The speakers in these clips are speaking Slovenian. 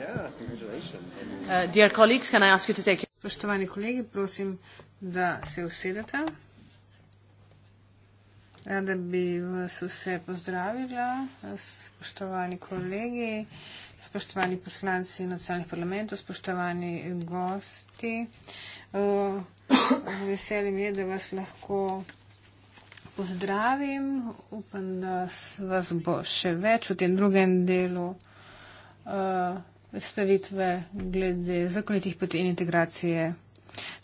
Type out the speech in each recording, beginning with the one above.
Uh, spoštovani kolegi, prosim, da se usedete. Rada bi vas vse pozdravila, spoštovani kolegi, spoštovani poslanci nacionalnih parlamentov, spoštovani gosti. Veselim je, da vas lahko pozdravim. Upam, da vas bo še več v tem drugem delu uh, predstavitve glede zakonitih poti in integracije.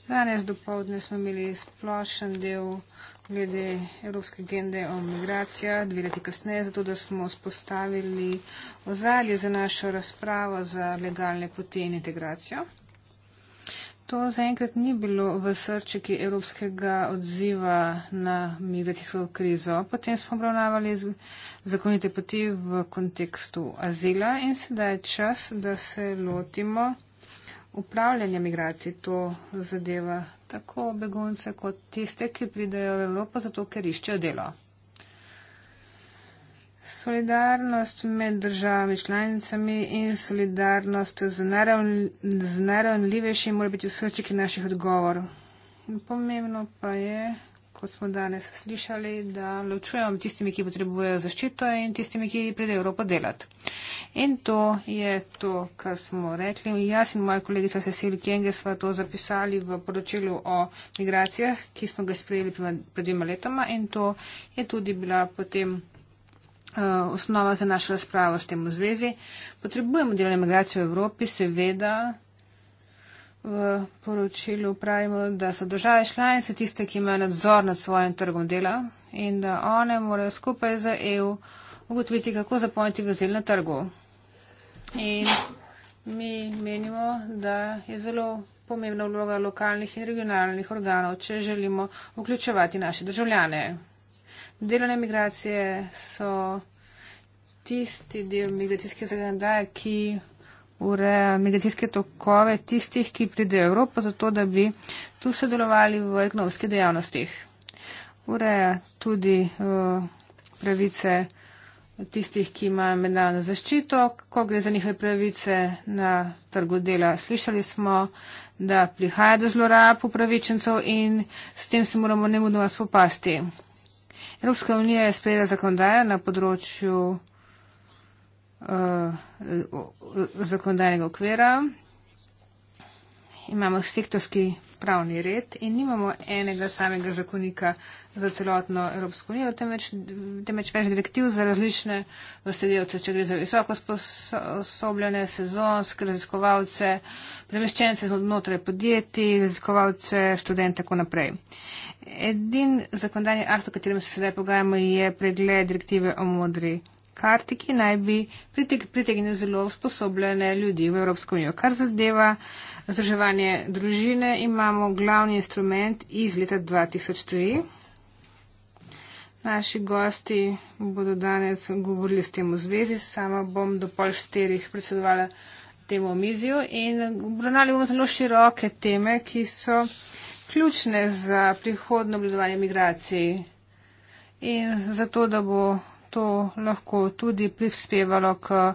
Danes do povdne smo imeli splošen del glede Evropske agende o migracija, dve leti kasneje, zato da smo spostavili ozalje za našo razpravo za legalne poti in integracijo. To zaenkrat ni bilo v srčiki evropskega odziva na migracijsko krizo. Potem smo obravnavali zakonite poti v kontekstu azila in sedaj je čas, da se lotimo upravljanja migracij. To zadeva tako begunce kot tiste, ki pridejo v Evropo zato, ker iščejo delo solidarnost med državami članicami in solidarnost z, naravn, z naravnljivejšim mora biti v srčiki naših odgovor. Pomembno pa je, kot smo danes slišali, da ločujemo tistimi, ki potrebujejo zaščito in tistimi, ki pridejo Evropo delati. In to je to, kar smo rekli. Jaz in moja kolegica Cecil Kenge smo to zapisali v poročilu o migracijah, ki smo ga sprejeli pred dvima letoma in to je tudi bila potem. Eh, osnova za našo razpravo s tem v zvezi. Potrebujemo delovne migracije v Evropi, seveda. V poročilu pravimo, da so države članice tiste, ki imajo nadzor nad svojim trgom dela in da one morajo skupaj z EU ugotoviti, kako zapolniti vazel na trgu. In mi menimo, da je zelo pomembna vloga lokalnih in regionalnih organov, če želimo vključevati naše državljane. Delovne migracije so tisti del migracijske zagonodaje, ki ureja migracijske tokove tistih, ki pridejo v Evropo, zato da bi tu sodelovali v ekonomskih dejavnostih. Ureja tudi uh, pravice tistih, ki imajo mednarodno zaščito, ko gre za njihove pravice na trgu dela. Slišali smo, da prihaja do zlorab upravičencev in s tem se moramo nemudno spopasti. Evropska unija je sprejela zakonodajo na področju uh, zakonodajnega okvira. Imamo sektorski pravni red in nimamo enega samega zakonika za celotno Evropsko unijo, temveč, temveč več direktiv za različne vsedevce, če gre za visoko sposobljene sezonske raziskovalce, premeščence znotraj podjetij, raziskovalce, študente in tako naprej. Edin zakonodajni akt, o katerem se sedaj pogajamo, je pregled direktive o modri karti, ki naj bi pritegnil zelo usposobljene ljudi v Evropsko unijo, kar zadeva. Združevanje družine imamo glavni instrument iz leta 2003. Naši gosti bodo danes govorili s tem v zvezi, sama bom do pol šterih predsedovala temu omizju in obravnali bomo zelo široke teme, ki so ključne za prihodno obledovanje migracij in za to, da bo to lahko tudi prispevalo k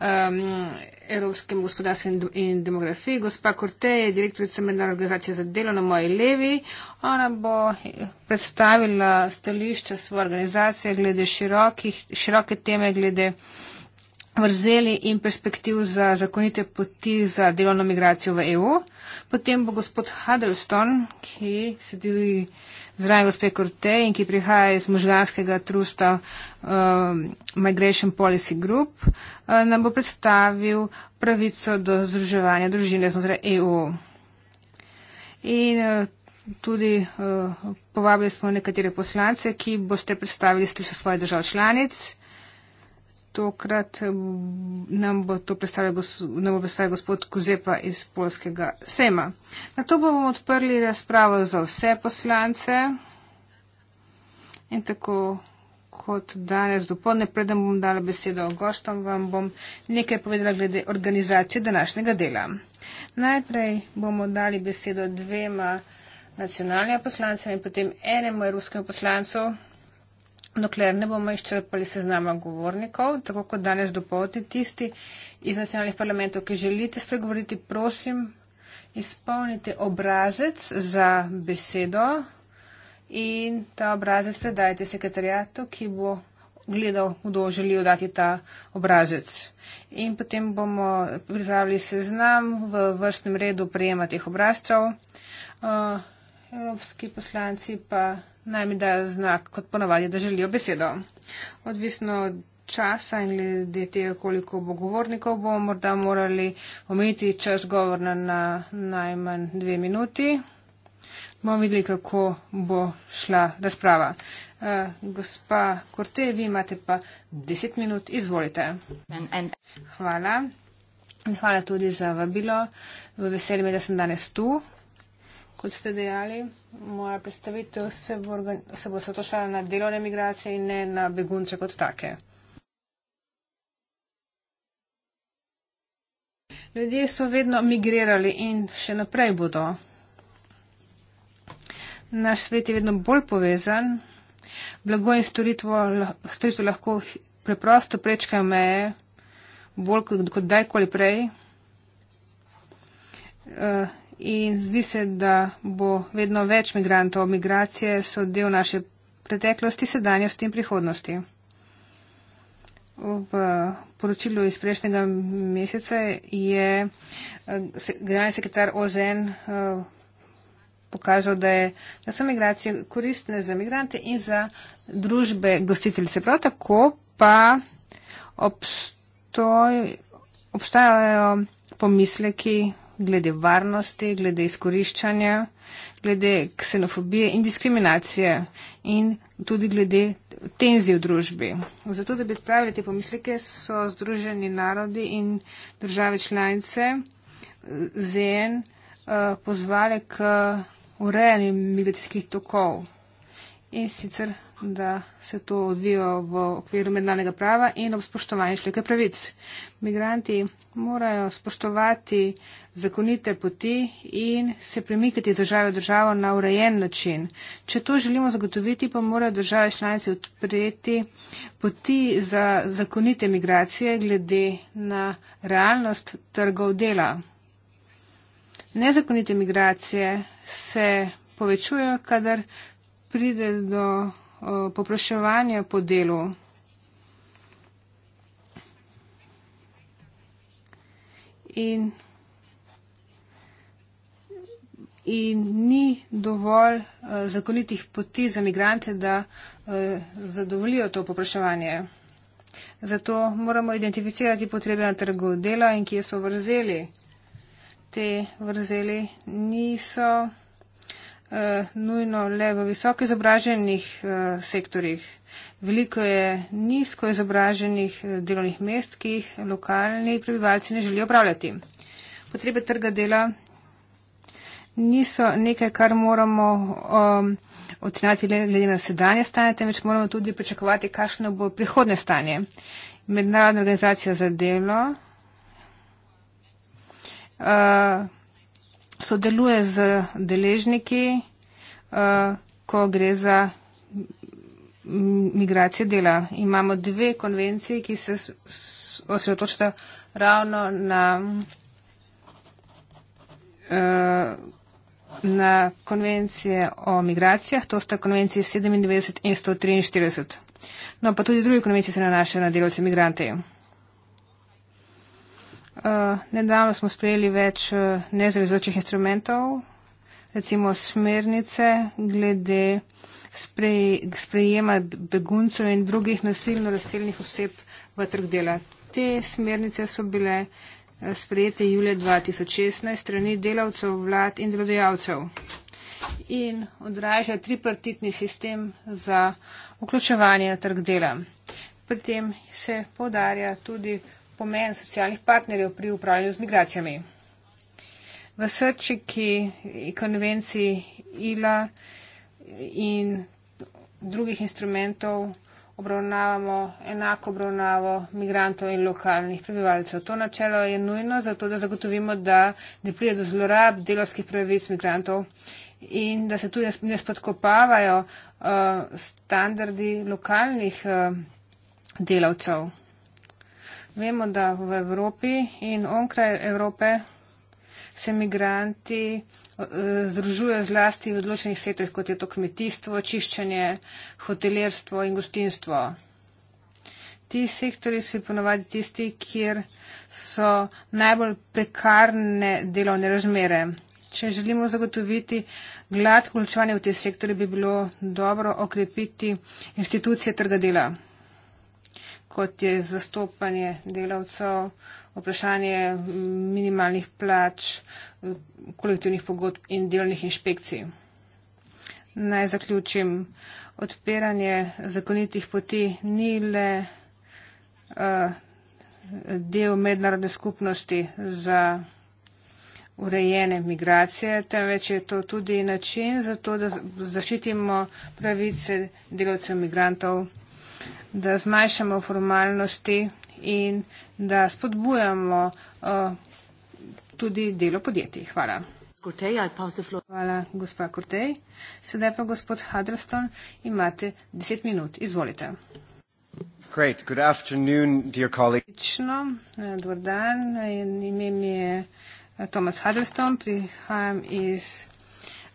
um, evropskem gospodarskem in demografiji. Gospa Korte je direktorica Mednarodne organizacije za delo na moji levi. Ona bo predstavila stališča svoje organizacije glede širokih, široke teme, glede vrzeli in perspektiv za zakonite poti za delovno migracijo v EU. Potem bo gospod Huddleston, ki se deli zraven gospe Kortej in ki prihaja iz možganskega trusta uh, Migration Policy Group, uh, nam bo predstavil pravico do združevanja družine znotraj EU. In, uh, Tudi uh, povabili smo nekatere poslance, ki boste predstavili stališče svojih držav članic. Uh, tokrat mm, nam bo to predstavljal gos, gospod Kuzepa iz polskega Sema. Na to bomo odprli razpravo za vse poslance. In tako kot danes dopolne, predem bom dala besedo gostom, vam bom nekaj povedala glede organizacije današnjega dela. Najprej bomo dali besedo dvema nacionalnim poslancem in potem enemu evropskemu poslancu, dokler ne bomo izčrpali seznama govornikov, tako kot danes dopolni tisti iz nacionalnih parlamentov, ki želite spregovoriti, prosim, izpolnite obrazec za besedo in ta obrazec predajte sekretarjatu, ki bo gledal, kdo želi odati ta obrazec. In potem bomo pripravili seznam v vrstnem redu prejema teh obrazcev. Uh, evropski poslanci pa naj mi dajo znak, kot ponavadi, da želijo besedo. Odvisno od časa in glede tega, koliko bo govornikov, bomo morda morali omejiti čas govorna na najmanj dve minuti. Bomo videli, kako bo šla razprava. Eh, gospa Korte, vi imate pa 10 minut, izvolite. Hvala. Hvala tudi za vabilo. Veseli me, da sem danes tu kot ste dejali, moja predstavitev se bo, se bo sotošala na delovne migracije in ne na begunce kot take. Ljudje so vedno migrirali in še naprej bodo. Naš svet je vedno bolj povezan. Blago in storitev lahko preprosto prečkajo meje, bolj kot, kot dajkoli prej. Eh, in zdi se, da bo vedno več migrantov. Migracije so del naše preteklosti, sedanjosti in prihodnosti. V poročilu iz prejšnjega meseca je eh, generalni sekretar OZN eh, pokazal, da, je, da so migracije koristne za migrante in za družbe gostiteljice. Prav tako pa obstoj, obstajajo pomisleki glede varnosti, glede izkoriščanja, glede ksenofobije in diskriminacije in tudi glede tenzij v družbi. Zato, da bi odpravili te pomislike, so Združeni narodi in države članice eh, ZN eh, pozvali k urejanju migracijskih tokov in sicer, da se to odvijo v okviru mednarodnega prava in ob spoštovanju človeka pravic. Migranti morajo spoštovati zakonite poti in se premikati iz države v državo na urejen način. Če to želimo zagotoviti, pa morajo države članice odpreti poti za zakonite migracije glede na realnost trgov dela. Nezakonite migracije se povečujejo, kadar pride do eh, popraševanja po delu. In, in ni dovolj uh, zakonitih poti za migrante, da uh, zadovoljijo to popraševanje. Zato moramo identificirati potrebe na trgu dela in kje so vrzeli. Te vrzeli niso. Eh, nujno le v visoko izobraženih eh, sektorjih. Veliko je nizko izobraženih eh, delovnih mest, ki jih lokalni prebivalci ne želijo upravljati. Potrebe trga dela niso nekaj, kar moramo um, ocenjati glede na sedanje stanje, temveč moramo tudi pričakovati, kakšno bo prihodne stanje. Mednarodna organizacija za delo uh, sodeluje z deležniki, eh, ko gre za migracije dela. Imamo dve konvencije, ki se osredotočajo ravno na, eh, na konvencije o migracijah. To sta konvencije 97 in 143. No, pa tudi druge konvencije se nanašajo na delovce migrante. Eh, nedavno smo sprejeli več eh, nezavezujočih instrumentov, recimo smernice glede sprejema beguncev in drugih nasilno razseljenih oseb v trg dela. Te smernice so bile eh, sprejete julija 2016 strani delavcev, vlad in delodajalcev in odraža tripartitni sistem za vključevanje na trg dela. Pri tem se podarja tudi pomen socialnih partnerjev pri upravljanju z migracijami. V srčiki konvenciji ILA in drugih instrumentov obravnavamo enako obravnavo migrantov in lokalnih prebivalcev. To načelo je nujno zato, da zagotovimo, da ne pride do zlorab delovskih pravic migrantov in da se tu ne spodkopavajo uh, standardi lokalnih uh, delavcev. Vemo, da v Evropi in onkraj Evrope se migranti eh, združujejo zlasti v odločenih sektorjih, kot je to kmetijstvo, čiščenje, hotelirstvo in gostinstvo. Ti sektori so ponovadi tisti, kjer so najbolj prekarne delovne razmere. Če želimo zagotoviti glad vključovanje v te sektore, bi bilo dobro okrepiti institucije trga dela kot je zastopanje delavcev, vprašanje minimalnih plač, kolektivnih pogodb in delovnih inšpekcij. Naj zaključim. Odpiranje zakonitih poti ni le uh, del mednarodne skupnosti za urejene migracije, temveč je to tudi način za to, da zaščitimo pravice delavcev migrantov da zmanjšamo formalnosti in da spodbujamo uh, tudi delo podjetij. Hvala. Hvala, gospa Kurtej. Sedaj pa gospod Hadrston, imate deset minut. Izvolite. Great. Good afternoon, dear colleague. Odlično. Eh, Dobar dan. Ime mi je eh, Tomas Hadrston. Prihajam iz.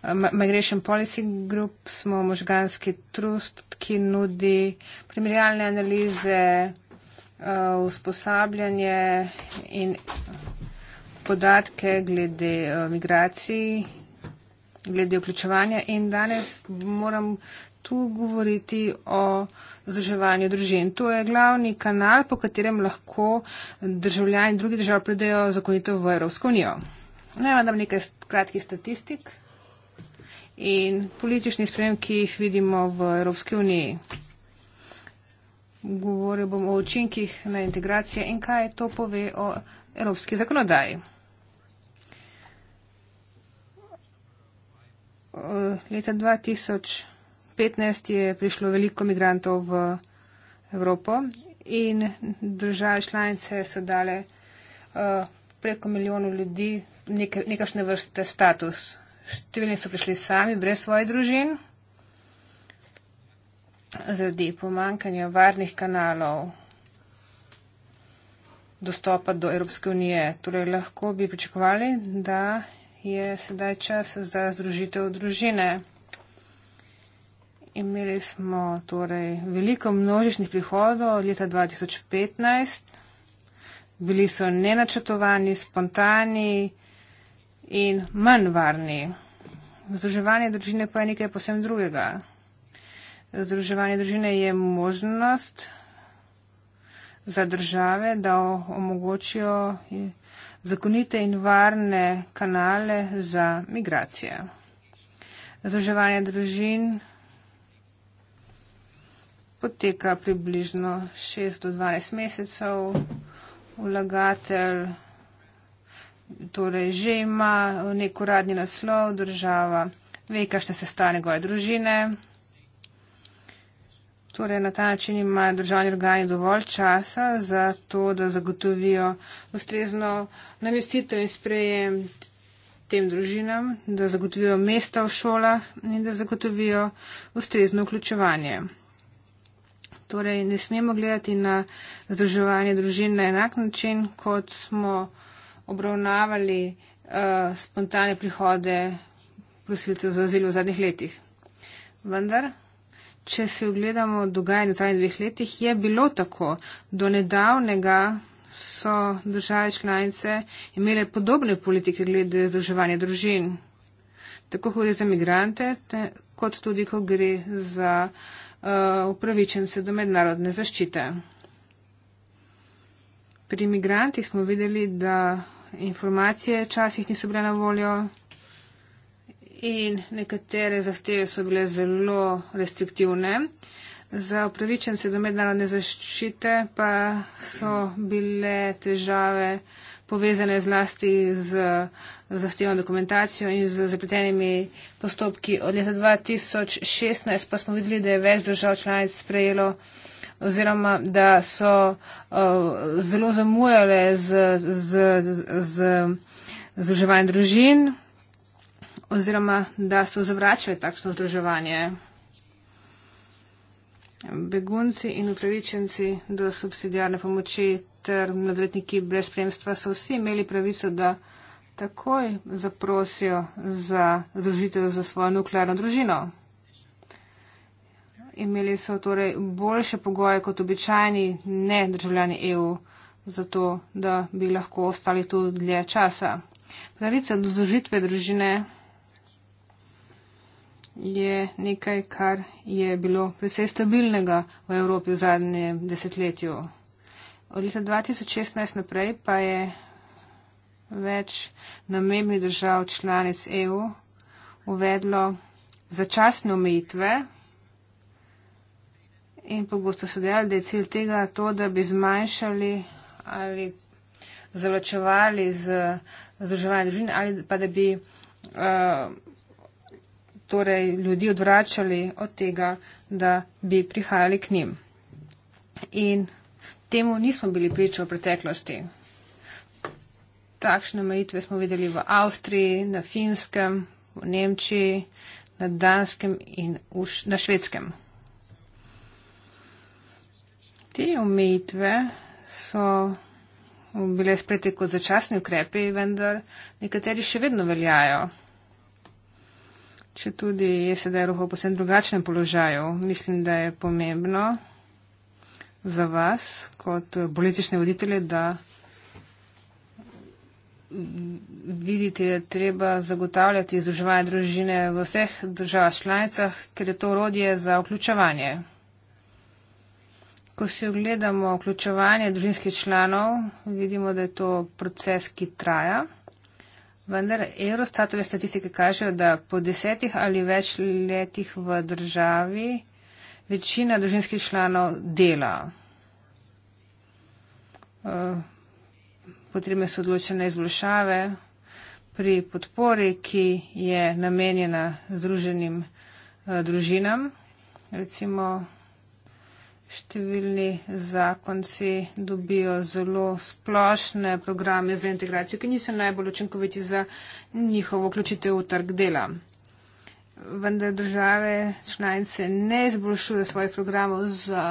Migration Policy Group smo možganski trust, ki nudi primerjalne analize, eh, usposabljanje in podatke glede eh, migracij, glede vključevanja. In danes moram tu govoriti o združevanju družin. To je glavni kanal, po katerem lahko državljani drugih držav pridejo zakonito v Evropsko unijo. Naj vam dam nekaj kratkih statistik in političnih sprememb, ki jih vidimo v Evropski uniji. Govoril bom o učinkih na integracije in kaj to pove o evropski zakonodaji. Leta 2015 je prišlo veliko migrantov v Evropo in države članice so dale uh, preko milijonov ljudi nekašne vrste status. Številni so prišli sami, brez svojih družin, zaradi pomankanja varnih kanalov dostopa do Evropske unije. Torej lahko bi pričakovali, da je sedaj čas za združitev družine. Imeli smo torej veliko množičnih prihodov leta 2015. Bili so nenačrtovani, spontani in manj varni. Združevanje družine pa je nekaj posebno drugega. Združevanje družine je možnost za države, da omogočijo zakonite in varne kanale za migracije. Združevanje družin poteka približno 6 do 12 mesecev. Vlagatelj torej že ima nek uradni naslov, država ve, kakšne se stane goje družine. Torej, na ta način imajo državni organi dovolj časa za to, da zagotovijo ustrezno namestitev in sprejem tem družinam, da zagotovijo mesta v šolah in da zagotovijo ustrezno vključevanje. Torej, ne smemo gledati na združevanje družin na enak način, kot smo obravnavali uh, spontane prihode prosilcev za azil v zadnjih letih. Vendar, če si ogledamo dogajanje v zadnjih dveh letih, je bilo tako. Do nedavnega so države članice imele podobne politike glede združevanja družin. Tako kot gre za migrante, te, kot tudi, ko gre za uh, upravičence do mednarodne zaščite. Pri imigrantih smo videli, da informacije včasih niso bile na voljo in nekatere zahteve so bile zelo restriktivne. Za upravičence do mednarodne zaščite pa so bile težave povezane zlasti z zahtevno dokumentacijo in z zapletenimi postopki. Od leta 2016 pa smo videli, da je več držav članic sprejelo oziroma da so uh, zelo zamujale z, z, z, z, z uživanjem družin oziroma da so zavračali takšno združevanje. Begunci in upravičenci do subsidijarne pomoči ter mladoletniki brez spremstva so vsi imeli pravico, da takoj zaprosijo za združitev za svojo nuklearno družino imeli so torej boljše pogoje kot običajni ne državljani EU, zato da bi lahko ostali tu dlje časa. Pravica do zožitve družine je nekaj, kar je bilo precej stabilnega v Evropi v zadnjem desetletju. Od leta 2016 naprej pa je več namembnih držav članic EU uvedlo začasne omejitve in pa boste se dejali, da je cilj tega to, da bi zmanjšali ali zaločevali z zaživanje družine ali pa da bi uh, torej ljudi odvračali od tega, da bi prihajali k njim. In temu nismo bili priča v preteklosti. Takšne omejitve smo videli v Avstriji, na Finskem, v Nemčiji, na Danskem in š- na Švedskem. Te omejitve so bile sprejete kot začasni ukrepi, vendar nekateri še vedno veljajo. Če tudi je sedaj roho posebno drugačnem položaju, mislim, da je pomembno za vas kot politične voditelje, da vidite, da treba zagotavljati izdruževanje družine v vseh državah članicah, ker je to urodje za vključevanje. Ko si ogledamo vključevanje družinskih članov, vidimo, da je to proces, ki traja. Vendar Eurostatove statistike kažejo, da po desetih ali več letih v državi večina družinskih članov dela. Eh, potrebne so odločene izboljšave pri podpori, ki je namenjena združenim eh, družinam. Recimo številni zakonci dobijo zelo splošne programe za integracijo, ki niso najbolj učinkoviti za njihovo vključitev v trg dela. Vendar države članice ne izboljšujejo svojih programov za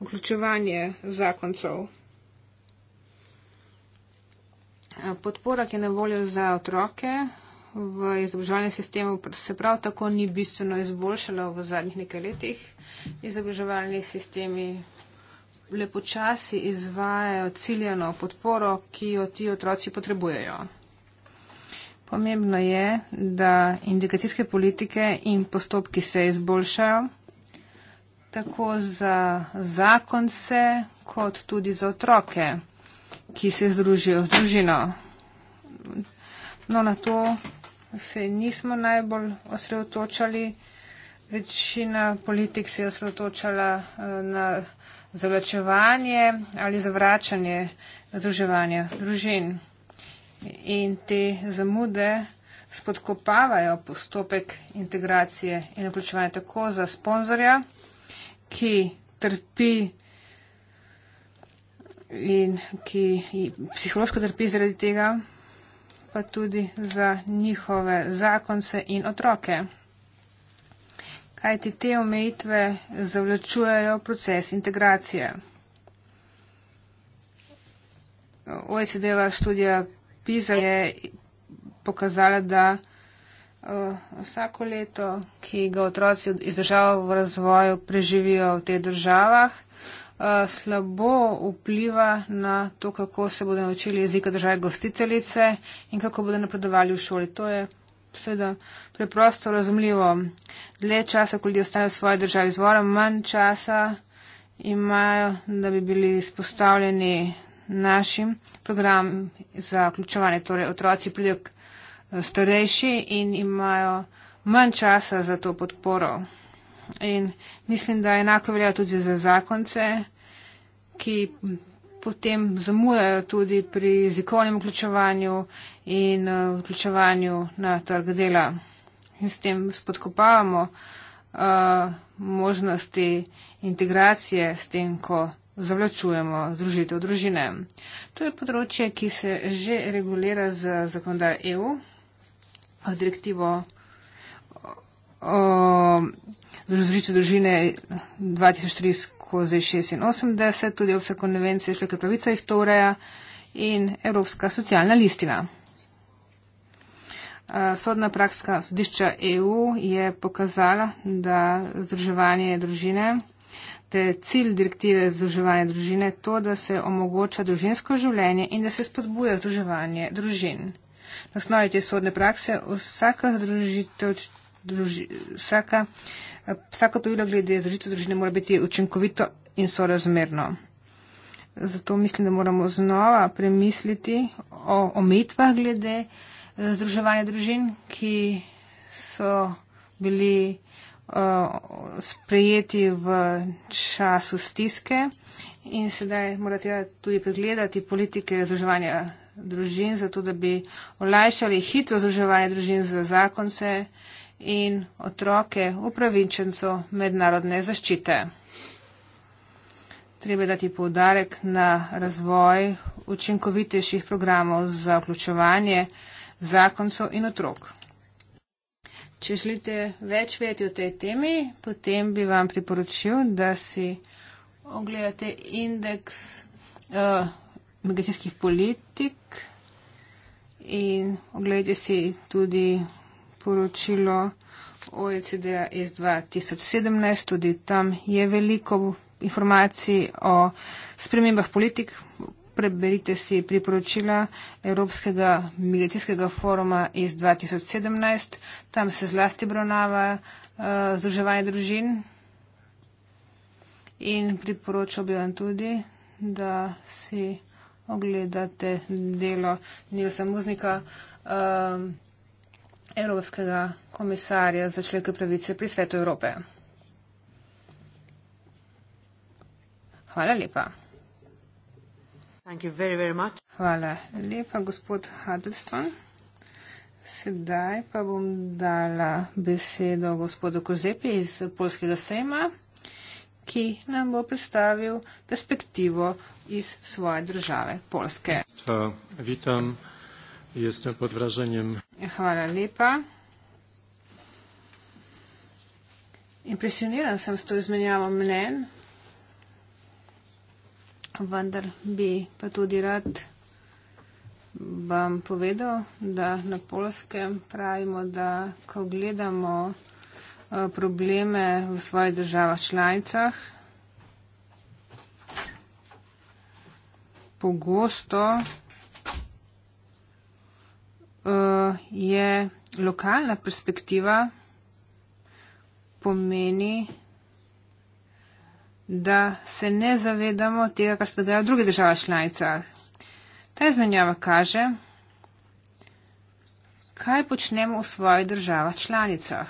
vključevanje zakoncev. Podpora, ki je na voljo za otroke, v izobraževalnem sistemu se prav tako ni bistveno izboljšalo v zadnjih nekaj letih. Izobraževalni sistemi lepočasi izvajajo ciljeno podporo, ki jo ti otroci potrebujejo. Pomembno je, da indikacijske politike in postopki se izboljšajo tako za zakonce, kot tudi za otroke, ki se združijo v družino. No, na to se nismo najbolj osredotočali. Večina politik se je osredotočala eh, na zavlačevanje ali zavračanje združevanja družin. In te zamude spodkopavajo postopek integracije in vključevanja tako za sponzorja, ki trpi in ki psihološko trpi zaradi tega pa tudi za njihove zakonce in otroke. Kajti te omejitve zavlačujejo proces integracije. OECD-va študija PISA je pokazala, da vsako leto, ki ga otroci iz držav v razvoju preživijo v teh državah, Eh, slabo vpliva na to, kako se bodo naučili jezika države gostiteljice in kako bodo napredovali v šoli. To je seveda preprosto razumljivo. Dlje časa, ko ljudje ostanejo v svoji državi izvora, manj časa imajo, da bi bili izpostavljeni našim program za vključevanje. Torej, otroci pridejo eh, starejši in imajo manj časa za to podporo. In mislim, da enako velja tudi za zakonce, ki potem zamujajo tudi pri jezikovnem vključevanju in eh, vključevanju na trg dela. In s tem spodkopavamo uh, možnosti integracije, s tem, ko zavlačujemo združitev družine. To je področje, ki se že regulira z zakonodajo EU, direktivo. O, združitev družine 2003-86, tudi vse konvencije človekove pravice jih to ureja in Evropska socialna listina. Sodna praksa sodišča EU je pokazala, da združevanje družine, da je cilj direktive združevanja družine to, da se omogoča družinsko življenje in da se spodbuja združevanje družin. Na osnovi te sodne prakse vsaka združitev, druži, vsaka Vsako pravilo glede zaužitve družine mora biti učinkovito in sorazmerno. Zato mislim, da moramo znova premisliti o omejitvah glede eh, združevanja družin, ki so bili uh, sprejeti v času stiske in sedaj morate tudi pregledati politike združevanja družin, zato da bi olajšali hitro združevanje družin za zakonce. Uh, in otroke upravičenco mednarodne zaščite. Treba dati poudarek na razvoj učinkovitejših programov za vključevanje zakoncev in otrok. Če želite več vedeti o tej temi, potem bi vam priporočil, da si ogledate indeks uh, migracijskih politik in ogledate si tudi poročilo OECD-a iz 2017. Tudi tam je veliko informacij o spremembah politik. Preberite si priporočila Evropskega migracijskega foruma iz 2017. Tam se zlasti obravnava uh, združevanje družin. In priporočal bi vam tudi, da si ogledate delo Nilsa Muznika. Uh, Evropskega komisarja za človekove pravice pri svetu Evrope. Hvala lepa. Hvala lepa, gospod Hadelston. Sedaj pa bom dala besedo gospodu Kozepi iz Polskega sejma, ki nam bo predstavil perspektivo iz svoje države, Polske. Uh, vitam uh, Jestem pod wrażeniem. Hvala lepa. Impresioniran sem s to izmenjavo mnen, vendar bi pa tudi rad vam povedal, da na polskem pravimo, da ko gledamo eh, probleme v svojih državah članicah, pogosto uh, je lokalna perspektiva pomeni, da se ne zavedamo tega, kar se dogaja v drugih državah članicah. Ta izmenjava kaže, kaj počnemo v svojih državah članicah.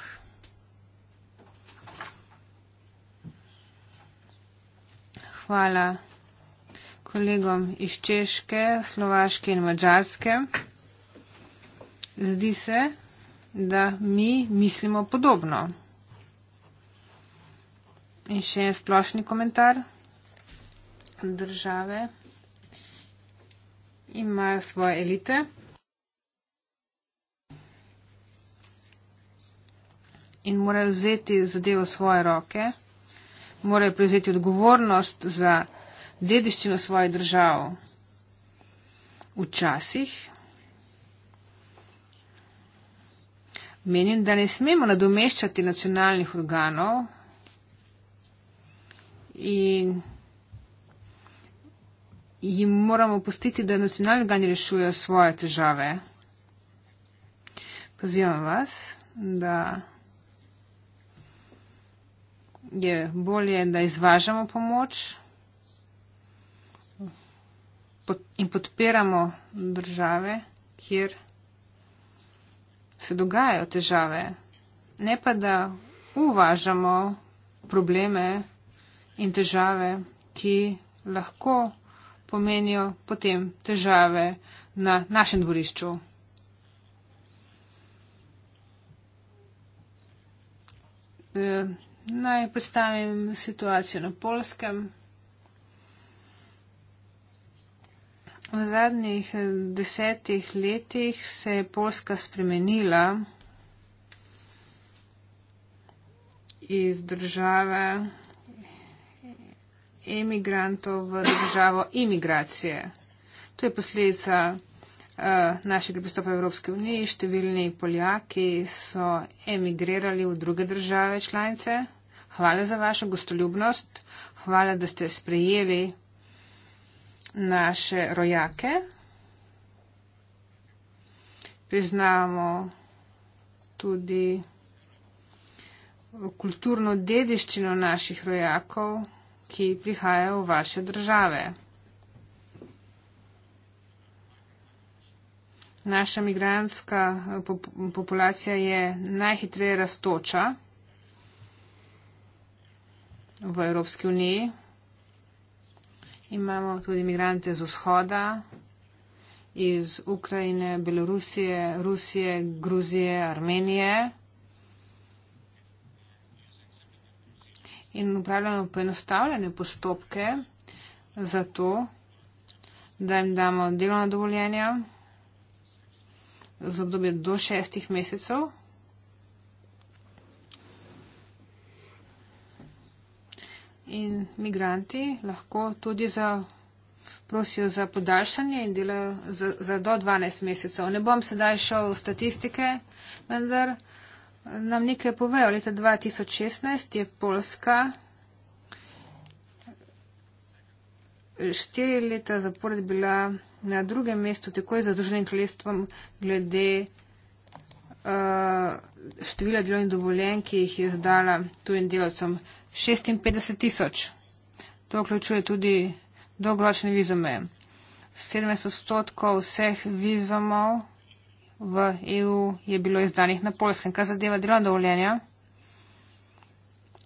Hvala kolegom iz Češke, Slovaške in Mačarske. Zdi se, da mi mislimo podobno. In še en splošni komentar. Države imajo svoje elite. In morajo vzeti zadevo v svoje roke, morajo prevzeti odgovornost za dediščino svojih držav. Včasih menim, da ne smemo nadomeščati nacionalnih organov in jim moramo postiti, da nacionalni organi rešujejo svoje težave. Pozivam vas, da je bolje, da izvažamo pomoč in podpiramo države, kjer se dogajajo težave, ne pa da uvažamo probleme in težave, ki lahko pomenijo potem težave na našem dvorišču. E, naj predstavim situacijo na polskem. V zadnjih eh, desetih letih se je Polska spremenila iz države emigrantov v državo imigracije. To je posledica uh, našega pristopa Evropske unije. Številni Poljaki so emigrirali v druge države članice. Hvala za vašo gostoljubnost. Hvala, da ste sprejeli naše rojake. Priznamo tudi kulturno dediščino naših rojakov, ki prihajajo v vaše države. Naša migranska eh, populacija je najhitreje raztoča v Evropski uniji. Imamo tudi imigrante z vzhoda, iz Ukrajine, Belorusije, Rusije, Gruzije, Armenije. In upravljamo poenostavljene postopke za to, da jim damo delovna dovoljenja z obdobje do šestih mesecev. in migranti lahko tudi za, prosijo za podaljšanje in delajo za, za do 12 mesecev. Ne bom sedaj šel v statistike, vendar eh, nam nekaj povejo. Leta 2016 je Polska eh, štiri leta zapored bila na drugem mestu, tako je za Združenim kraljestvom glede uh, števila delovnih dovoljenj, ki jih je zdala tujim delavcem. 56 tisoč. To vključuje tudi dolgoročne vizume. 17 odstotkov vseh vizumov v EU je bilo izdanih na Polskem. Kar zadeva delovna dovoljenja,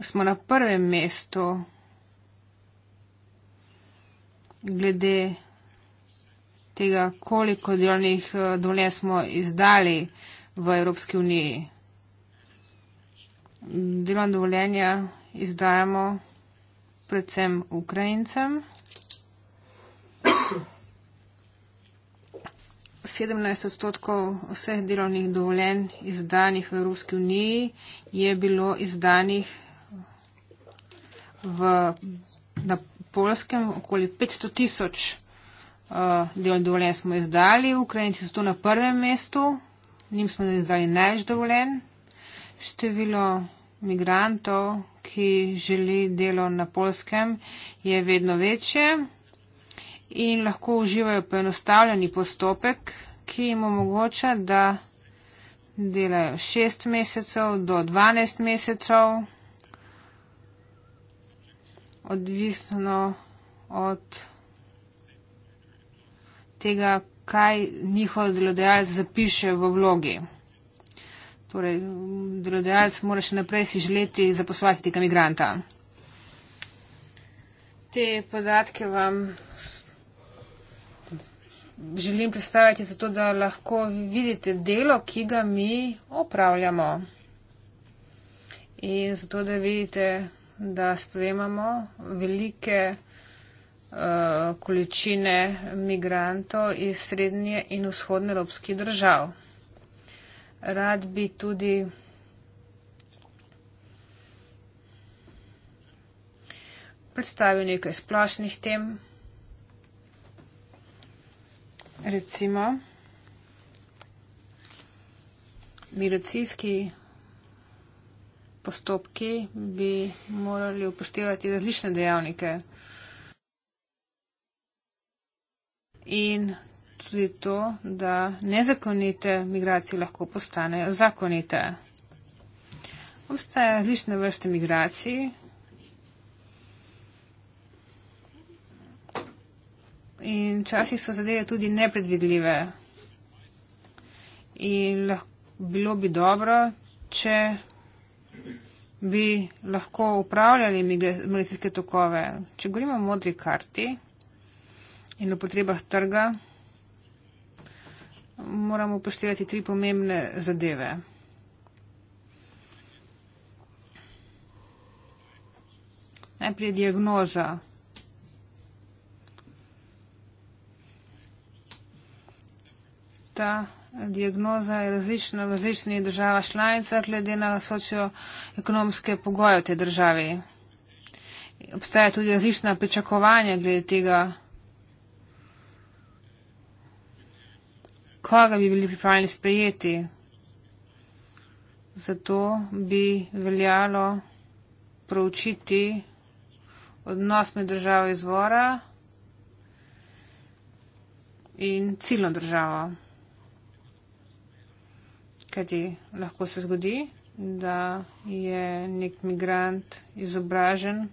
smo na prvem mestu glede tega, koliko delovnih eh, dovoljenj smo izdali v Evropski uniji. Delovna dovoljenja izdajamo predvsem Ukrajincem. 17 odstotkov vseh delovnih dovoljen izdanih v Evropski uniji je bilo izdanih v, na polskem, okoli 500 tisoč eh, delovnih dovoljen smo izdali, Ukrajinci so to na prvem mestu, njim smo izdali največ dovoljen. Število migrantov, ki želi delo na polskem, je vedno večje in lahko uživajo poenostavljeni postopek, ki jim omogoča, da delajo 6 mesecev do 12 mesecev, odvisno od tega, kaj njihov delodajalec zapiše v vlogi torej delodajalec mora še naprej si želeti zaposlati tega migranta. Te podatke vam želim predstaviti zato, da lahko vidite delo, ki ga mi opravljamo. In zato, da vidite, da sprejemamo velike uh, količine migrantov iz srednje in vzhodne evropskih držav rad bi tudi. Predstavil nekaj splošnih tem. Recimo, migracijski postopki bi morali upoštevati različne dejavnike in tudi to, da nezakonite migracije lahko postanejo zakonite. Obstaja različne vrste migracij. In včasih so zadeve tudi nepredvidljive. In bilo bi dobro, če bi lahko upravljali migracijske tokove. Če govorimo o modri karti in o potrebah trga, moramo upoštevati tri pomembne zadeve. Najprej diagnoza. Ta diagnoza je različna v različnih državah članica, glede na socioekonomske pogoje v tej državi. Obstaja tudi različna pričakovanja glede tega. koga bi bili pripravljeni sprejeti. Zato bi veljalo proučiti odnos med državo izvora in ciljno državo. Kajti lahko se zgodi, da je nek migrant izobražen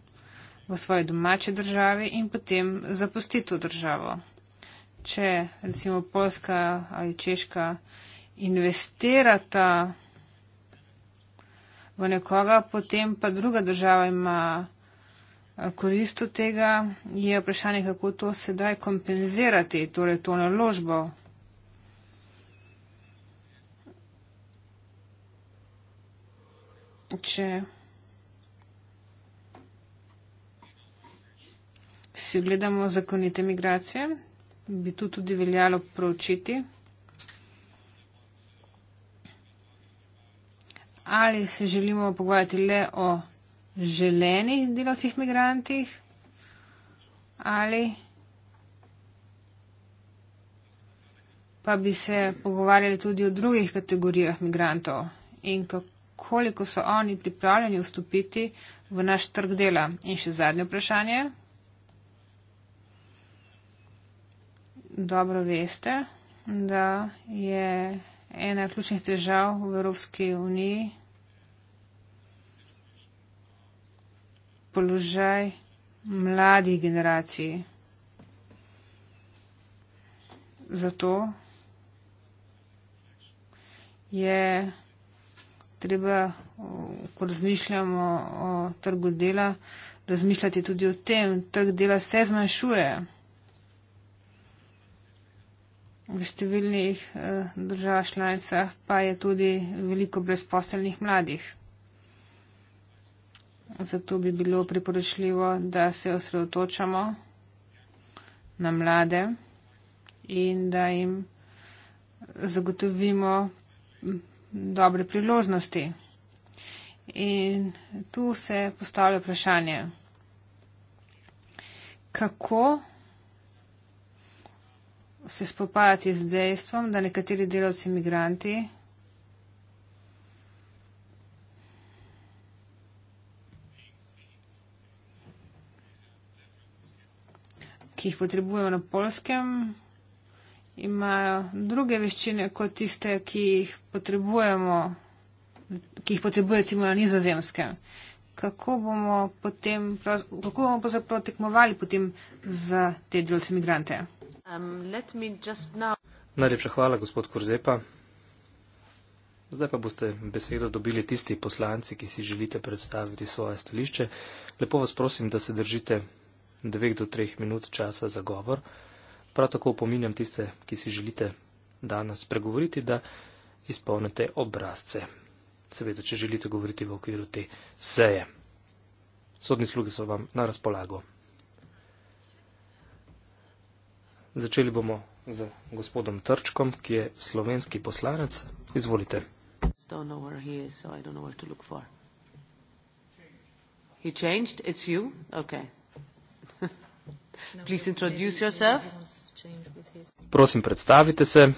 v svoji domači državi in potem zapusti to državo če recimo Polska ali Češka investirata v nekoga, potem pa druga država ima eh, korist od tega, je vprašanje, kako to sedaj kompenzirati, torej to naložbo. Če si gledamo zakonite migracije, bi to tudi veljalo proučiti. Ali se želimo pogovarjati le o želenih delovcih migrantih ali pa bi se pogovarjali tudi o drugih kategorijah migrantov in koliko so oni pripravljeni vstopiti v naš trg dela. In še zadnje vprašanje. dobro veste, da je ena ključnih težav v Evropski uniji položaj mladih generacij. Zato je treba, ko razmišljamo o trgu dela, razmišljati tudi o tem, trg dela se zmanjšuje. V številnih eh, državah članicah pa je tudi veliko brezposelnih mladih. Zato bi bilo priporočljivo, da se osredotočamo na mlade in da jim zagotovimo dobre priložnosti. In tu se postavlja vprašanje, kako se spopadati z dejstvom, da nekateri delavci imigranti ki jih potrebujemo na polskem, imajo druge veščine kot tiste, ki jih potrebujemo, ki jih potrebuje recimo na nizozemskem. Kako bomo potem, kako bomo pozaprav tekmovali potem za te delce imigrante? Um, Najlepša hvala, gospod Korzepa. Zdaj pa boste besedo dobili tisti poslanci, ki si želite predstaviti svoje stališče. Lepo vas prosim, da se držite dveh do treh minut časa za govor. Prav tako opominjam tiste, ki si želite danes pregovoriti, da izpolnite obrazce. Seveda, če želite govoriti v okviru te seje. Sodni sluge so vam na razpolago. Začeli bomo z gospodom Trčkom, ki je slovenski poslanec. Izvolite. No, Prosim, predstavite se.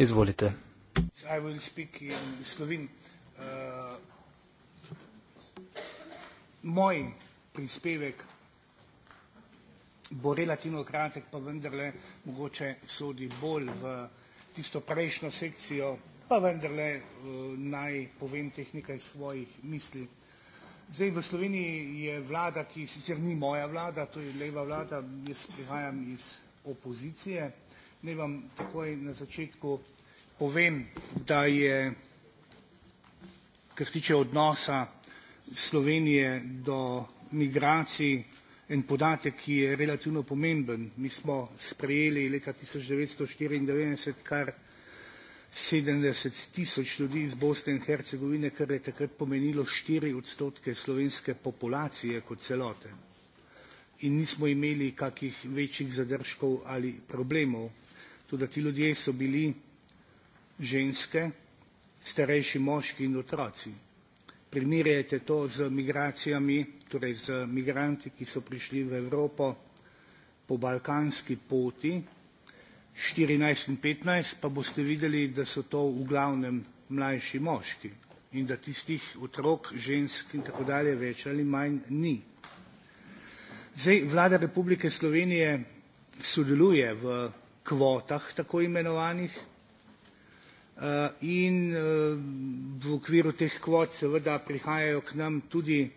Izvolite. Uh, moj prispevek bo relativno kratek, pa vendarle mogoče sodi bolj v tisto prejšnjo sekcijo, pa vendarle eh, naj povem teh nekaj svojih misli. Zdaj, v Sloveniji je vlada, ki sicer ni moja vlada, to je leva vlada, jaz prihajam iz opozicije. Ne vam takoj na začetku povem, da je, kar se tiče odnosa Slovenije do migracij, en podatek, ki je relativno pomemben. Mi smo sprejeli leta 1994 kar 70 tisoč ljudi iz Bosne in Hercegovine, kar je takrat pomenilo 4 odstotke slovenske populacije kot celote. In nismo imeli kakih večjih zadržkov ali problemov. Tudi ti ljudje so bili ženske, starejši moški in otroci primerjajte to z migracijami, torej z migranti, ki so prišli v Evropo po balkanski poti 14 in 15, pa boste videli, da so to v glavnem mlajši moški in da tistih otrok, žensk in tako dalje več ali manj ni. Zdaj, vlada Republike Slovenije sodeluje v kvotah tako imenovanih, Eh, in eh, v okviru teh kvot seveda prihajajo k nam tudi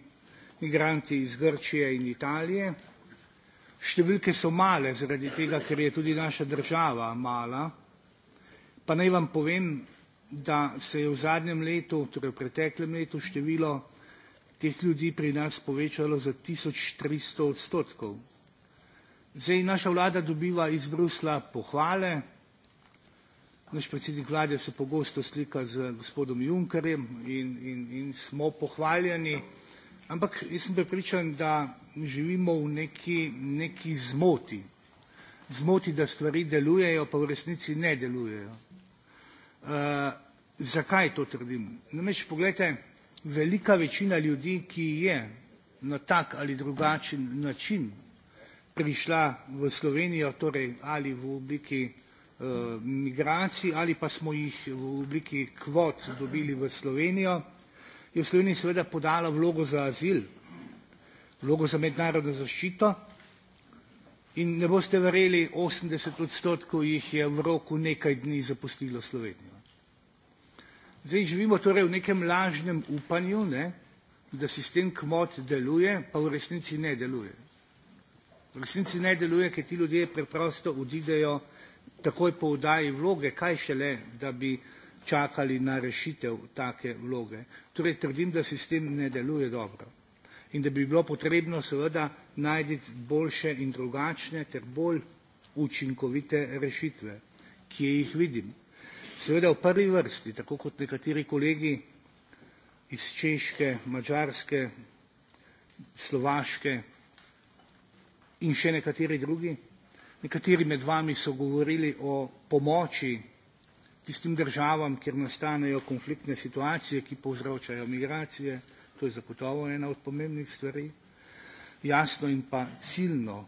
migranti iz Grčije in Italije. Številke so male zaradi tega, ker je tudi naša država mala. Pa naj vam povem, da se je v zadnjem letu, torej v preteklem letu, število teh ljudi pri nas povečalo za 1300 odstotkov. Zdaj, naša vlada dobiva iz Brusla pohvale, Naš predsednik vlade se pogosto slika z gospodom Junkerjem in, in, in smo pohvaljeni, ampak jaz sem prepričan, da živimo v neki, neki zmoti. Zmoti, da stvari delujejo, pa v resnici ne delujejo. E, zakaj to trdim? Namreč pogledajte, velika večina ljudi, ki je na tak ali drugačen način prišla v Slovenijo, torej ali v obliki Eh, migracij ali pa smo jih v obliki kvot dobili v Slovenijo, je v Sloveniji seveda podala vlogo za azil, vlogo za mednarodno zaščito in ne boste verjeli, 80 odstotkov jih je v roku nekaj dni zapustilo Slovenijo. Zdaj živimo torej v nekem lažnem upanju, ne, da sistem kmot deluje, pa v resnici ne deluje. V resnici ne deluje, ker ti ljudje preprosto odidejo takoj po vdaji vloge, kaj šele, da bi čakali na rešitev take vloge. Torej, trdim, da sistem ne deluje dobro in da bi bilo potrebno seveda najti boljše in drugačne ter bolj učinkovite rešitve, ki jih vidim. Seveda v prvi vrsti, tako kot nekateri kolegi iz Češke, Mačarske, Slovaške in še nekateri drugi, Nekateri med vami so govorili o pomoči tistim državam, kjer nastanejo konfliktne situacije, ki povzročajo migracije. To je zagotovo ena od pomembnih stvari. Jasno in pa silno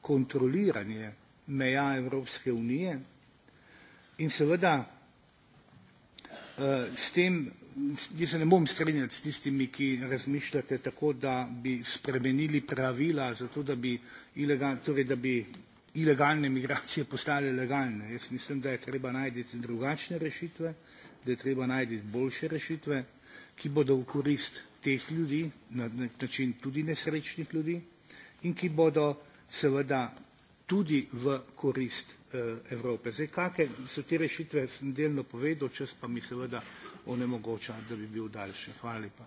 kontroliranje meja Evropske unije in seveda eh, s tem, jaz se ne bom strinjati s tistimi, ki razmišljate tako, da bi spremenili pravila, zato da bi, ilegal, torej, da bi ilegalne migracije postale legalne. Jaz mislim, da je treba najti drugačne rešitve, da je treba najti boljše rešitve, ki bodo v korist teh ljudi, na nek način tudi nesrečnih ljudi in ki bodo seveda tudi v korist eh, Evrope. Zdaj, kakšne so te rešitve, sem delno povedal, čas pa mi seveda onemogoča, da bi bil daljši. Hvala lepa.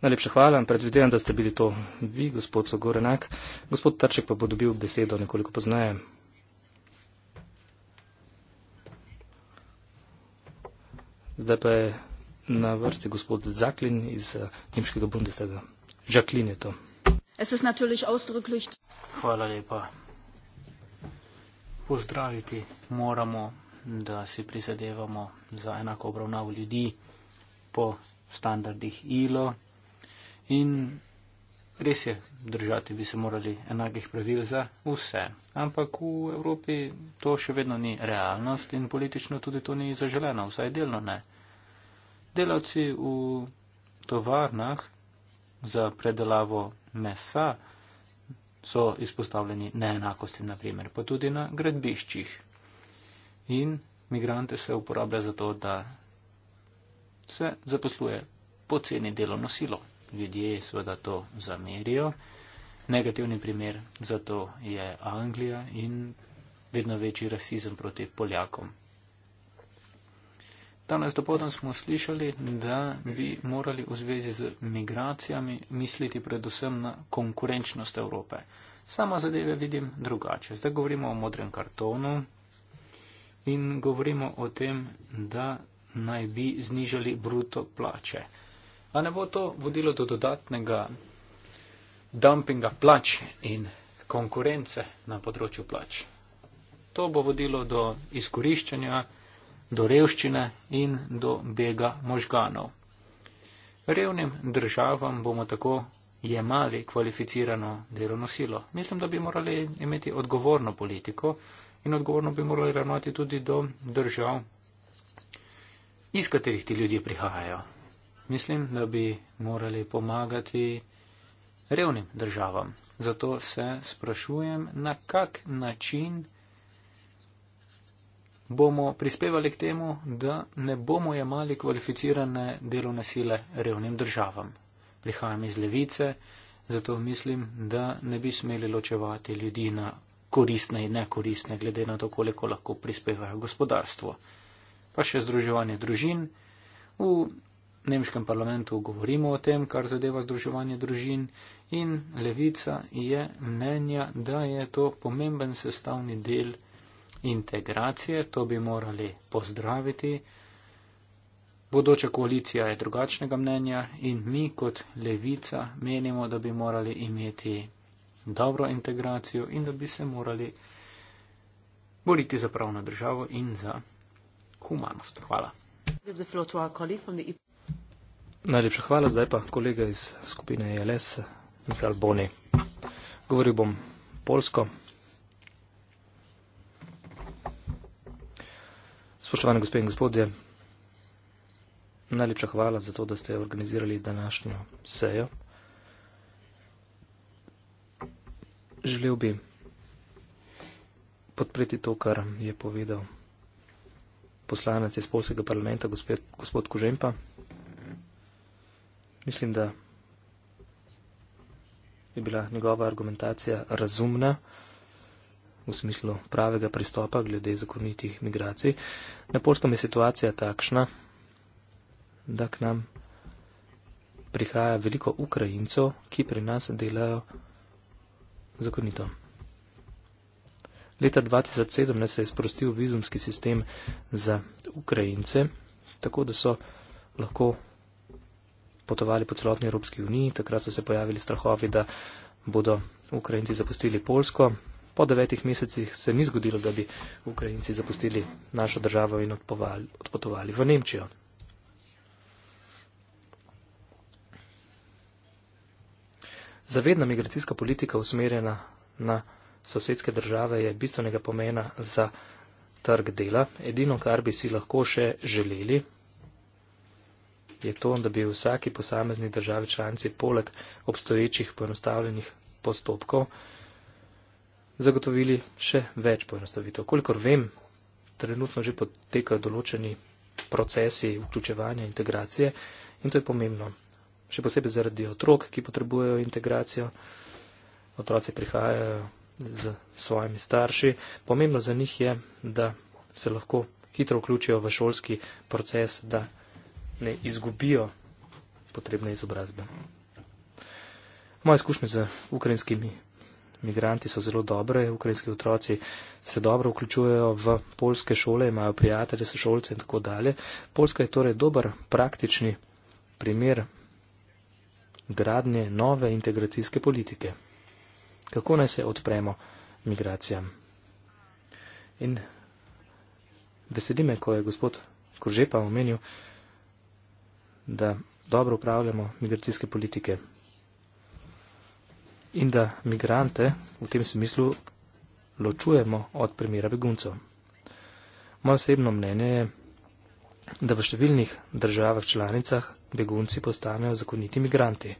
Najlepša hvala. Predvidevam, da ste bili to vi, gospod Sogorenak. Gospod Trček pa bo dobil besedo nekoliko poznaje. Zdaj pa je na vrsti gospod Zaklin iz eh, Nemškega Bundesega. Žaklin je to. Hvala lepa. Pozdraviti moramo, da si prizadevamo za enako obravnavo ljudi po standardih ILO. In res je, držati bi se morali enakih pravil za vse. Ampak v Evropi to še vedno ni realnost in politično tudi to ni zaželeno, vsaj delno ne. Delavci v tovarnah za predelavo mesa so izpostavljeni neenakosti, naprimer, pa tudi na gradbiščih. In migrante se uporablja za to, da se zaposluje poceni delovno silo. Ljudje seveda to zamerijo. Negativni primer za to je Anglija in vedno večji rasizem proti Poljakom. Danes dopoldan smo slišali, da bi morali v zvezi z migracijami misliti predvsem na konkurenčnost Evrope. Sama zadeve vidim drugače. Zdaj govorimo o modrem kartonu in govorimo o tem, da naj bi znižali bruto plače. A ne bo to vodilo do dodatnega dumpinga plač in konkurence na področju plač? To bo vodilo do izkoriščanja, do revščine in do bega možganov. Revnim državam bomo tako jemali kvalificirano delovno silo. Mislim, da bi morali imeti odgovorno politiko in odgovorno bi morali ravnati tudi do držav iz katerih ti ljudje prihajajo. Mislim, da bi morali pomagati revnim državam. Zato se sprašujem, na kak način bomo prispevali k temu, da ne bomo jemali kvalificirane delovne sile revnim državam. Prihajam iz levice, zato mislim, da ne bi smeli ločevati ljudi na koristne in nekoristne, glede na to, koliko lahko prispevajo gospodarstvo pa še združevanje družin. V nemškem parlamentu govorimo o tem, kar zadeva združevanje družin in levica je mnenja, da je to pomemben sestavni del integracije, to bi morali pozdraviti. Bodoča koalicija je drugačnega mnenja in mi kot levica menimo, da bi morali imeti dobro integracijo in da bi se morali boriti za pravno državo in za humanost. Hvala. Najlepša hvala, zdaj pa kolega iz skupine ELS, Mikal Boni. Govoril bom polsko. Spoštovane gospe in gospodje, najlepša hvala za to, da ste organizirali današnjo sejo. Želel bi podpreti to, kar je povedal poslanec iz polskega parlamenta, gospod, gospod Kožempa. Mislim, da je bila njegova argumentacija razumna v smislu pravega pristopa glede zakonitih migracij. Na polskem je situacija takšna, da k nam prihaja veliko Ukrajincev, ki pri nas delajo zakonito. Leta 2017 se je sprostil vizumski sistem za Ukrajince, tako da so lahko potovali po celotni Evropski uniji. Takrat so se pojavili strahovi, da bodo Ukrajinci zapustili Polsko. Po devetih mesecih se ni zgodilo, da bi Ukrajinci zapustili našo državo in odpovali, odpotovali v Nemčijo. Zavedna migracijska politika usmerjena na sosedske države je bistvenega pomena za trg dela. Edino, kar bi si lahko še želeli, je to, da bi vsaki posamezni državi članici poleg obstoječih poenostavljenih postopkov zagotovili še več poenostavitev. Kolikor vem, trenutno že potekajo določeni procesi vključevanja integracije in to je pomembno. Še posebej zaradi otrok, ki potrebujejo integracijo. Otroci prihajajo z svojimi starši. Pomembno za njih je, da se lahko hitro vključijo v šolski proces, da ne izgubijo potrebne izobrazbe. Moje izkušnje z ukrajinskimi migranti so zelo dobre. Ukrajinski otroci se dobro vključujejo v polske šole, imajo prijatelje, sošolce in tako dalje. Polska je torej dober praktični primer gradnje nove integracijske politike kako naj se odpremo migracijam. In veselime, ko je gospod Kožepa omenil, da dobro upravljamo migracijske politike in da migrante v tem smislu ločujemo od premjera beguncov. Moje osebno mnenje je, da v številnih državah članicah begunci postanejo zakoniti migranti.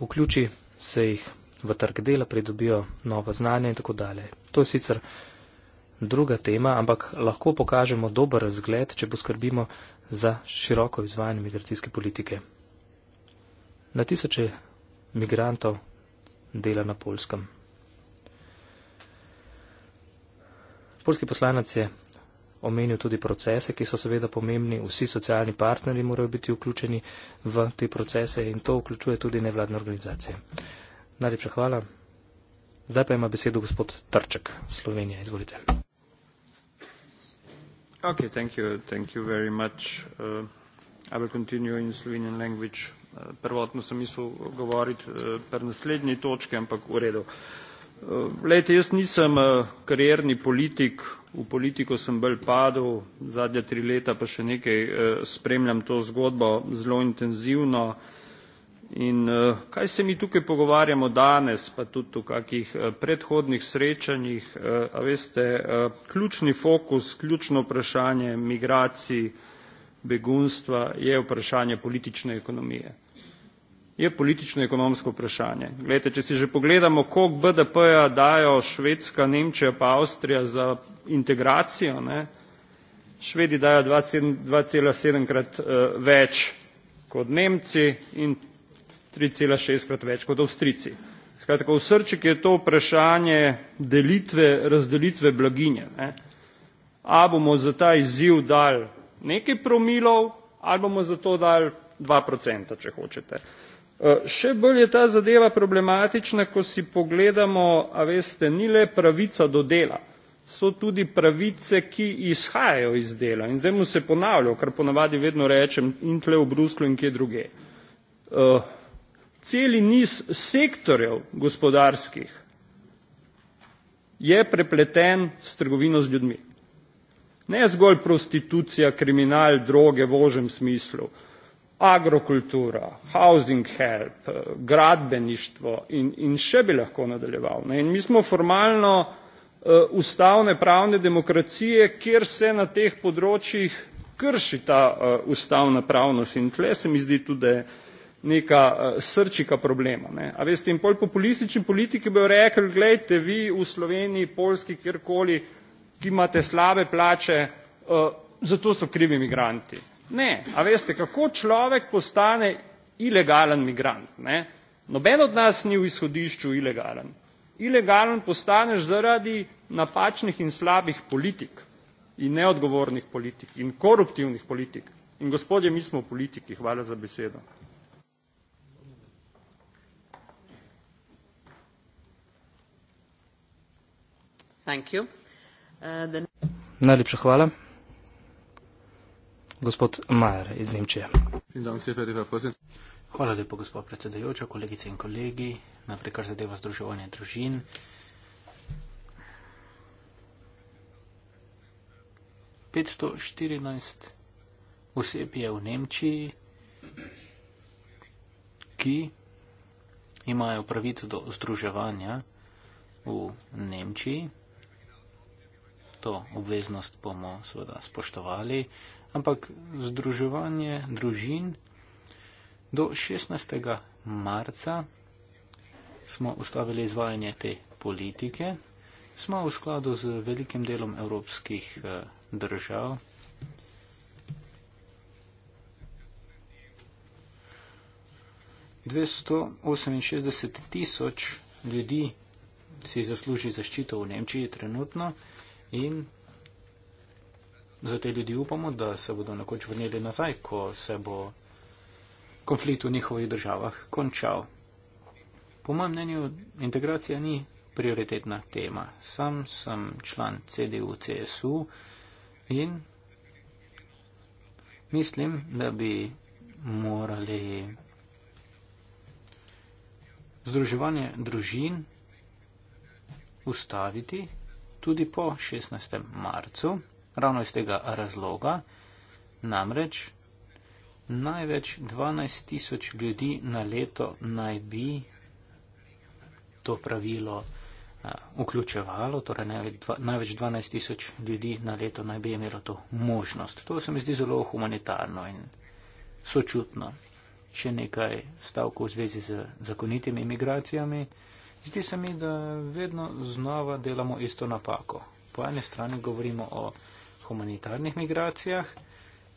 Vključi se jih v trg dela, pridobijo nova znanja in tako dalje. To je sicer druga tema, ampak lahko pokažemo dober razgled, če poskrbimo za široko izvajanje migracijske politike. Na tisoče migrantov dela na polskem. Polski poslanec je omenil tudi procese, ki so seveda pomembni. Vsi socialni partnerji morajo biti vključeni v te procese in to vključuje tudi nevladne organizacije. Najlepša hvala. Zdaj pa ima besedo gospod Trček, Slovenija. Izvolite. Ok, thank you, thank you very much. Uh, I will continue in Slovenian language. Uh, prvotno sem mislil govoriti uh, pri naslednji točki, ampak v redu. Uh, glejte, uh, jaz nisem uh, karierni politik, v politiko sem bolj padel, zadnja tri leta pa še nekaj uh, spremljam to zgodbo zelo intenzivno. Uh, In eh, kaj se mi tukaj pogovarjamo danes, pa tudi v kakih eh, predhodnih srečanjih, eh, a veste, ključni fokus, ključno vprašanje migracij, begunstva je vprašanje politične ekonomije. Je politično-ekonomsko vprašanje. Glejte, če si že pogledamo, koliko BDP-ja dajo Švedska, Nemčija pa Avstrija za integracijo, ne, Švedi dajo 2,7 krat več kot Nemci in 3,6-krat več kot Avstrici. Skratka, v srček je to vprašanje delitve, razdelitve blaginje. Ne? A bomo za ta izziv dal nekaj promilov, ali bomo za to dal 2%, če hočete. E, še bolj je ta zadeva problematična, ko si pogledamo, a veste, ni le pravica do dela, so tudi pravice, ki izhajajo iz dela. In zdaj mu se ponavlja, kar ponavadi vedno rečem, in tle v Bruslu in kje druge. E, celi niz sektorjev gospodarskih je prepleten s trgovino z ljudmi. Ne zgolj prostitucija, kriminal, droge v ožem smislu, agrokultura, housing help, eh, gradbeništvo in, in še bi lahko nadaljeval. Ne. In mi smo formalno uh, ustavne pravne demokracije, kjer se na teh področjih krši ta uh, ustavna pravnost in tle se mi zdi tudi, da je neka eh, srčika problema. Ne. A veste, in pol populistični politiki bi rekli, gledajte vi v Sloveniji, Poljski, kjerkoli, ki imate slabe plače, uh, eh, zato so krivi migranti. Ne, a veste, kako človek postane ilegalen migrant? Ne. Noben od nas ni v izhodišču ilegalen. Ilegalen postaneš zaradi napačnih in slabih politik in neodgovornih politik in koruptivnih politik. In gospodje, mi smo politiki, hvala za besedo. Uh, Najlepša hvala. Gospod Majer iz Nemčije. Hvala lepo, gospod predsedajoča, kolegice in kolegi, naprej kar zadeva združevanje družin. Petsto štirinajst oseb je v Nemčiji, ki imajo pravico do združevanja v Nemčiji to obveznost bomo seveda spoštovali, ampak združevanje družin do 16. marca smo ustavili izvajanje te politike, smo v skladu z velikim delom evropskih eh, držav. Dvesto oseminšestdeset tisoč ljudi si zasluži zaščito v Nemčiji trenutno in za te ljudi upamo, da se bodo nekoč vrnili nazaj, ko se bo konflikt v njihovih državah končal. Po mojem mnenju, integracija ni prioritetna tema. Sam sem član CDU-CSU in mislim, da bi morali združevanje družin ustaviti tudi po 16. marcu, ravno iz tega razloga, namreč največ 12 tisoč ljudi na leto naj bi to pravilo eh, vključevalo, torej največ 12 tisoč ljudi na leto naj bi imelo to možnost. To se mi zdi zelo humanitarno in sočutno. Še nekaj stavkov v zvezi z zakonitimi imigracijami. Zdi se mi, da vedno znova delamo isto napako. Po eni strani govorimo o humanitarnih migracijah,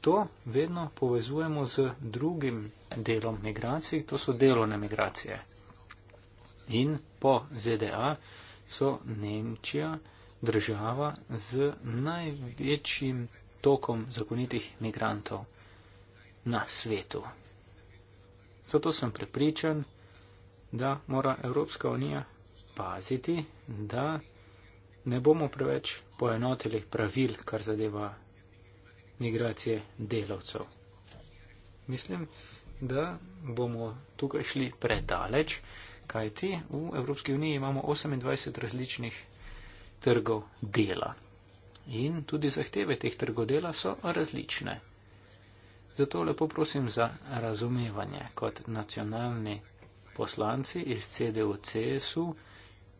to vedno povezujemo z drugim delom migracij, to so delovne migracije. In po ZDA so Nemčija država z največjim tokom zakonitih migrantov na svetu. Zato sem prepričan, da mora Evropska unija paziti, da ne bomo preveč poenotili pravil, kar zadeva migracije delavcev. Mislim, da bomo tukaj šli predaleč, kajti v Evropski uniji imamo 28 različnih trgov dela. In tudi zahteve teh trgov dela so različne. Zato lepo prosim za razumevanje kot nacionalni poslanci iz CDU-CSU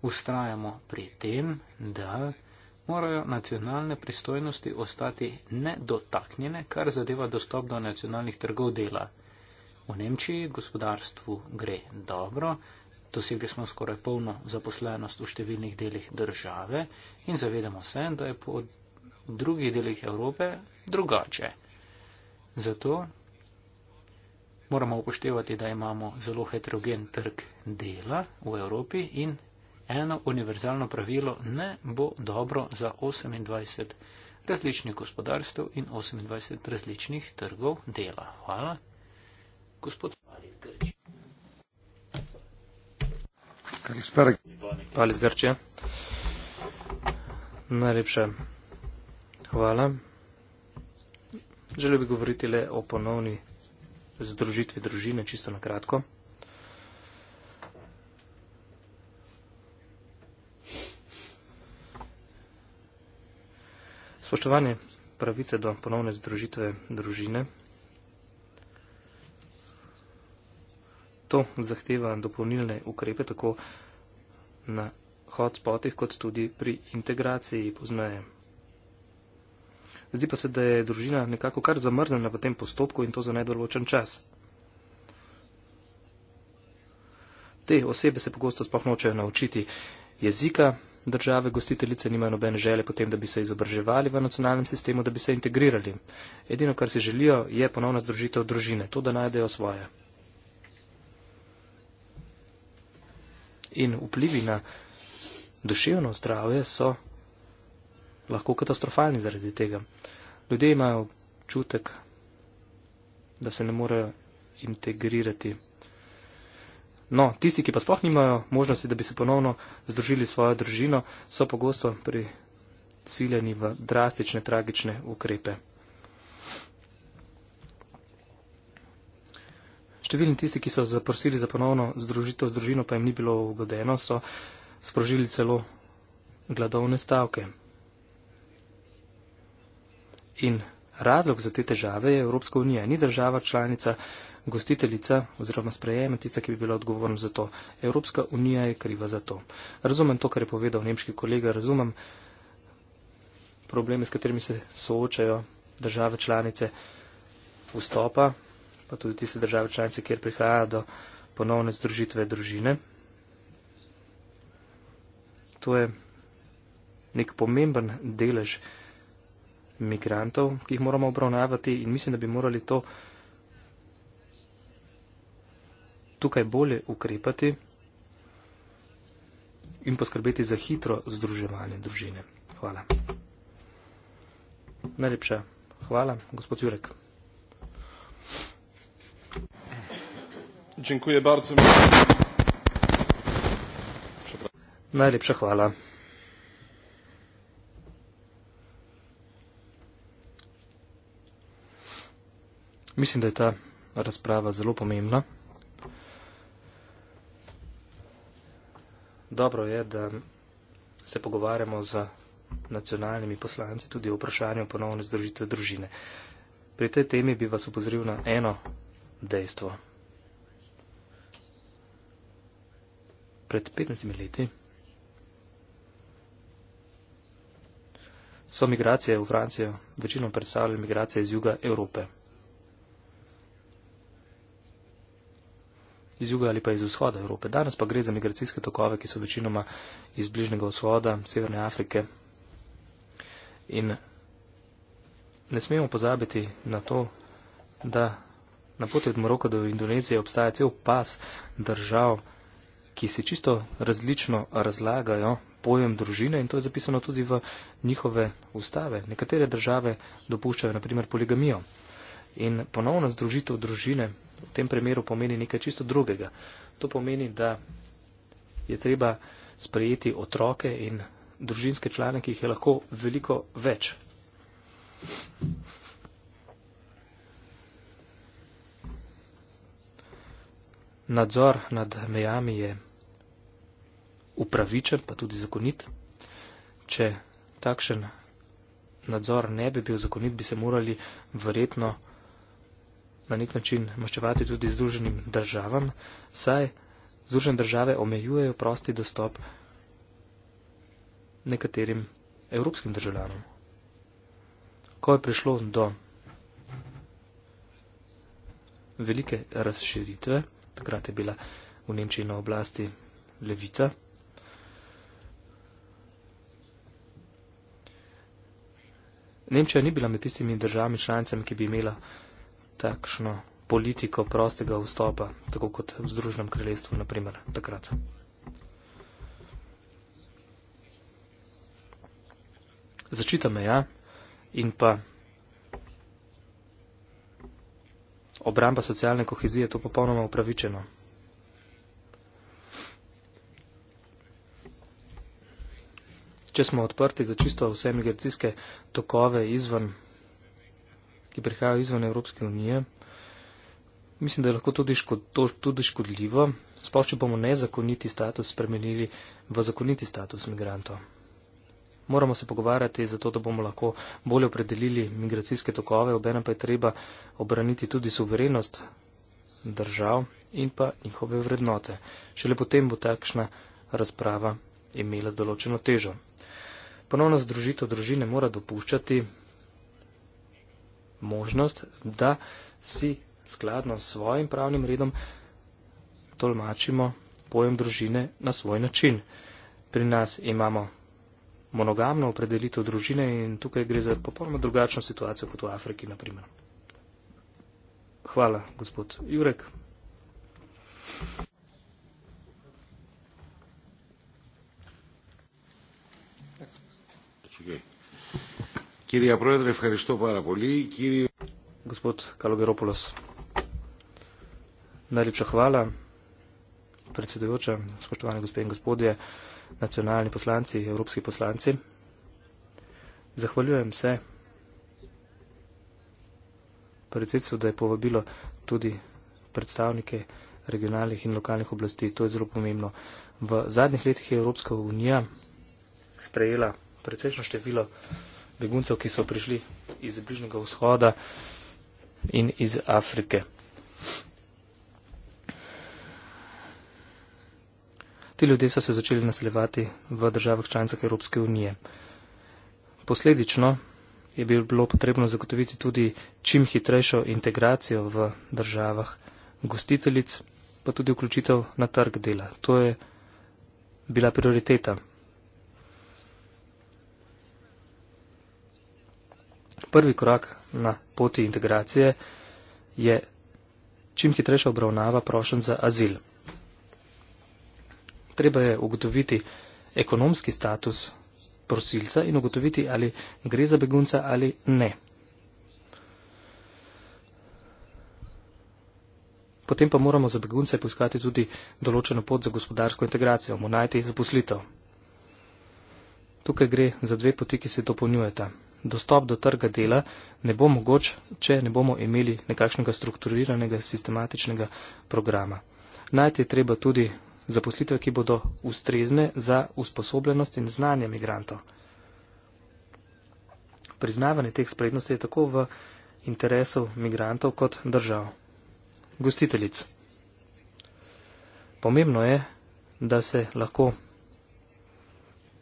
ustrajamo pri tem, da morajo nacionalne pristojnosti ostati nedotaknjene, kar zadeva dostop do nacionalnih trgov dela. V Nemčiji gospodarstvu gre dobro, dosegli smo skoraj polno zaposlenost v številnih delih države in zavedamo se, da je po drugih delih Evrope drugače. Zato moramo upoštevati, da imamo zelo heterogen trg dela v Evropi in eno univerzalno pravilo ne bo dobro za 28 različnih gospodarstv in 28 različnih trgov dela. Hvala. Gospod Palic Grči. Palic Grči. Ja. Najlepše. Hvala. Želel bi govoriti le o ponovni združitvi družine, čisto na kratko. Spoštovanje pravice do ponovne združitve družine. To zahteva dopolnilne ukrepe tako na hotspotih kot tudi pri integraciji poznaje zdi pa se, da je družina nekako kar zamrznjena v tem postopku in to za nedoločen čas. Te osebe se pogosto sploh nočejo naučiti jezika, države gostiteljice nimajo nobene žele potem, da bi se izobraževali v nacionalnem sistemu, da bi se integrirali. Edino, kar si želijo, je ponovna združitev družine, to, da najdejo svoje. In vplivi na duševno zdravje so lahko katastrofalni zaradi tega. Ljudje imajo čutek, da se ne morejo integrirati. No, tisti, ki pa sploh nimajo možnosti, da bi se ponovno združili svojo družino, so pogosto prisiljeni v drastične, tragične ukrepe. Številni tisti, ki so zaprosili za ponovno združitev z družino, pa jim ni bilo ugodeno, so sprožili celo gladovne stavke. In razlog za te težave je Evropska unija, ni država članica, gostiteljica oziroma sprejema tista, ki bi bila odgovorna za to. Evropska unija je kriva za to. Razumem to, kar je povedal nemški kolega, razumem probleme, s katerimi se soočajo države članice vstopa, pa tudi tiste države članice, kjer prihaja do ponovne združitve družine. To je nek pomemben delež migrantov, ki jih moramo obravnavati in mislim, da bi morali to tukaj bolje ukrepati in poskrbeti za hitro združevanje družine. Hvala. Najlepša hvala, gospod Jurek. Dziękuję bardzo. Najlepsza chwała. Mislim, da je ta razprava zelo pomembna. Dobro je, da se pogovarjamo z nacionalnimi poslanci tudi o vprašanju ponovne združitve družine. Pri tej temi bi vas upozoril na eno dejstvo. Pred 15 leti so migracije v Francijo večinoma predstavljale migracije iz juga Evrope. iz juga ali pa iz vzhoda Evrope. Danes pa gre za migracijske tokove, ki so večinoma iz bližnjega vzhoda, Severne Afrike. In ne smemo pozabiti na to, da na poti od Moroka do Indonezije obstaja cel pas držav, ki si čisto različno razlagajo pojem družine in to je zapisano tudi v njihove ustave. Nekatere države dopuščajo naprimer poligamijo. In ponovna združitev družine v tem primeru pomeni nekaj čisto drugega. To pomeni, da je treba sprejeti otroke in družinske člane, ki jih je lahko veliko več. Nadzor nad mejami je upravičen, pa tudi zakonit. Če takšen nadzor ne bi bil zakonit, bi se morali verjetno na nek način maščevati tudi združenim državam, saj združene države omejujejo prosti dostop nekaterim evropskim državljanom. Ko je prišlo do velike razširitve, takrat je bila v Nemčiji na oblasti levica, Nemčija ni bila med tistimi državami članicami, ki bi imela takšno politiko prostega vstopa, tako kot v Združenem kraljestvu, naprimer, takrat. Začita me, ja, in pa obramba socialne kohezije, to popolnoma upravičeno. Če smo odprti za čisto vse migracijske tokove izven ki prihajajo izven Evropske unije. Mislim, da je lahko tudi, škod, tudi škodljivo, sploh če bomo nezakoniti status spremenili v zakoniti status migrantov. Moramo se pogovarjati zato, da bomo lahko bolje opredelili migracijske tokove, obenem pa je treba obraniti tudi suverenost držav in pa njihove vrednote. Šele potem bo takšna razprava imela določeno težo. Ponovno združitev družine mora dopuščati, možnost, da si skladno s svojim pravnim redom tolmačimo pojem družine na svoj način. Pri nas imamo monogamno opredelitev družine in tukaj gre za popolnoma drugačno situacijo kot v Afriki, naprimer. Hvala, gospod Jurek. Gospod Kalogeropoulos, najlepša hvala, predsedujoča, spoštovane gospe in gospodje, nacionalni poslanci, evropski poslanci. Zahvaljujem se predsedstvu, da je povabilo tudi predstavnike regionalnih in lokalnih oblasti. To je zelo pomembno. V zadnjih letih je Evropska unija sprejela precejšno število beguncev, ki so prišli iz Bližnjega vzhoda in iz Afrike. Ti ljudje so se začeli naseljevati v državah članicah Evropske unije. Posledično je bilo potrebno zagotoviti tudi čim hitrejšo integracijo v državah gostiteljic, pa tudi vključitev na trg dela. To je bila prioriteta prvi korak na poti integracije je čim hitrejša obravnava prošen za azil. Treba je ugotoviti ekonomski status prosilca in ugotoviti, ali gre za begunca ali ne. Potem pa moramo za begunce poiskati tudi določeno pot za gospodarsko integracijo, mu najti zaposlitev. Tukaj gre za dve poti, ki se dopolnjujeta dostop do trga dela ne bo mogoč, če ne bomo imeli nekakšnega strukturiranega sistematičnega programa. Najti je treba tudi zaposlitev, ki bodo ustrezne za usposobljenost in znanje migrantov. Priznavanje teh sprednosti je tako v interesu migrantov kot držav. Gostiteljic. Pomembno je, da se lahko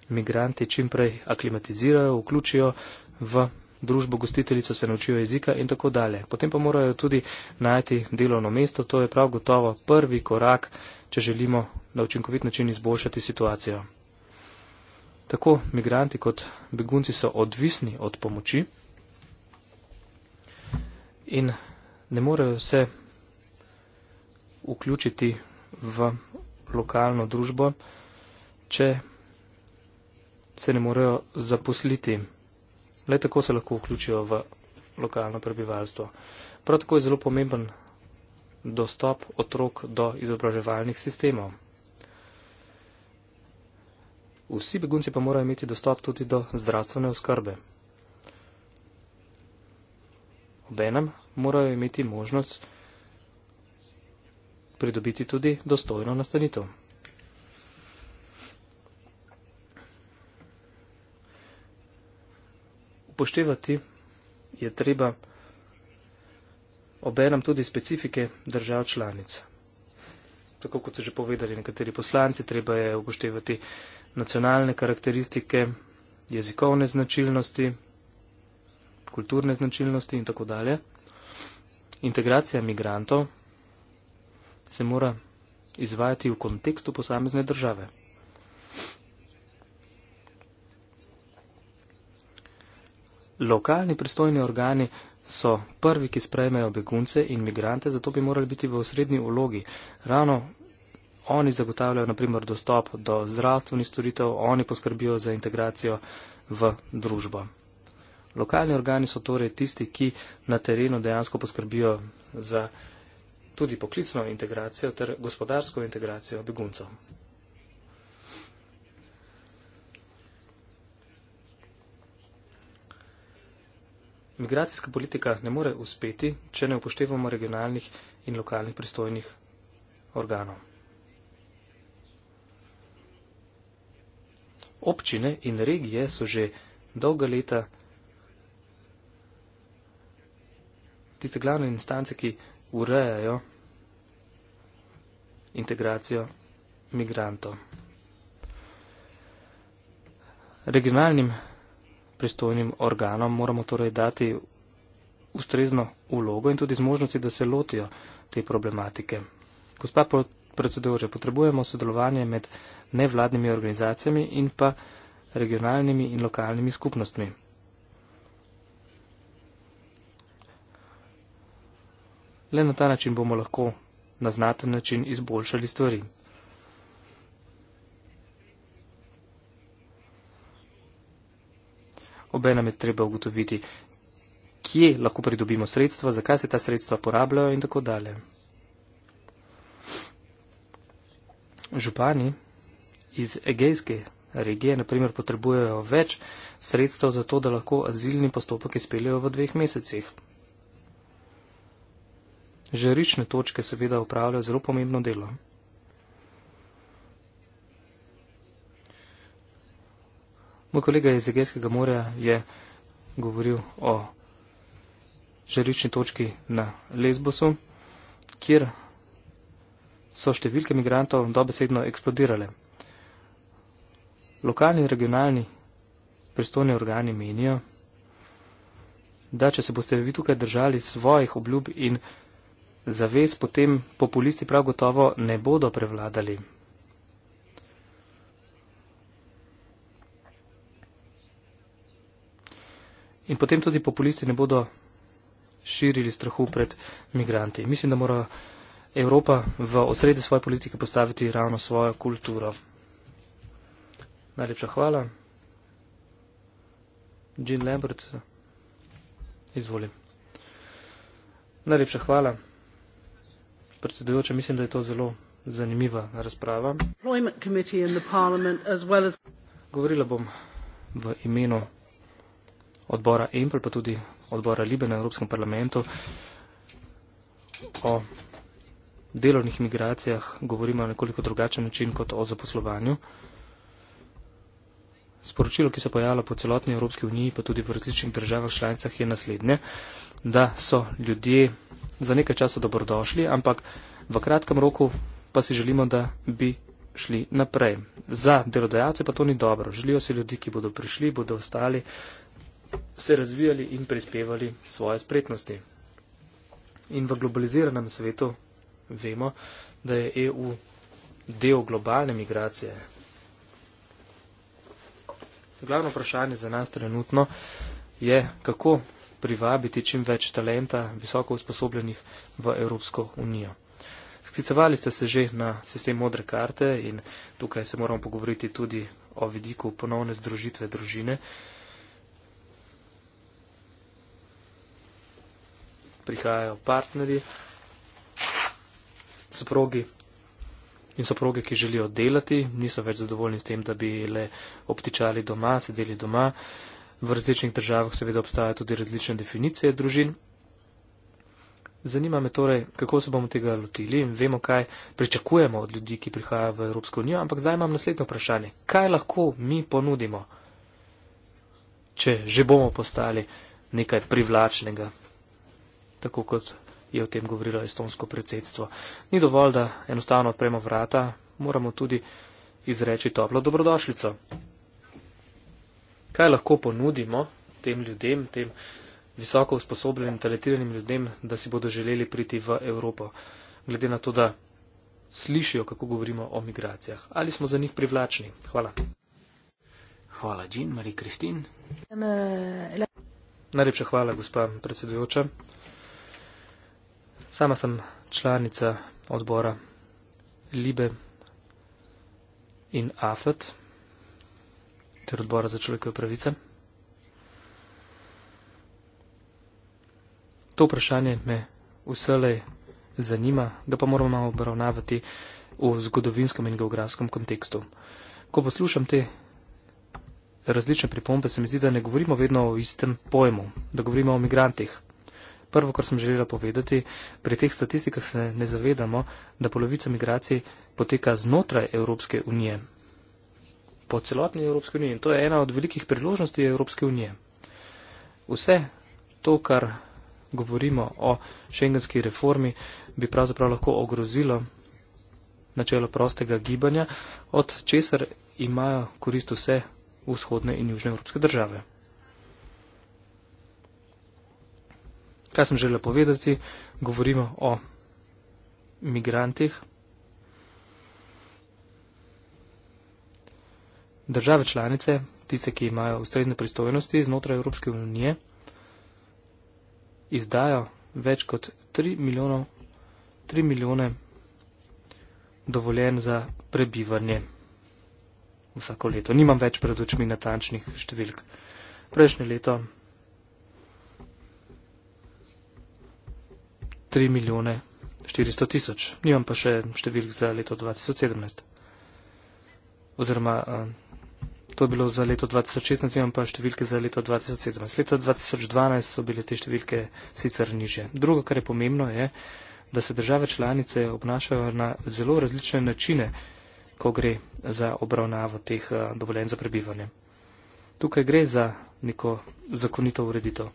migranti čimprej aklimatizirajo, vključijo v družbo gostiteljico, se naučijo jezika in tako dalje. Potem pa morajo tudi najti delovno mesto, to je prav gotovo prvi korak, če želimo na učinkovit način izboljšati situacijo. Tako migranti kot begunci so odvisni od pomoči in ne morejo se vključiti v lokalno družbo, če se ne morejo zaposliti le tako se lahko vključijo v lokalno prebivalstvo. Prav tako je zelo pomemben dostop otrok do izobraževalnih sistemov. Vsi begunci pa morajo imeti dostop tudi do zdravstvene oskrbe. Obenem morajo imeti možnost pridobiti tudi dostojno nastanitev. upoštevati je treba obenem tudi specifike držav članic. Tako kot so že povedali nekateri poslanci, treba je upoštevati nacionalne karakteristike, jezikovne značilnosti, kulturne značilnosti in tako dalje. Integracija migrantov se mora izvajati v kontekstu posamezne države. Lokalni pristojni organi so prvi, ki sprejmejo begunce in migrante, zato bi morali biti v osrednji vlogi. Ravno oni zagotavljajo, naprimer, dostop do zdravstvenih storitev, oni poskrbijo za integracijo v družbo. Lokalni organi so torej tisti, ki na terenu dejansko poskrbijo za tudi poklicno integracijo ter gospodarsko integracijo beguncov. Migracijska politika ne more uspeti, če ne upoštevamo regionalnih in lokalnih pristojnih organov. Občine in regije so že dolga leta tiste glavne instance, ki urejajo integracijo migrantov. Regionalnim pristojnim organom, moramo torej dati ustrezno vlogo in tudi zmožnosti, da se lotijo te problematike. Gospa predsedovča, potrebujemo sodelovanje med nevladnimi organizacijami in pa regionalnimi in lokalnimi skupnostmi. Le na ta način bomo lahko na znaten način izboljšali stvari. obenem je treba ugotoviti, kje lahko pridobimo sredstva, zakaj se ta sredstva porabljajo in tako dalje. Župani iz Egejske regije naprimer potrebujejo več sredstev za to, da lahko azilni postopek izpeljajo v dveh mesecih. Žarične točke seveda upravljajo zelo pomembno delo. Moj kolega iz Egejskega morja je govoril o žarični točki na Lesbosu, kjer so številke migrantov dobesedno eksplodirale. Lokalni in regionalni pristojni organi menijo, da če se boste vi tukaj držali svojih obljub in zavez, potem populisti prav gotovo ne bodo prevladali. in potem tudi populisti ne bodo širili strahu pred migranti. Mislim, da mora Evropa v osrede svoje politike postaviti ravno svojo kulturo. Najlepša hvala. Jean Lambert, izvolim. Najlepša hvala. Predsedujoča, mislim, da je to zelo zanimiva razprava. Well as... Govorila bom v imenu odbora EMPL, pa tudi odbora Libe na Evropskem parlamentu. O delovnih migracijah govorimo na nekoliko drugačen način kot o zaposlovanju. Sporočilo, ki se pojavlja po celotni Evropski uniji, pa tudi v različnih državah članicah, je naslednje, da so ljudje za nekaj časa dobrodošli, ampak v kratkem roku pa si želimo, da bi šli naprej. Za delodajalce pa to ni dobro. Želijo si ljudi, ki bodo prišli, bodo ostali, se razvijali in prispevali svoje spretnosti. In v globaliziranem svetu vemo, da je EU del globalne migracije. Glavno vprašanje za nas trenutno je, kako privabiti čim več talenta visoko usposobljenih v Evropsko unijo. Sklicevali ste se že na sistem modre karte in tukaj se moramo pogovoriti tudi o vidiku ponovne združitve družine. Uh, prihajajo partnerji, soprogi in soproge, ki želijo delati, niso več zadovoljni s tem, da bi le obtičali doma, sedeli doma. V različnih državah seveda obstajajo tudi različne definicije družin. Zanima me torej, kako se bomo tega lotili in vemo, kaj pričakujemo od ljudi, ki prihajajo v Evropsko unijo, ampak zdaj imam naslednje vprašanje. Kaj lahko mi ponudimo, če že bomo postali nekaj privlačnega tako kot je o tem govorilo estonsko predsedstvo. Ni dovolj, da enostavno odpremo vrata, moramo tudi izreči toplo dobrodošlico. Kaj lahko ponudimo tem ljudem, tem visoko usposobljenim, talentiranim ljudem, da si bodo želeli priti v Evropo, glede na to, da slišijo, kako govorimo o migracijah. Ali smo za njih privlačni? Hvala. Hvala, Jean, Marie Kristin. Eh, Najlepša hvala, gospa predsedujoča. Sama sem članica odbora Libe in AFET ter odbora za človekove pravice. To vprašanje me vselej zanima, ga pa moramo malo obravnavati v zgodovinskem in geografskem kontekstu. Ko poslušam te različne pripombe, se mi zdi, da ne govorimo vedno o istem pojmu, da govorimo o migrantih, Prvo, kar sem želela povedati, pri teh statistikah se ne zavedamo, da polovica migracij poteka znotraj Evropske unije, po celotni Evropski uniji. In to je ena od velikih priložnosti Evropske unije. Vse to, kar govorimo o šengenski reformi, bi pravzaprav lahko ogrozilo načelo prostega gibanja, od česar imajo korist vse vzhodne in južne evropske države. kaj sem želel povedati, govorimo o migrantih. Države članice, tiste, ki imajo ustrezne pristojnosti znotraj Evropske unije, izdajo več kot 3, milijonov, 3 milijone dovoljen za prebivanje vsako leto. Nimam več pred očmi natančnih številk. Prejšnje leto 3 milijone 400 tisoč. Nimam pa še številk za leto 2017. Oziroma, eh, to je bilo za leto 2016, imam pa številke za leto 2017. Leto 2012 so bile te številke sicer niže. Drugo, kar je pomembno, je, da se države članice obnašajo na zelo različne načine, ko gre za obravnavo teh eh, dovoljen za prebivanje. Tukaj gre za neko zakonito ureditev.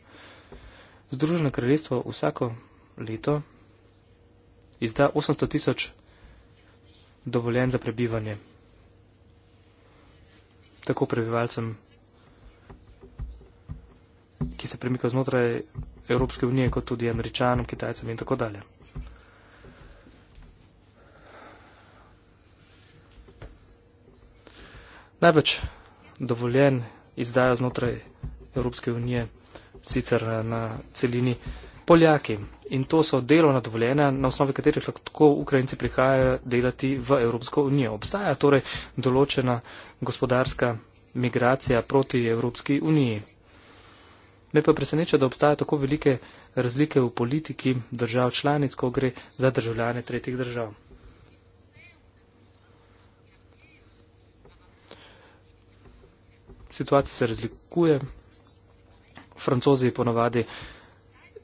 Združeno kraljestvo vsako leto izda 800 tisoč dovoljen za prebivanje. Tako prebivalcem, ki se premikajo znotraj Evropske unije, kot tudi američanom, kitajcem in tako dalje. Največ dovoljen izdajo znotraj Evropske unije, sicer na celini Poljaki. In to so delovna dovoljenja, na osnovi katerih lahko Ukrajinci prihajajo delati v Evropsko unijo. Obstaja torej določena gospodarska migracija proti Evropski uniji. Me pa preseneča, da obstaja tako velike razlike v politiki držav članic, ko gre za državljane tretjih držav. Situacija se razlikuje. Francozi ponovadi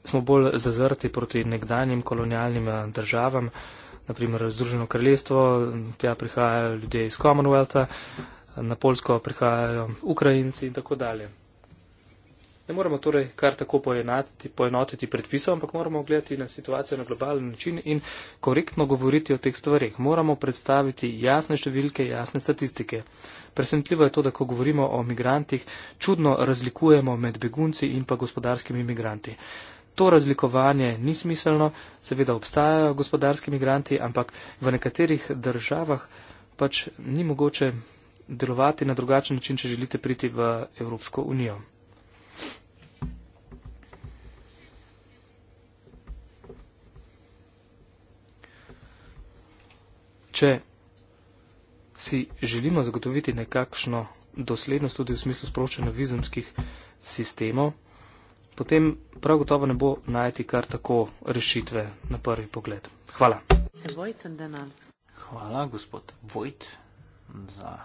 smo bolj zazrti proti nekdanjim kolonialnim eh, državam, naprimer Združeno kraljestvo, tja prihajajo ljudje iz Commonwealtha, na Polsko prihajajo Ukrajinci in tako dalje. Ne moramo torej kar tako poenotiti, poenotiti predpisov, ampak moramo gledati na situacijo na globalen način in korektno govoriti o teh stvarih. Moramo predstaviti jasne številke, jasne statistike. Presentljivo je to, da ko govorimo o migrantih, čudno razlikujemo med begunci in pa gospodarskimi migranti to razlikovanje ni smiselno, seveda obstajajo gospodarski migranti, ampak v nekaterih državah pač ni mogoče delovati na drugačen način, če želite priti v Evropsko unijo. Če si želimo zagotoviti nekakšno doslednost tudi v smislu sproščanja vizumskih sistemov, potem prav gotovo ne bo najti kar tako rešitve na prvi pogled. Hvala. Hvala, gospod Vojt, za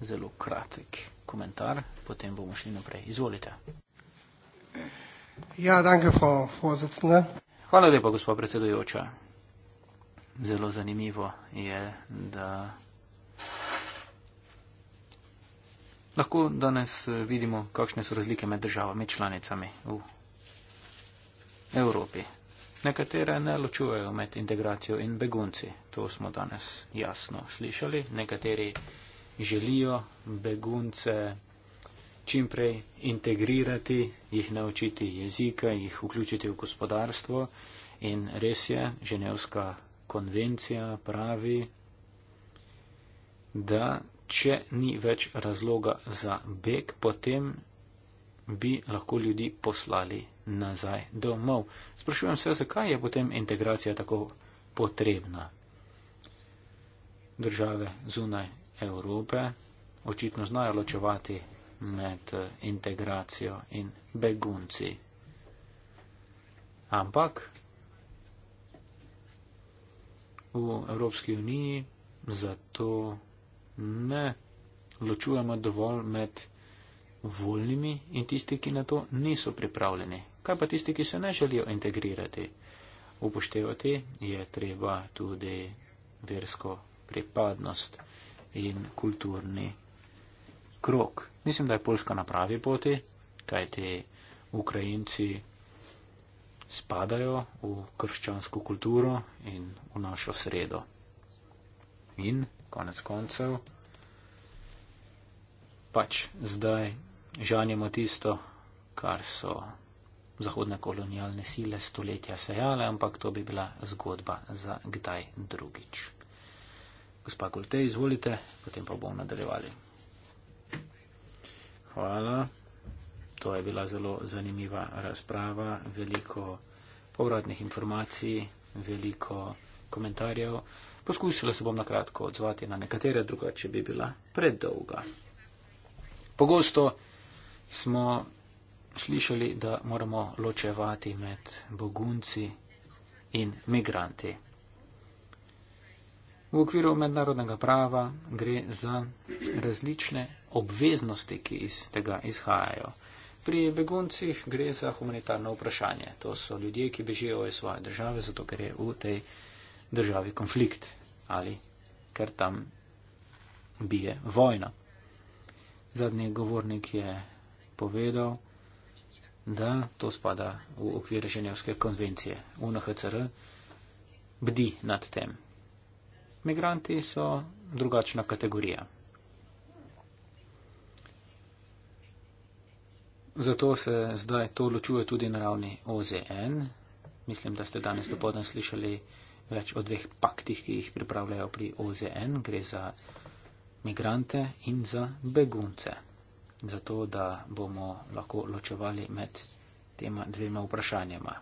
zelo kratek komentar. Potem bomo šli naprej. Izvolite. Ja, danke, vorsitzende. Hvala lepa, gospod predsedujoča. Zelo zanimivo je, da Lahko danes eh, vidimo, kakšne so razlike med državami članicami v Evropi. Nekatere ne ločujejo med integracijo in begunci, to smo danes jasno slišali. Nekateri želijo begunce čimprej integrirati, jih naučiti jezika, jih vključiti v gospodarstvo in res je, Ženevska konvencija pravi, da če ni več razloga za beg, potem bi lahko ljudi poslali nazaj domov. Sprašujem se, zakaj je potem integracija tako potrebna. Države zunaj Evrope očitno znajo ločevati med eh, integracijo in begunci. Ampak v Evropski uniji zato ne ločujemo dovolj med voljnimi in tisti, ki na to niso pripravljeni. Kaj pa tisti, ki se ne želijo integrirati? Upoštevati je treba tudi versko pripadnost in kulturni krok. Mislim, da je Poljska na pravi poti, kaj ti Ukrajinci spadajo v krščansko kulturo in v našo sredo. In konec koncev. Pač zdaj žanjemo tisto, kar so zahodne kolonialne sile stoletja sejale, ampak to bi bila zgodba za kdaj drugič. Gospa Kulte, izvolite, potem pa bomo nadaljevali. Hvala. To je bila zelo zanimiva razprava, veliko povratnih informacij, veliko komentarjev. Poskušala se bom na kratko odzvati na nekatere, drugače bi bila predolga. Pogosto smo slišali, da moramo ločevati med bogunci in migranti. V okviru mednarodnega prava gre za različne obveznosti, ki iz tega izhajajo. Pri beguncih gre za humanitarno vprašanje. To so ljudje, ki bežijo iz svoje države, zato ker je v tej državi konflikt ali ker tam bije vojna. Zadnji govornik je povedal, da to spada v okvir Ženevske konvencije. UNHCR bdi nad tem. Migranti so drugačna kategorija. Zato se zdaj to ločuje tudi na ravni OZN. Mislim, da ste danes dopoledne slišali več o dveh paktih, ki jih pripravljajo pri OZN. Gre za migrante in za begunce. Zato, da bomo lahko ločevali med tema dvema vprašanjama.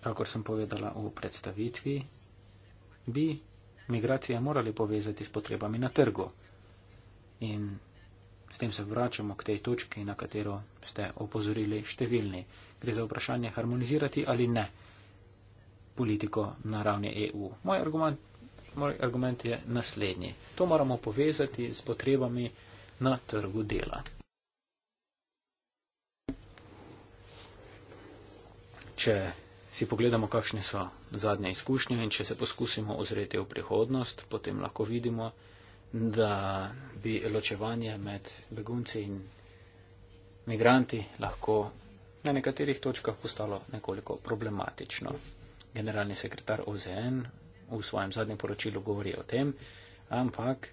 Kakor sem povedala v predstavitvi, bi migracije morali povezati s potrebami na trgu. In s tem se vračamo k tej točki, na katero ste opozorili številni. Gre za vprašanje harmonizirati ali ne politiko na ravni EU. Moj argument, moj argument je naslednji. To moramo povezati z potrebami na trgu dela. Če si pogledamo, kakšne so zadnje izkušnje in če se poskusimo ozreti v prihodnost, potem lahko vidimo, da bi ločevanje med begunci in migranti lahko na nekaterih točkah postalo nekoliko problematično generalni sekretar OZN v svojem zadnjem poročilu govori o tem, ampak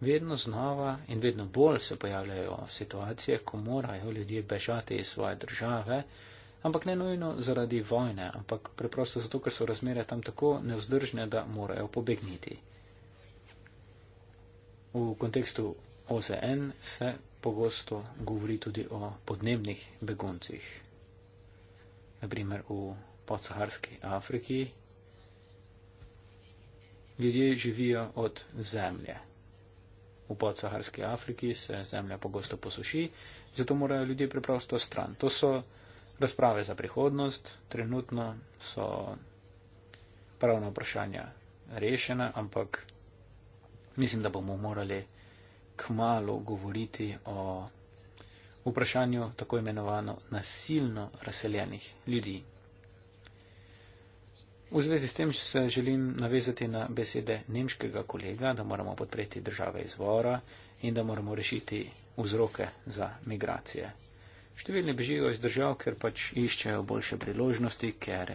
vedno znova in vedno bolj se pojavljajo situacije, ko morajo ljudje bežati iz svoje države, ampak ne nujno zaradi vojne, ampak preprosto zato, ker so razmere tam tako nevzdržne, da morajo pobegniti. V kontekstu OZN se pogosto govori tudi o podnebnih beguncih. Naprimer, v podsaharske Afriki, ljudje živijo od zemlje. V podsaharske Afriki se zemlja pogosto posuši, zato morajo ljudje preprosto stran. To so razprave za prihodnost, trenutno so pravna vprašanja rešena, ampak mislim, da bomo morali kmalo govoriti o vprašanju tako imenovano nasilno razseljenih ljudi. V zvezi s tem se želim navezati na besede nemškega kolega, da moramo podpreti države izvora in da moramo rešiti vzroke za migracije. Številni bežijo iz držav, ker pač iščejo boljše priložnosti, ker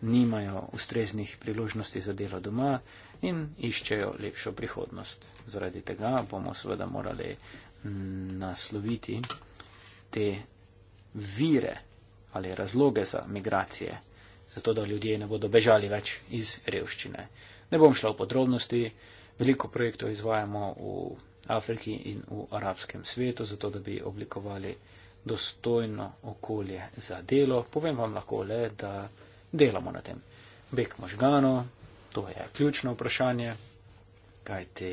nimajo ustreznih priložnosti za delo doma in iščejo lepšo prihodnost. Zaradi tega bomo seveda morali nasloviti te vire ali razloge za migracije zato da ljudje ne bodo bežali več iz revščine. Ne bom šla v podrobnosti, veliko projektov izvajamo v Afriki in v arabskem svetu, zato da bi oblikovali dostojno okolje za delo. Povem vam lahko le, da delamo na tem. Bek možgano, to je ključno vprašanje, kajte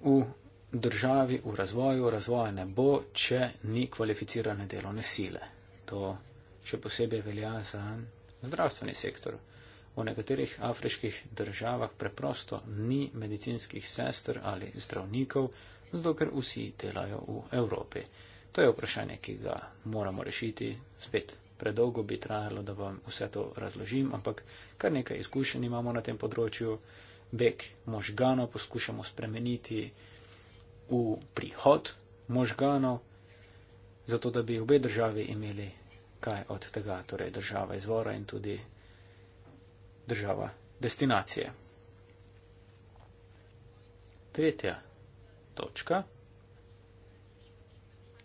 v državi, v razvoju, razvoja ne bo, če ni kvalificirane delovne sile. To še posebej velja za zdravstveni sektor. V nekaterih afriških državah preprosto ni medicinskih sester ali zdravnikov, zato ker vsi delajo v Evropi. To je vprašanje, ki ga moramo rešiti. Spet, predolgo bi trajalo, da vam vse to razložim, ampak kar nekaj izkušenj imamo na tem področju. Beg možganov poskušamo spremeniti v prihod možganov, zato da bi obe državi imeli kaj od tega, torej država izvora in tudi država destinacije. Tretja točka.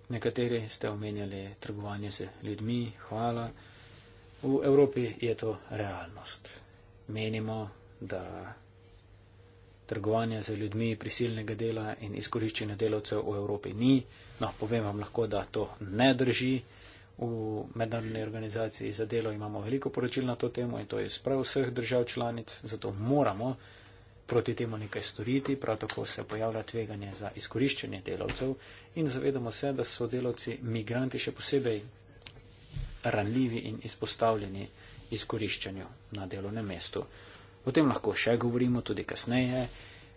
Nekateri ste omenjali trgovanje z ljudmi, hvala. V Evropi je to realnost. Menimo, da trgovanja z ljudmi, prisilnega dela in izkoriščenja delavcev v Evropi ni. No, povem vam lahko, da to ne drži. V mednarodni organizaciji za delo imamo veliko poročil na to temo in to je iz prav vseh držav članic, zato moramo proti temu nekaj storiti, prav tako se pojavlja tveganje za izkoriščanje delavcev in zavedamo se, da so delavci migranti še posebej ranljivi in izpostavljeni izkoriščanju na delovnem mestu. O tem lahko še govorimo tudi kasneje.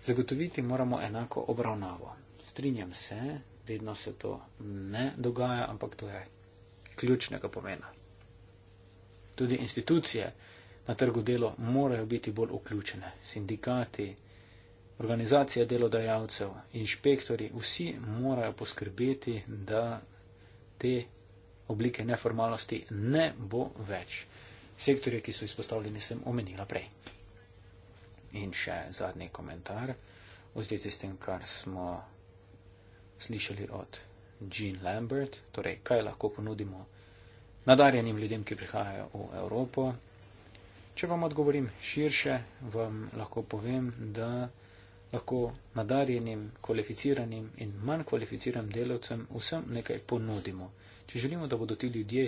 Zagotoviti moramo enako obravnavo. Strinjam se, vedno se to ne dogaja, ampak to je ključnega pomena. Tudi institucije na trgu delo morajo biti bolj vključene. Sindikati, organizacije delodajalcev, inšpektori, vsi morajo poskrbeti, da te oblike neformalnosti ne bo več. Sektorje, ki so izpostavljeni, sem omenila prej. In še zadnji komentar v zvezi s tem, kar smo slišali od Jean Lambert, torej kaj lahko ponudimo nadarjenim ljudem, ki prihajajo v Evropo. Če vam odgovorim širše, vam lahko povem, da lahko nadarjenim, kvalificiranim in manj kvalificiranim delavcem vsem nekaj ponudimo. Če želimo, da bodo ti ljudje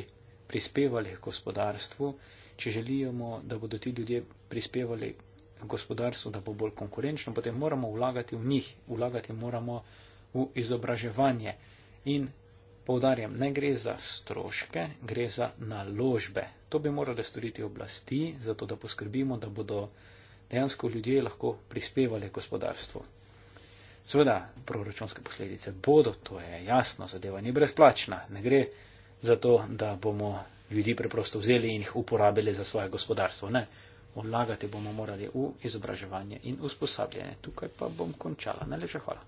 prispevali k gospodarstvu, če želimo, da bodo ti ljudje prispevali k gospodarstvu, da bo bolj konkurenčno, potem moramo vlagati v njih, vlagati moramo v izobraževanje. In poudarjam, ne gre za stroške, gre za naložbe. To bi morale storiti oblasti, zato da poskrbimo, da bodo dejansko ljudje lahko prispevali gospodarstvo. Seveda, proračunske posledice bodo, to je jasno, zadeva ni brezplačna. Ne gre za to, da bomo ljudi preprosto vzeli in jih uporabili za svoje gospodarstvo. Ne. Vlagati bomo morali v izobraževanje in usposabljanje. Tukaj pa bom končala. Najlepša hvala.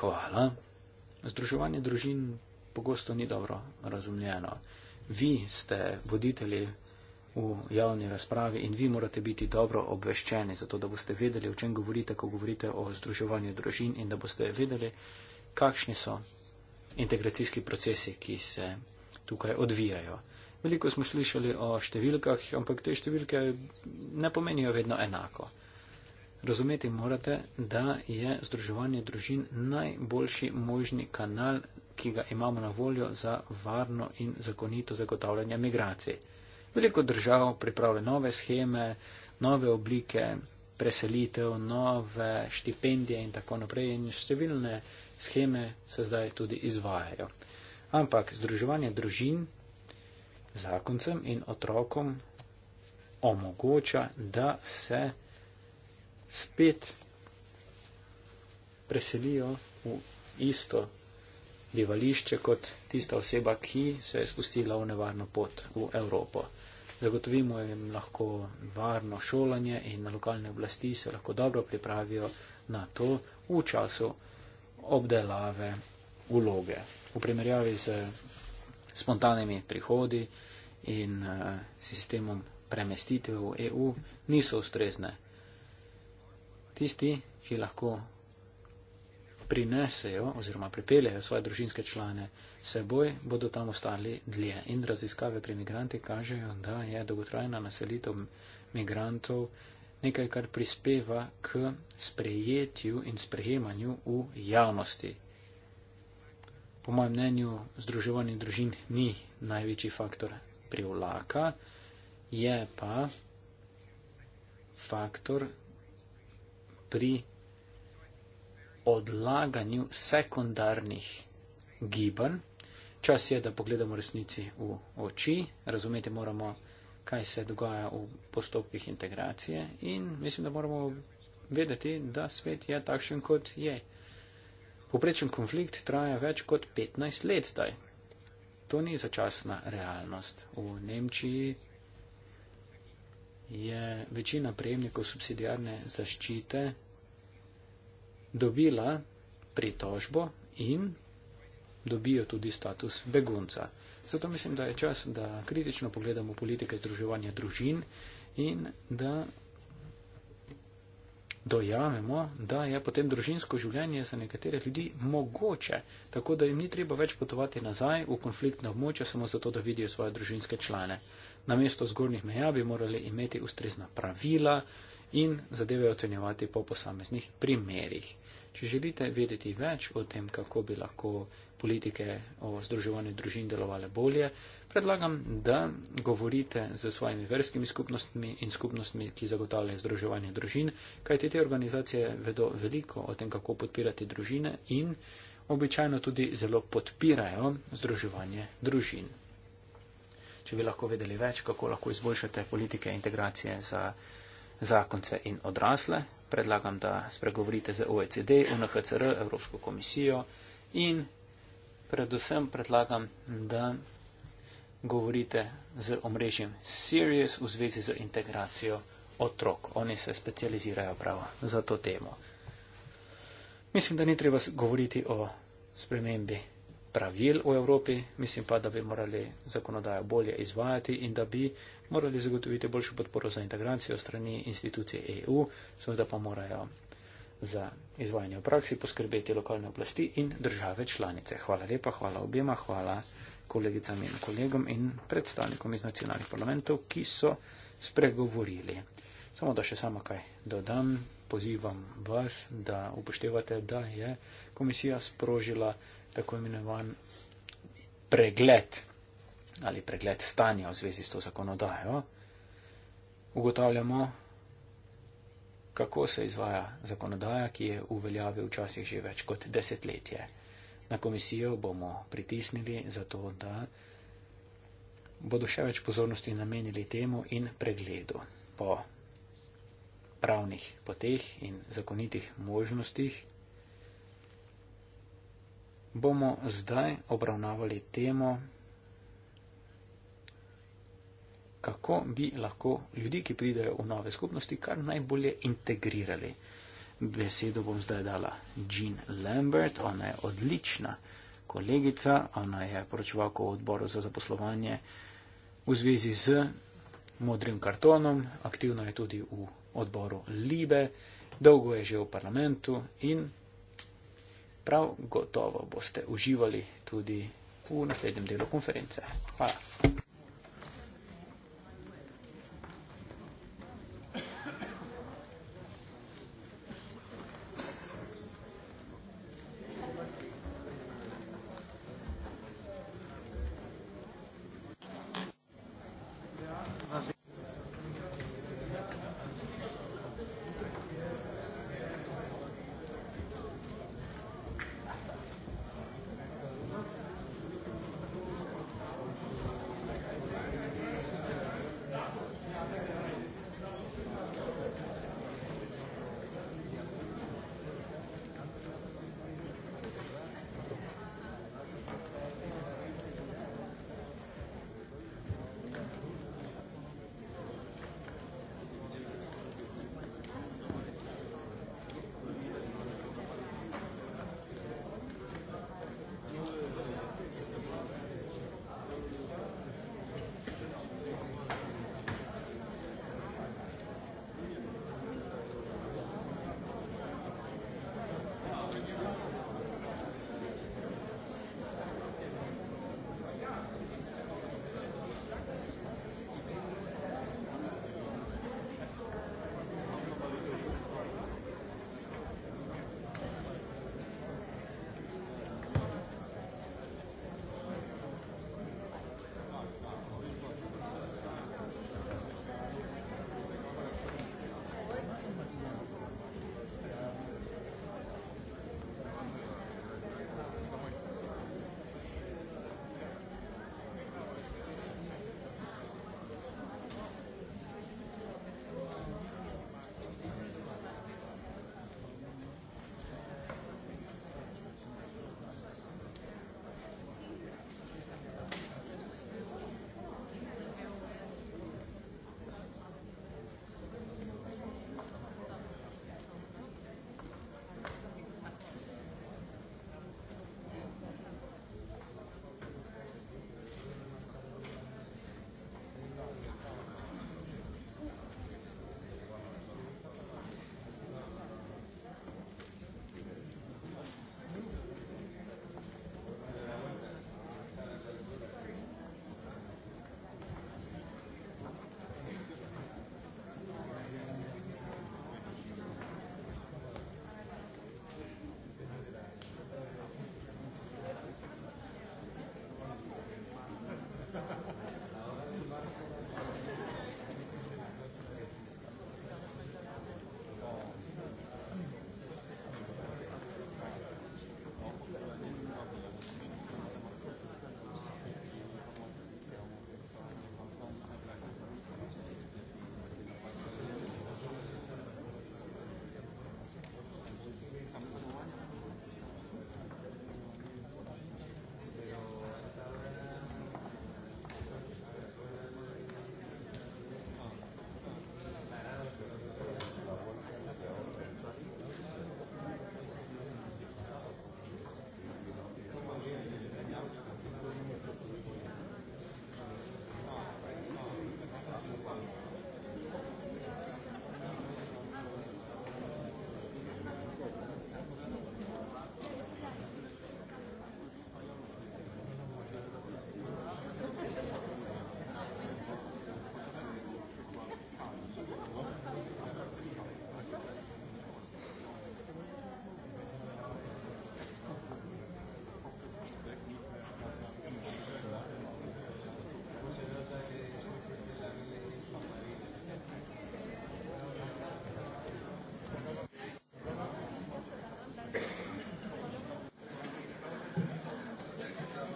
Hvala. Združevanje družin pogosto ni dobro razumljeno. Vi ste voditelji v javni razpravi in vi morate biti dobro obveščeni, zato da boste vedeli, o čem govorite, ko govorite o združevanju družin in da boste vedeli, kakšni so integracijski procesi, ki se tukaj odvijajo. Veliko smo slišali o številkah, ampak te številke ne pomenijo vedno enako. Razumeti morate, da je združevanje družin najboljši možni kanal, ki ga imamo na voljo za varno in zakonito zagotavljanje migracij. Veliko držav pripravlja nove scheme, nove oblike preselitev, nove štipendije in tako naprej in številne scheme se zdaj tudi izvajajo. Ampak združevanje družin zakoncem in otrokom omogoča, da se spet preselijo v isto bivališče kot tista oseba, ki se je spustila v nevarno pot v Evropo. Zagotovimo jim lahko varno šolanje in lokalne oblasti se lahko dobro pripravijo na to v času obdelave vloge. V primerjavi z spontanimi prihodi in uh, sistemom premestitev v EU niso ustrezne. Tisti, ki lahko prinesejo oziroma pripeljejo svoje družinske člane seboj, bodo tam ostali dlje. In raziskave pri migranti kažejo, da je dolgotrajna naselitev migrantov nekaj, kar prispeva k sprejetju in sprejemanju v javnosti po mojem mnenju, združevanje družin ni največji faktor privlaka, je pa faktor pri odlaganju sekundarnih gibanj. Čas je, da pogledamo resnici v oči, razumeti moramo, kaj se dogaja v postopkih integracije in mislim, da moramo vedeti, da svet je takšen, kot je. Poprečen konflikt traja več kot 15 let zdaj. To ni začasna realnost. V Nemčiji je večina prejemnikov subsidijarne zaščite dobila pritožbo in dobijo tudi status begunca. Zato mislim, da je čas, da kritično pogledamo politike združevanja družin in da dojamemo, da je potem družinsko življenje za nekatere ljudi mogoče, tako da jim ni treba več potovati nazaj v konfliktna območja samo zato, da vidijo svoje družinske člane. Na mesto zgornjih meja bi morali imeti ustrezna pravila, in zadeve ocenjevati po posameznih primerjih. Če želite vedeti več o tem, kako bi lahko politike o združevanju družin delovale bolje, predlagam, da govorite z svojimi verskimi skupnostmi in skupnostmi, ki zagotavljajo združevanje družin, kajti te organizacije vedo veliko o tem, kako podpirati družine in običajno tudi zelo podpirajo združevanje družin. Če bi lahko vedeli več, kako lahko izboljšate politike integracije za zakonce in odrasle. Predlagam, da spregovorite za OECD, UNHCR, Evropsko komisijo in predvsem predlagam, da govorite z omrežjem Sirius v zvezi z integracijo otrok. Oni se specializirajo prav za to temo. Mislim, da ni treba govoriti o spremembi pravil v Evropi, mislim pa, da bi morali zakonodajo bolje izvajati in da bi morali zagotoviti boljšo podporo za integracijo strani institucije EU, seveda pa morajo za izvajanje v praksi poskrbeti lokalne oblasti in države članice. Hvala lepa, hvala objema, hvala kolegicam in kolegom in predstavnikom iz nacionalnih parlamentov, ki so spregovorili. Samo da še samo kaj dodam, pozivam vas, da upoštevate, da je komisija sprožila tako imenovan pregled ali pregled stanja v zvezi s to zakonodajo, ugotavljamo, kako se izvaja zakonodaja, ki je v veljavi včasih že več kot desetletje. Na komisijo bomo pritisnili zato, da bodo še več pozornosti namenili temu in pregledu po pravnih poteh in zakonitih možnostih. Bomo zdaj obravnavali temo, kako bi lahko ljudi, ki pridejo v nove skupnosti, kar najbolje integrirali. Besedo bom zdaj dala Jean Lambert, ona je odlična kolegica, ona je poročevalka v odboru za zaposlovanje v zvezi z modrim kartonom, aktivna je tudi v odboru Libe, dolgo je že v parlamentu in prav gotovo boste uživali tudi v naslednjem delu konference. Hvala.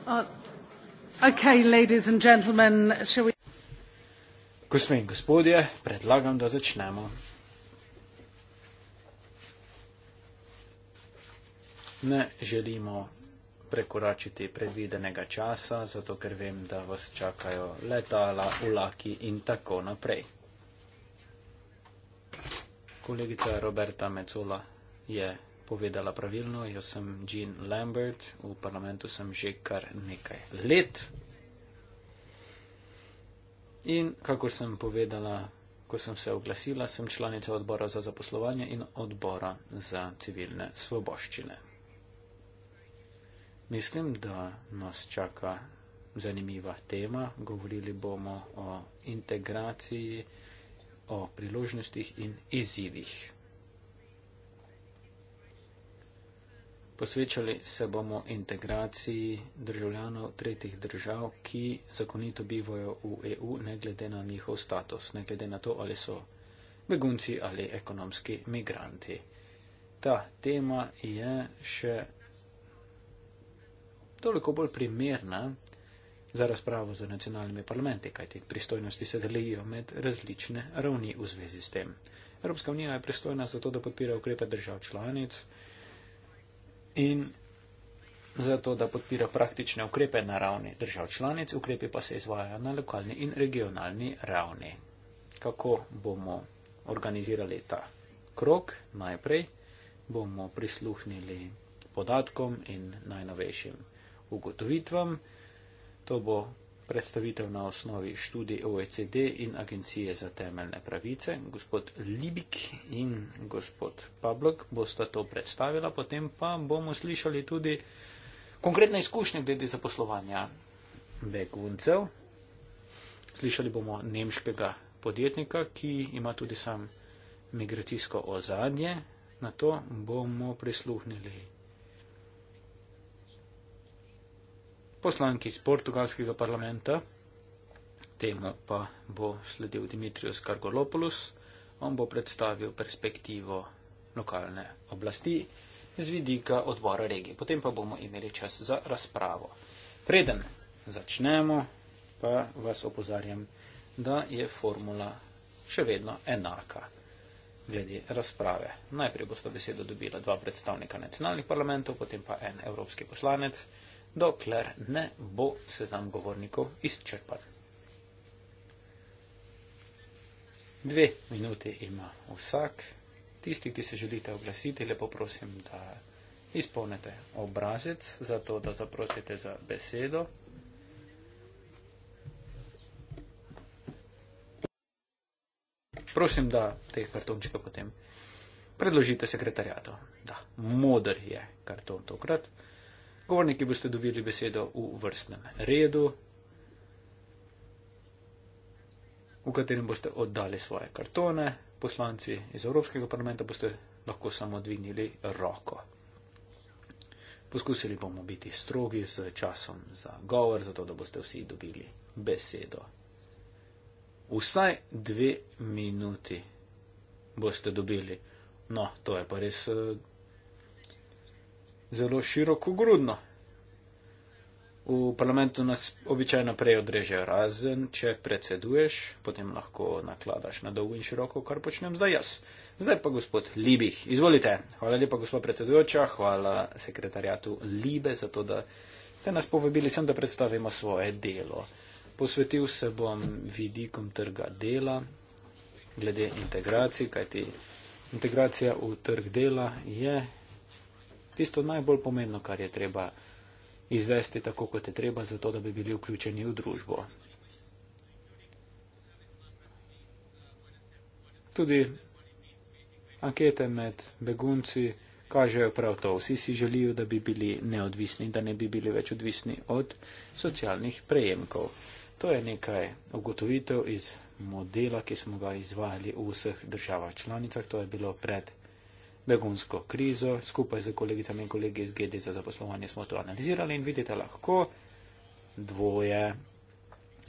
Uh, Gospe in gospodje, predlagam, da začnemo. Ne želimo prekoračiti predvidenega časa, zato ker vem, da vas čakajo letala, vlaki in tako naprej. Kolegica Roberta Mecola je povedala pravilno, jaz sem Jean Lambert, v parlamentu sem že kar nekaj let. In kakor sem povedala, ko sem se oglasila, sem članica odbora za zaposlovanje in odbora za civilne svoboščine. Mislim, da nas čaka zanimiva tema. Govorili bomo o integraciji, o priložnostih in izzivih. Posvečali se bomo integraciji državljanov tretjih držav, ki zakonito bivajo v EU, ne glede na njihov status, ne glede na to, ali so begunci ali ekonomski migranti. Ta tema je še toliko bolj primerna za razpravo z nacionalnimi parlamenti, kajti pristojnosti se delijo med različne ravni v zvezi s tem. Evropska unija je pristojna za to, da podpira ukrepe držav članic, in zato, da podpira praktične ukrepe na ravni držav članic, ukrepe pa se izvajajo na lokalni in regionalni ravni. Kako bomo organizirali ta krok? Najprej bomo prisluhnili podatkom in najnovejšim ugotovitvam. To bo predstavitev na osnovi študij OECD in Agencije za temeljne pravice. Gospod Libik in gospod Pablok bosta to predstavila, potem pa bomo slišali tudi konkretne izkušnje glede zaposlovanja beguncev. Slišali bomo nemškega podjetnika, ki ima tudi sam migracijsko ozadje. Na to bomo prisluhnili. poslanki iz portugalskega parlamenta. Temu pa bo sledil Dimitrios Kargolopoulos. On bo predstavil perspektivo lokalne oblasti z vidika odbora regije. Potem pa bomo imeli čas za razpravo. Preden začnemo, pa vas opozarjam, da je formula še vedno enaka glede razprave. Najprej bosta besedo dobila dva predstavnika nacionalnih parlamentov, potem pa en evropski poslanec dokler ne bo seznam govornikov izčrpan. Dve minuti ima vsak. Tisti, ki se želite oglasiti, lepo prosim, da izpolnite obrazec, zato da zaprosite za besedo. Prosim, da teh kartončkov potem predložite sekretarjato. Da, modr je karton tokrat. Govorniki boste dobili besedo v vrstnem redu, v katerem boste oddali svoje kartone. Poslanci iz Evropskega parlamenta boste lahko samo dvignili roko. Poskusili bomo biti strogi z časom za govor, zato da boste vsi dobili besedo. Vsaj dve minuti boste dobili. No, to je pa res. Eh, zelo široko grudno. V parlamentu nas običajno prej odrežejo razen, če predseduješ, potem lahko nakladaš na dolgo in široko, kar počnem zdaj jaz. Zdaj pa gospod Libih, izvolite. Hvala lepa, gospod predsedujoča, hvala sekretarjatu Libe za to, da ste nas povabili sem, da predstavimo svoje delo. Posvetil se bom vidikom trga dela, glede integracij, kajti integracija v trg dela je tisto najbolj pomembno, kar je treba izvesti tako, kot je treba, zato da bi bili vključeni v družbo. Tudi ankete med begunci kažejo prav to. Vsi si želijo, da bi bili neodvisni, da ne bi bili več odvisni od socialnih prejemkov. To je nekaj ugotovitev iz modela, ki smo ga izvajali v vseh državah članicah. To je bilo pred begunsko krizo. Skupaj z kolegicami in kolegi iz GD za zaposlovanje smo to analizirali in vidite lahko dvoje.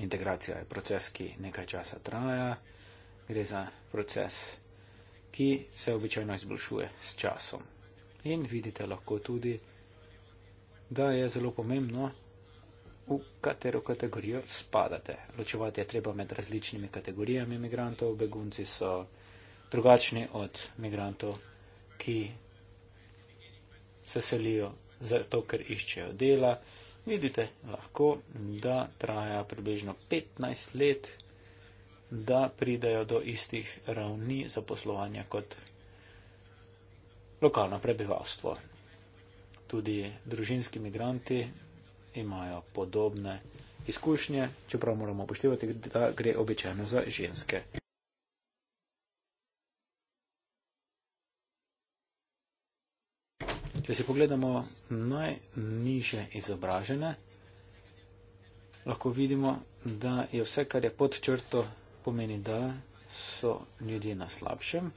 Integracija je proces, ki nekaj časa traja. Gre za proces, ki se običajno izboljšuje s časom. In vidite lahko tudi, da je zelo pomembno, v katero kategorijo spadate. Ločevati je treba med različnimi kategorijami imigrantov. Begunci so drugačni od imigrantov ki se selijo zato, ker iščejo dela. Vidite lahko, da traja približno 15 let, da pridejo do istih ravni zaposlovanja kot lokalno prebivalstvo. Tudi družinski migranti imajo podobne izkušnje, čeprav moramo upoštevati, da gre običajno za ženske. Če si pogledamo najniže izobražene, lahko vidimo, da je vse, kar je pod črto, pomeni, da so ljudje na slabšem.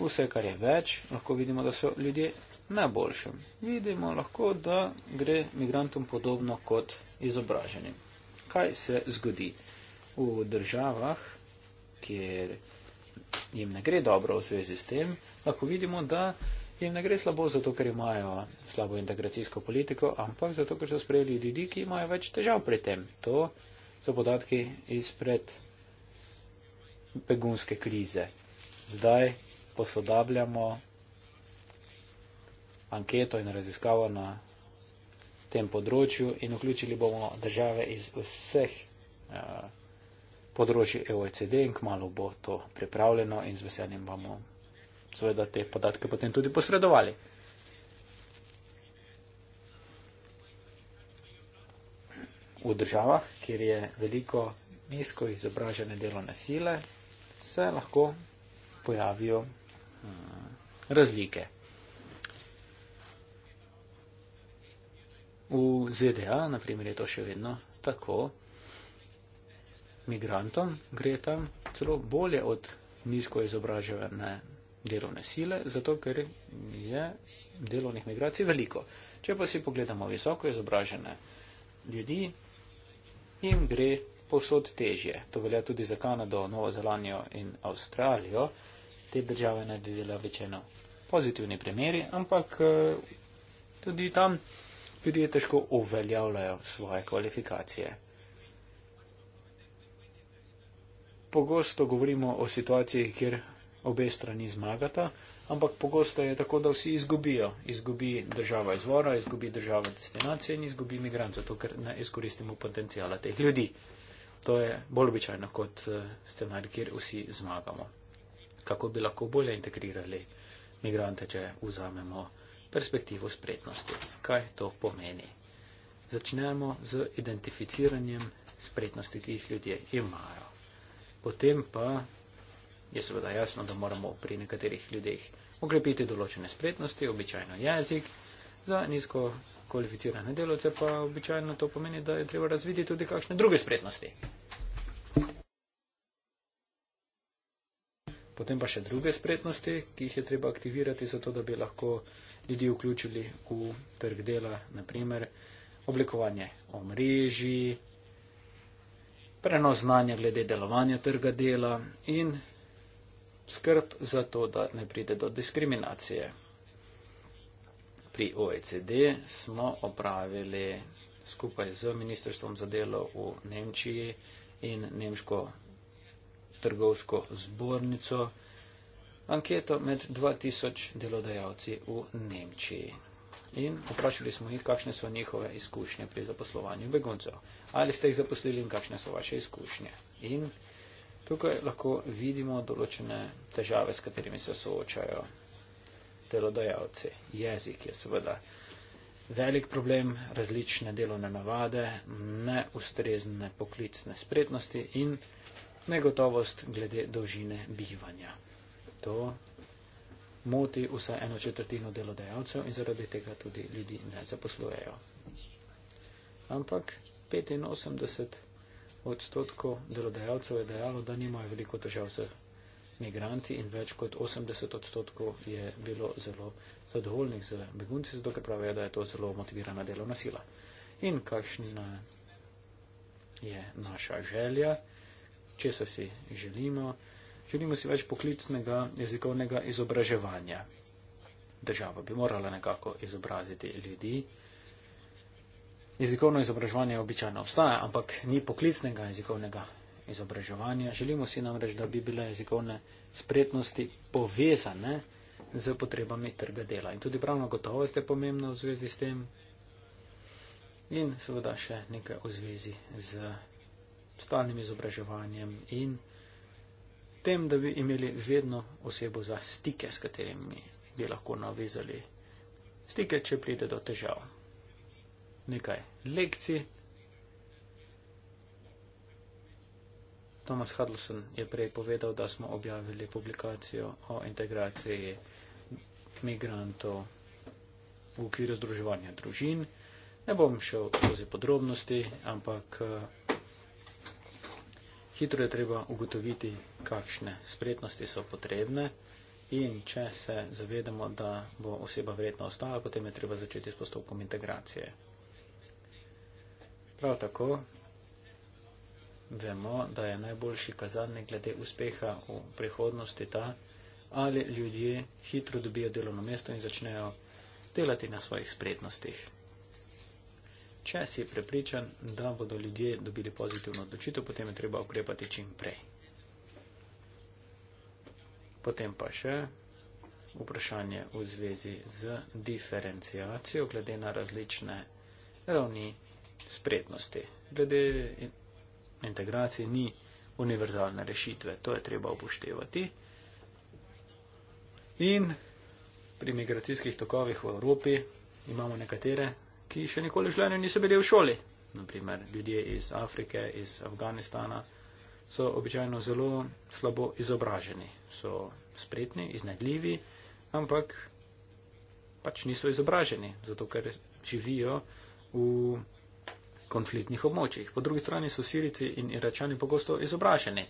Vse, kar je več, lahko vidimo, da so ljudje na boljšem. Vidimo lahko, da gre migrantom podobno kot izobraženim. Kaj se zgodi v državah, kjer jim ne gre dobro v zvezi s tem, lahko vidimo, da jim ne gre slabo zato, ker imajo slabo integracijsko politiko, ampak zato, ker so sprejeli ljudi, ki imajo več težav pri tem. To so podatki izpred begunske krize. Zdaj posodabljamo anketo in raziskavo na tem področju in vključili bomo države iz vseh uh, eh, področji e OECD in kmalo bo to pripravljeno in z veseljem bomo seveda te podatke potem tudi posredovali. V državah, kjer je veliko nizko izobražene delovne sile, se lahko pojavijo hm, razlike. V ZDA, naprimer, je to še vedno tako. Migrantom gre tam celo bolje od nizko izobražene delovne sile, zato ker je delovnih migracij veliko. Če pa si pogledamo visoko izobražene ljudi, jim gre povsod težje. To velja tudi za Kanado, Novo Zelanijo in Avstralijo. Te države naj bi bile večino pozitivni primeri, ampak eh, tudi tam ljudje težko uveljavljajo svoje kvalifikacije. Pogosto govorimo o situaciji, kjer obe strani zmagata, ampak pogosto je tako, da vsi izgubijo. Izgubi država izvora, izgubi država destinacije in izgubi imigrant, zato ker ne izkoristimo potencijala teh ljudi. To je bolj običajno kot eh, scenarij, kjer vsi zmagamo. Kako bi lahko bolje integrirali imigrante, če vzamemo perspektivo spretnosti? Kaj to pomeni? Začnemo z identificiranjem spretnosti, ki jih ljudje imajo. Potem pa je seveda jasno, da moramo pri nekaterih ljudeh okrepiti določene spretnosti, običajno jezik, za nizko kvalificirane delovce pa običajno to pomeni, da je treba razviti tudi kakšne druge spretnosti. Potem pa še druge spretnosti, ki jih je treba aktivirati, zato da bi lahko ljudi vključili v trg dela, naprimer oblikovanje omrežij, prenos znanja glede delovanja trga dela in skrb za to, da ne pride do diskriminacije. Pri OECD smo opravili skupaj z Ministrstvom za delo v Nemčiji in Nemško trgovsko zbornico anketo med 2000 delodajalci v Nemčiji. In vprašali smo jih, kakšne so njihove izkušnje pri zaposlovanju beguncev. Ali ste jih zaposlili in kakšne so vaše izkušnje. In Tukaj lahko vidimo določene težave, s katerimi se soočajo delodajalci. Jezik je seveda velik problem, različne delovne navade, neustrezne poklicne spretnosti in negotovost glede dolžine bivanja. To moti vsaj eno četrtino delodajalcev in zaradi tega tudi ljudi ne zaposlujejo. Ampak 85 odstotkov delodajalcev je dejalo, da nimajo veliko težav z migranti in več kot 80 odstotkov je bilo zelo zadovoljnih z begunci, zato ker pravijo, da je to zelo motivirana delovna sila. In kakšna je naša želja, če se si želimo, želimo si več poklicnega jezikovnega izobraževanja. Država bi morala nekako izobraziti ljudi. Jezikovno izobraževanje običajno obstaja, ampak ni poklicnega jezikovnega izobraževanja. Želimo si namreč, da bi bile jezikovne spretnosti povezane z potrebami trga dela. In tudi pravna gotovost je pomembna v zvezi s tem. In seveda še nekaj v zvezi z stalnim izobraževanjem in tem, da bi imeli vedno osebo za stike, s katerimi bi lahko navezali stike, če pride do težav nekaj lekcij. Thomas Huddleston je prej povedal, da smo objavili publikacijo o integraciji migrantov v okviru združevanja družin. Ne bom šel skozi podrobnosti, ampak eh, hitro je treba ugotoviti, kakšne spretnosti so potrebne in če se zavedamo, da bo oseba vredna ostala, potem je treba začeti s postopkom integracije. Prav tako vemo, da je najboljši kazalnik glede uspeha v prihodnosti ta, ali ljudje hitro dobijo delovno mesto in začnejo delati na svojih spretnostih. Če si prepričan, da bodo ljudje dobili pozitivno odločitev, potem je treba ukrepati čim prej. Potem pa še vprašanje v zvezi z diferencijacijo glede na različne ravni spretnosti. Glede integracije ni univerzalne rešitve, to je treba upoštevati. In pri migracijskih tokovih v Evropi imamo nekatere, ki še nikoli v življenju niso bili v šoli. Naprimer, ljudje iz Afrike, iz Afganistana so običajno zelo slabo izobraženi, so spretni, iznajdljivi, ampak pač niso izobraženi, zato ker živijo v konfliktnih območjih. Po drugi strani so Sirici in Iračani pogosto izobraženi.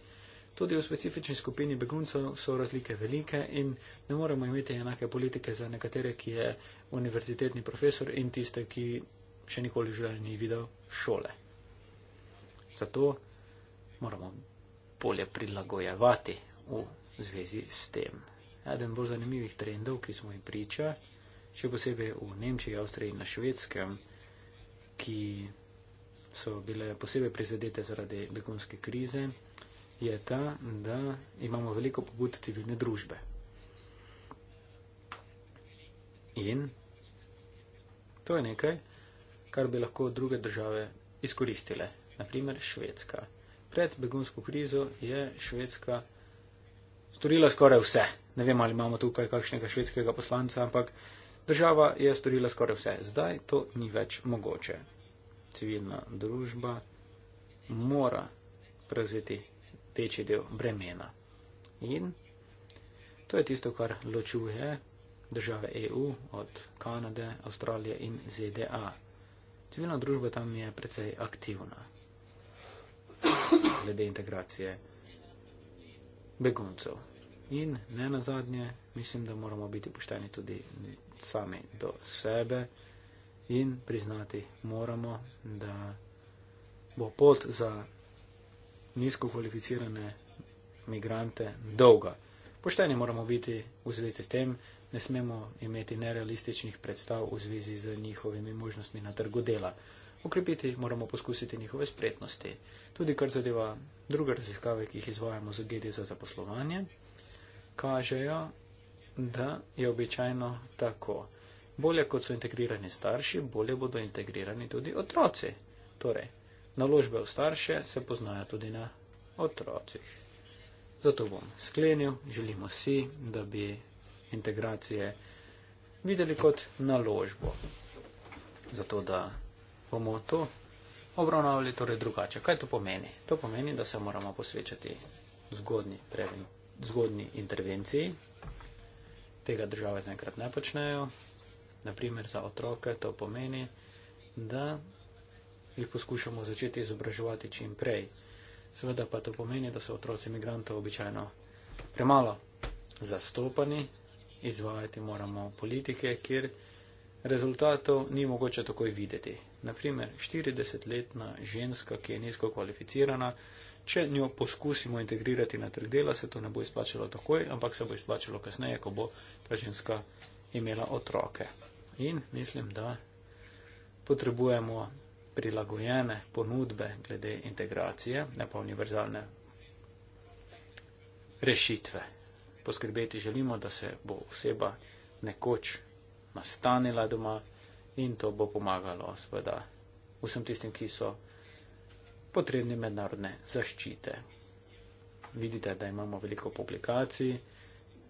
Tudi v specifični skupini beguncev so razlike velike in ne moremo imeti enake politike za nekatere, ki je univerzitetni profesor in tiste, ki še nikoli v življenju ni videl šole. Zato moramo bolje prilagojevati v zvezi s tem. Eden bolj zanimivih trendov, ki smo jim priča, še posebej v Nemčiji, Avstriji in na švedskem, ki so bile posebej prizadete zaradi begunske krize, je ta, da imamo veliko pobud civilne družbe. In to je nekaj, kar bi lahko druge države izkoristile, naprimer Švedska. Pred begunsko krizo je Švedska storila skoraj vse. Ne vem, ali imamo tukaj kakšnega švedskega poslanca, ampak država je storila skoraj vse. Zdaj to ni več mogoče civilna družba mora prevzeti večji del bremena. In to je tisto, kar ločuje države EU od Kanade, Avstralije in ZDA. Civilna družba tam je precej aktivna glede integracije beguncev. In ne nazadnje, mislim, da moramo biti pošteni tudi sami do sebe in priznati moramo, da bo pot za nizko kvalificirane migrante dolga. Pošteni moramo biti v zvezi s tem, ne smemo imeti nerealističnih predstav v zvezi z njihovimi možnostmi na trgu dela. Okrepiti moramo poskusiti njihove spretnosti. Tudi kar zadeva druge raziskave, ki jih izvajamo z GD za zaposlovanje, kažejo, da je običajno tako. Bolje kot so integrirani starši, bolje bodo integrirani tudi otroci. Torej, naložbe v starše se poznajo tudi na otrocih. Zato bom sklenil, želimo si, da bi integracije videli kot naložbo. Zato, da bomo to obravnavali torej drugače. Kaj to pomeni? To pomeni, da se moramo posvečati zgodni, preven, zgodni intervenciji. Tega države zaenkrat ne počnejo. Naprimer, za otroke to pomeni, da jih poskušamo začeti izobraževati čim prej. Seveda pa to pomeni, da so otroci imigrantov običajno premalo zastopani, izvajati moramo politike, kjer rezultatov ni mogoče takoj videti. Naprimer, 40-letna ženska, ki je nizko kvalificirana, če njo poskusimo integrirati na trg dela, se to ne bo izplačalo takoj, ampak se bo izplačalo kasneje, ko bo ta ženska imela otroke. In mislim, da potrebujemo prilagojene ponudbe glede integracije, ne pa univerzalne rešitve. Poskrbeti želimo, da se bo oseba nekoč nastanila doma in to bo pomagalo seveda vsem tistim, ki so potrebni mednarodne zaščite. Vidite, da imamo veliko publikacij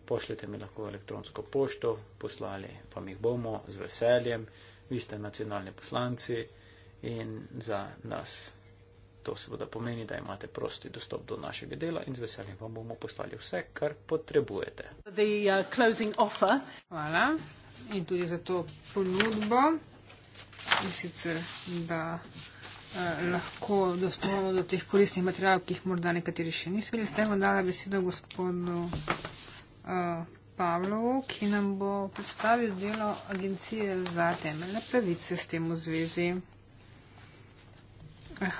pošljete mi lahko elektronsko pošto, poslali pa mi jih bomo z veseljem, vi ste nacionalni poslanci in za nas to seveda pomeni, da imate prosti dostop do našega dela in z veseljem vam bomo poslali vse, kar potrebujete. The, uh, Hvala in tudi za to ponudbo. In sicer, da eh, lahko dostopamo do teh koristnih materijalov, ki jih morda nekateri še niso videli. Ste vam dala besedo, gospodu Pavlovo, ki nam bo predstavil delo Agencije za temeljne pravice s tem v zvezi.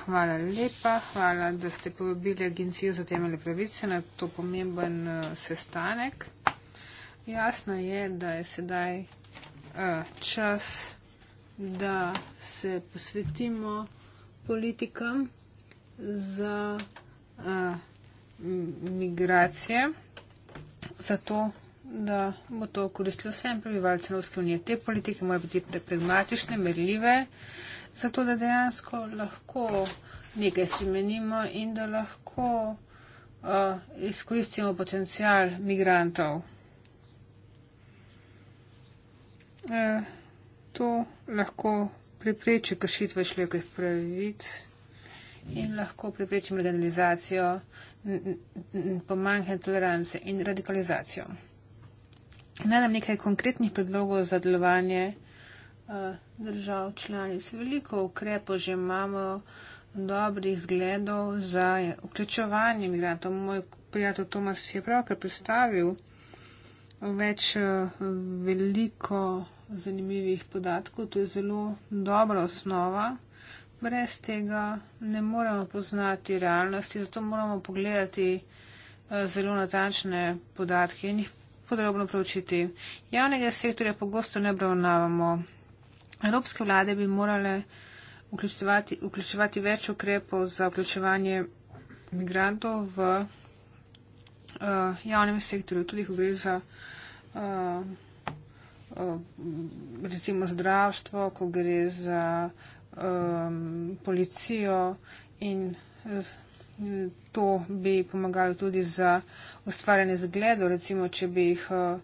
Hvala lepa, hvala, da ste povabili Agencijo za temeljne pravice na to pomemben eh, sestanek. Jasno je, da je sedaj eh, čas, da se posvetimo politikam za eh, migracije zato, da bo to koristilo vsem prebivalcem Evropske unije. Te politike morajo biti pragmatične, merljive, zato da dejansko lahko nekaj spremenimo in da lahko uh, izkoristimo potencial migrantov. E, to lahko prepreči kršitve človekovih pravic in lahko prepreči marginalizacijo pomanjkanje tolerance in radikalizacijo. Naj nam nekaj konkretnih predlogov za delovanje eh, držav članic. Veliko ukrepov že imamo dobrih zgledov za vključevanje migrantov. Moj prijatelj Tomas je pravkar predstavil več eh, veliko zanimivih podatkov. To je zelo dobra osnova brez tega ne moremo poznati realnosti, zato moramo pogledati eh, zelo natančne podatke in jih podrobno preučiti. Javnega sektorja pogosto ne obravnavamo. Evropske vlade bi morale vključevati, vključevati več ukrepov za vključevanje migrantov v uh, javnem sektorju, tudi ko gre za uh, uh, recimo zdravstvo, ko gre za uh, um, policijo in eh, to bi pomagalo tudi za ustvarjanje zgledov, recimo, če bi jih uh,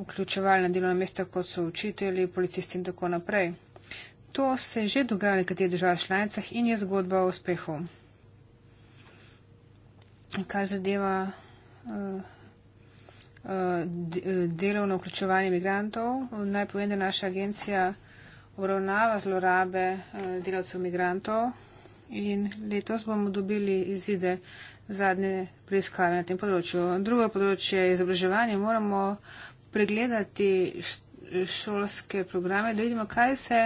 vključevali na delovna mesta, kot so učitelji, policisti in tako naprej. To se je že dogajalo v nekaterih državah članicah in je zgodba o uspehu. Kar zadeva uh, uh, delovno vključevanje imigrantov, naj povem, da naša agencija obravnava zlorabe eh, delavcev migrantov in letos bomo dobili izide zadnje preiskave na tem področju. Drugo področje je izobraževanje. Moramo pregledati šolske programe, da vidimo, kaj se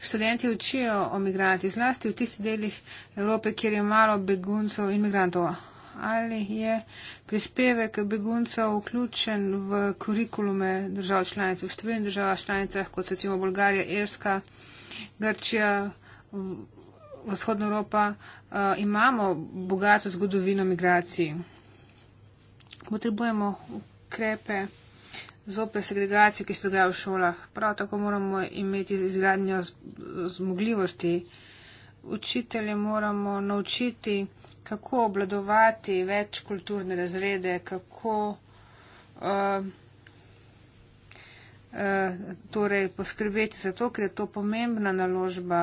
študenti učijo o migranti, zlasti v tistih delih Evrope, kjer je malo beguncov in migrantov ali je prispevek beguncev vključen v kurikulume držav članic, v številnih državah članicah, kot recimo Bolgarija, Irska, Grčija, Vzhodna Evropa, eh, imamo bogato zgodovino migracij. Potrebujemo ukrepe zopet segregacijo, ki se dogaja v šolah. Prav tako moramo imeti izgradnjo zmogljivosti. Učitelje moramo naučiti, kako obladovati več kulturne razrede, kako uh, uh, torej poskrbeti za to, ker je to pomembna naložba.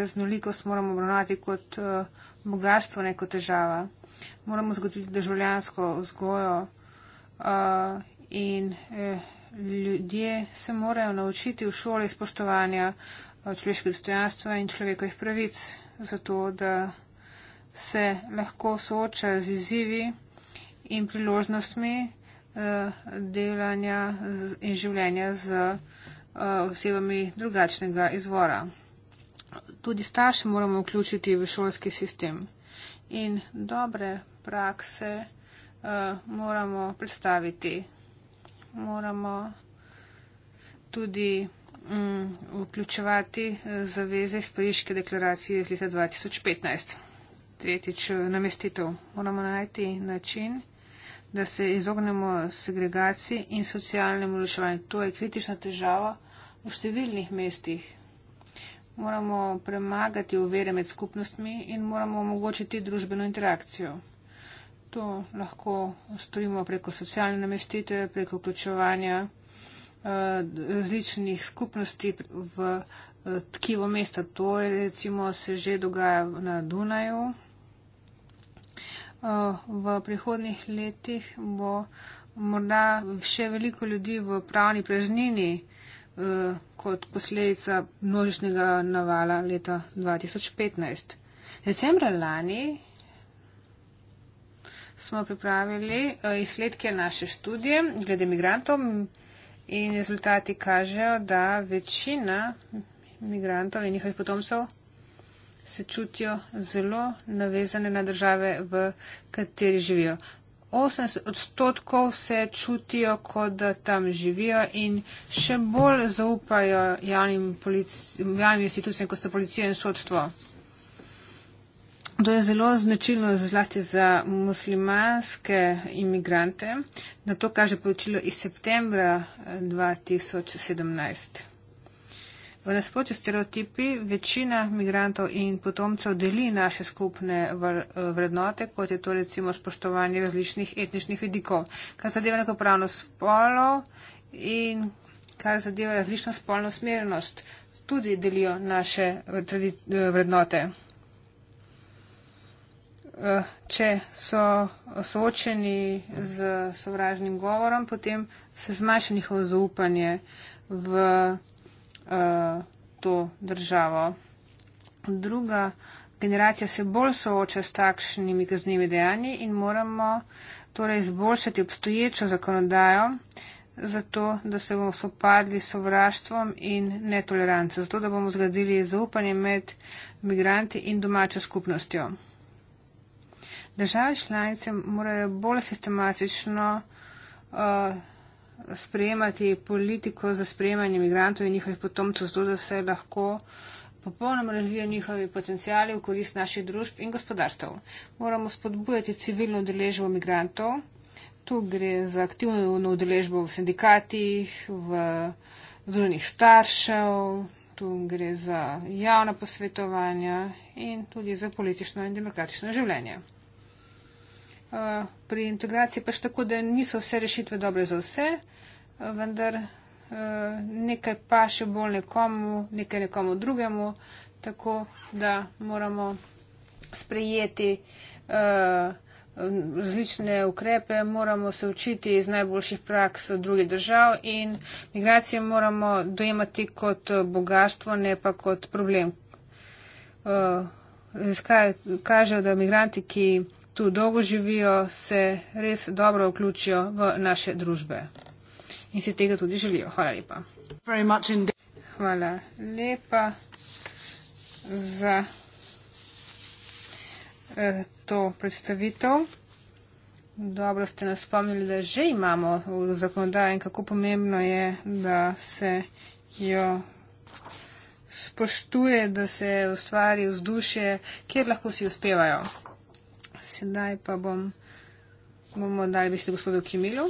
Raznolikost moramo obravnati kot uh, eh, bogatstvo, ne kot težava. Moramo zagotoviti državljansko vzgojo uh, in eh, ljudje se morajo naučiti v šoli spoštovanja uh, človeških dostojanstva in človekovih pravic, zato da se lahko soočajo z izzivi in priložnostmi eh, delanja in življenja z eh, osebami drugačnega izvora. Tudi starše moramo vključiti v šolski sistem in dobre prakse eh, moramo predstaviti. Moramo tudi mm, vključevati zaveze iz Pariške deklaracije iz leta 2015 tretjič eh, namestitev. Moramo najti način, da se izognemo segregaciji in socialnemu ločevanju. To je kritična težava v številnih mestih. Moramo premagati uvere med skupnostmi in moramo omogočiti družbeno interakcijo. To lahko storimo preko socialne namestitve, preko vključevanja eh, različnih skupnosti v eh, tkivo mesta. To je recimo se že dogaja na Dunaju, Eh, v prihodnih letih bo morda še veliko ljudi v pravni preznini eh, kot posledica množičnega navala leta 2015. Decembra lani smo pripravili eh, izsledke naše študije glede migrantov in rezultati kažejo, da večina migrantov in njihovih potomcev se čutijo zelo navezane na države, v kateri živijo. 80 odstotkov se čutijo, kot da tam živijo in še bolj zaupajo javnim, polic, javnim institucijam, kot so policija in sodstvo. To je zelo značilno zlasti za muslimanske imigrante. Na to kaže poročilo iz septembra 2017. V nasprotju s stereotipi večina migrantov in potomcev deli naše skupne vrednote, kot je to recimo spoštovanje različnih etničnih vidikov. Kar zadeva nekopravno spolo in kar zadeva različno spolno smerenost, tudi delijo naše eh, eh, vrednote. Eh, če so soočeni z sovražnim govorom, potem se zmanjša njihovo zaupanje v Eh, to državo. Druga generacija se bolj sooča s takšnimi kaznjimi dejanji in moramo torej izboljšati obstoječo zakonodajo, zato da se bomo sopadli s sovraštvom in netoleranco, zato da bomo zgradili zaupanje med migranti in domačo skupnostjo. Države članice morajo bolj sistematično uh, sprejemati politiko za sprejemanje imigrantov in njihovih potomcev, zato da se lahko popolnoma razvijajo njihovi potencijali v korist naših družb in gospodarstv. Moramo spodbujati civilno udeležbo imigrantov. Tu gre za aktivno udeležbo v sindikatih, v združenih staršev, tu gre za javna posvetovanja in tudi za politično in demokratično življenje. Eh, pri integraciji pač tako, da niso vse rešitve dobre za vse, eh, vendar eh, nekaj pa še bolj nekomu, nekaj nekomu drugemu, tako da moramo sprejeti različne ukrepe, moramo se učiti iz najboljših praks drugih držav in migracije moramo dojemati kot bogatstvo, ne pa kot problem. Raziskave kažejo, da migranti, ki tu dolgo živijo, se res dobro vključijo v naše družbe. In si tega tudi želijo. Hvala lepa. Hvala lepa za eh, to predstavitev. Dobro ste nas spomnili, da že imamo v zakonodaji in kako pomembno je, da se jo spoštuje, da se ustvari vzdušje, kjer lahko vsi uspevajo sedaj pa bom, bomo dali besedo gospodu Kimilu.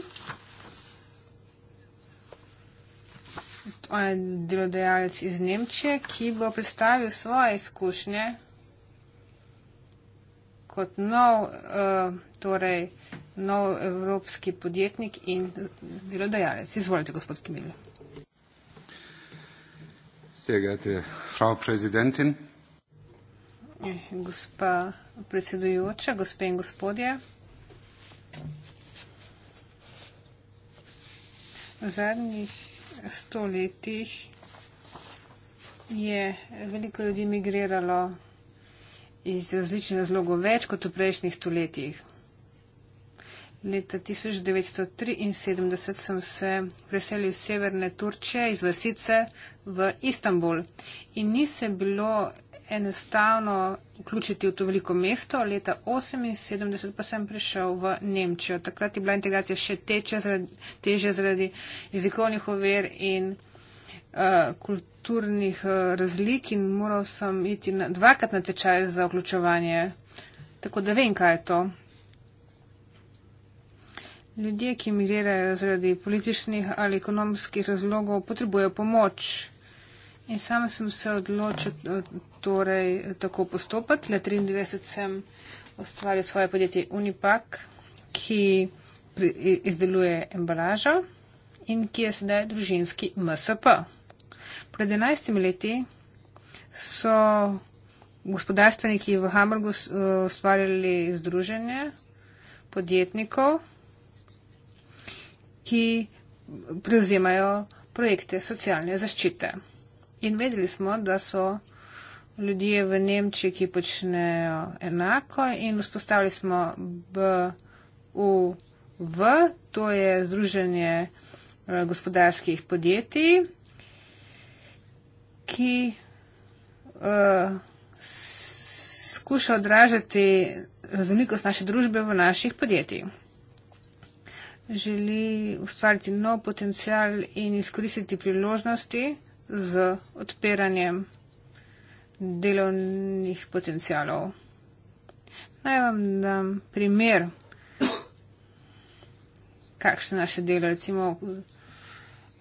On je delodajalec iz Nemčije, ki bo predstavil svoje izkušnje kot nov, uh, torej nov evropski podjetnik in delodajalec. Izvolite, gospod Kimil. Sehr geehrte Frau Präsidentin. Eh, gospa predsedujoča, gospe in gospodje. V zadnjih stoletjih je veliko ljudi migriralo iz različnih razlogov več kot v prejšnjih stoletjih. Leta 1973 sem se preselil iz severne Turčije, iz vasice v Istanbul. In ni se bilo enostavno vključiti v to veliko mesto. Leta 1978 pa sem prišel v Nemčijo. Takrat je bila integracija še teče zaradi, teže zaradi jezikovnih ovir in uh, kulturnih uh, razlik in moral sem iti na, dvakrat na tečaj za vključevanje. Tako da vem, kaj je to. Ljudje, ki emigrirajo zaradi političnih ali ekonomskih razlogov, potrebujejo pomoč. In sama sem se odločil torej, tako postopati. Le 93 sem ustvaril svoje podjetje Unipak, ki izdeluje embalažo in ki je sedaj družinski MSP. Pred 11 leti so gospodarstveniki v Hamburgu ustvarjali združenje podjetnikov, ki prevzemajo projekte socialne zaščite in vedeli smo, da so ljudje v Nemčiji, ki počnejo enako in vzpostavili smo BUV, to je Združenje eh, gospodarskih podjetij, ki uh, skuša odražati raznolikost naše družbe v naših podjetij. Želi ustvariti nov potencial in izkoristiti priložnosti z odpiranjem delovnih potencijalov. Naj vam dam primer, kakšne naše delo, recimo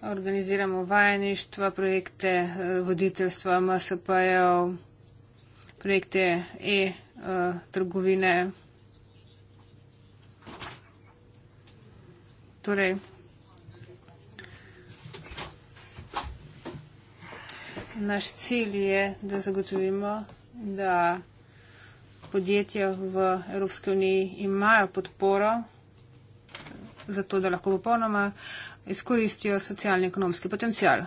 organiziramo vajeništva, projekte eh, voditeljstva, MSP-jev, projekte e-trgovine. Eh, torej, naš cilj je, da zagotovimo, da podjetja v Evropske unije imajo podporo za to, da lahko popolnoma izkoristijo socialni ekonomski potencial.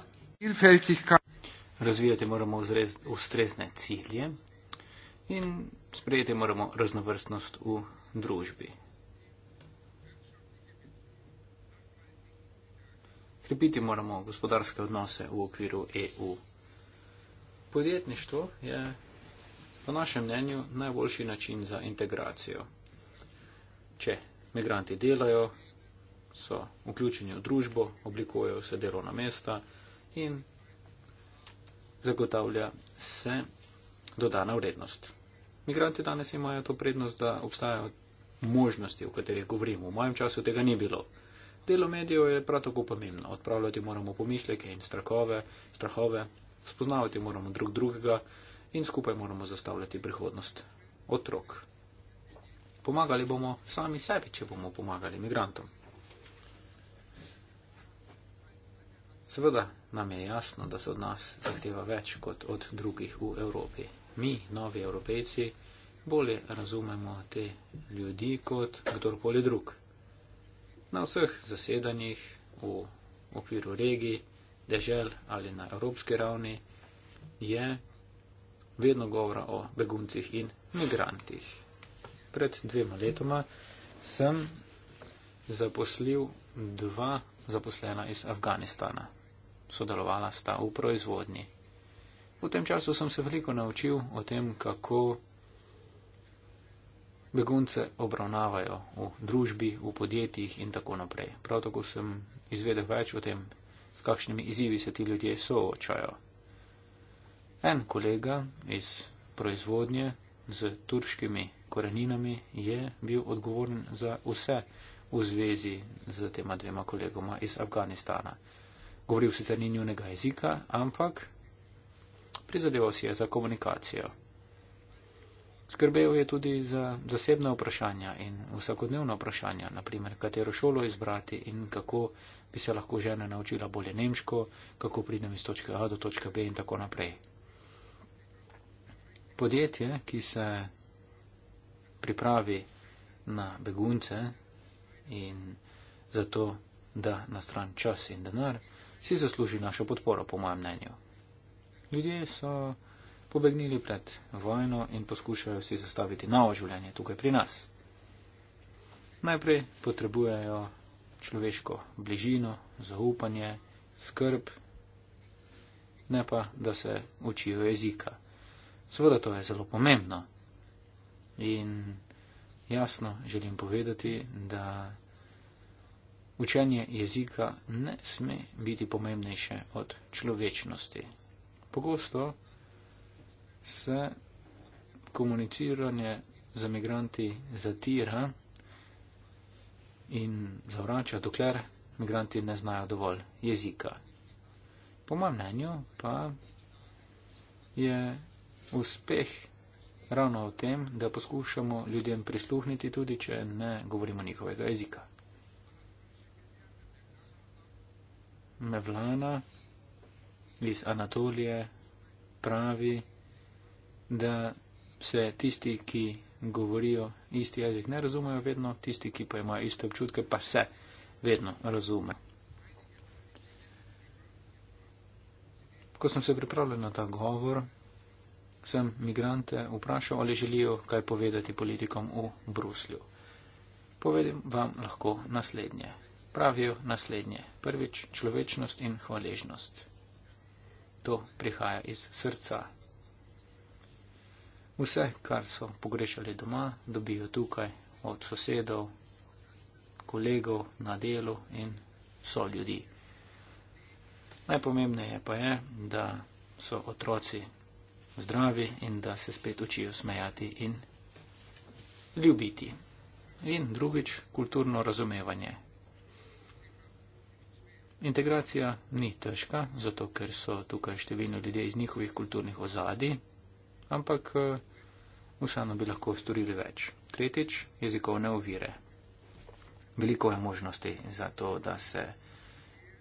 Razvijati moramo ustrezne cilje in sprejeti moramo raznovrstnost v družbi. Krepiti moramo gospodarske odnose v okviru EU. Podjetništvo je po našem mnenju najboljši način za integracijo. Če migranti delajo, so vključeni v družbo, oblikujejo se delovna mesta in zagotavlja se dodana vrednost. Migranti danes imajo to prednost, da obstajajo možnosti, o katerih govorimo. V mojem času tega ni bilo. Delo medijev je prav tako pomembno. Odpravljati moramo pomisleke in strahove, strahove spoznavati moramo drug drugega in skupaj moramo zastavljati prihodnost otrok. Pomagali bomo sami sebi, če bomo pomagali imigrantom. Seveda nam je jasno, da se od nas zahteva več kot od drugih v Evropi. Mi, novi evropejci, bolje razumemo te ljudi kot kdorkoli drug. Na vseh zasedanjih v okviru regiji dežel ali na evropski ravni, je vedno govora o beguncih in migrantih. Pred dvema letoma sem zaposlil dva zaposlena iz Afganistana. Sodelovala sta v proizvodnji. V tem času sem se veliko naučil o tem, kako begunce obravnavajo v družbi, v podjetjih in tako naprej. Prav tako sem izvedel več o tem, s kakšnimi izzivi se ti ljudje soočajo. En kolega iz proizvodnje z turškimi koreninami je bil odgovoren za vse v zvezi z tema dvema kolegoma iz Afganistana. Govoril sicer ni njunega jezika, ampak prizadeval si je za komunikacijo. Skrbel je tudi za zasebna vprašanja in vsakodnevna vprašanja, naprimer, katero šolo izbrati in kako bi se lahko žena naučila bolje nemško, kako pridem iz točke A do točke B in tako naprej. Podjetje, ki se pripravi na begunce in zato da na stran čas in denar, si zasluži našo podporo, po mojem mnenju. Ljudje so pobegnili pred vojno in poskušajo si zastaviti novo življenje tukaj pri nas. Najprej potrebujejo človeško bližino, zaupanje, skrb, ne pa, da se učijo jezika. Seveda to je zelo pomembno. In jasno želim povedati, da učenje jezika ne sme biti pomembnejše od človečnosti. Pogosto se komuniciranje z imigranti zatira in zavrača, dokler imigranti ne znajo dovolj jezika. Po mojem mnenju pa je uspeh ravno v tem, da poskušamo ljudem prisluhniti, tudi če ne govorimo njihovega jezika. Mevlana iz Anatolije pravi, da se tisti, ki govorijo isti jezik, ne razumejo vedno, tisti, ki pa imajo iste občutke, pa se vedno razume. Ko sem se pripravljal na ta govor, sem migrante vprašal, ali želijo kaj povedati politikom v Bruslju. Povedim vam lahko naslednje. Pravijo naslednje. Prvič, človečnost in hvaležnost. To prihaja iz srca. Vse, kar so pogrešali doma, dobijo tukaj od sosedov, kolegov na delu in so ljudi. Najpomembneje pa je, da so otroci zdravi in da se spet učijo smejati in ljubiti. In drugič, kulturno razumevanje. Integracija ni težka, zato ker so tukaj številni ljudje iz njihovih kulturnih ozadij, ampak eh, vseeno bi lahko storili več. Tretjič, jezikovne ovire. Veliko je možnosti za to, da se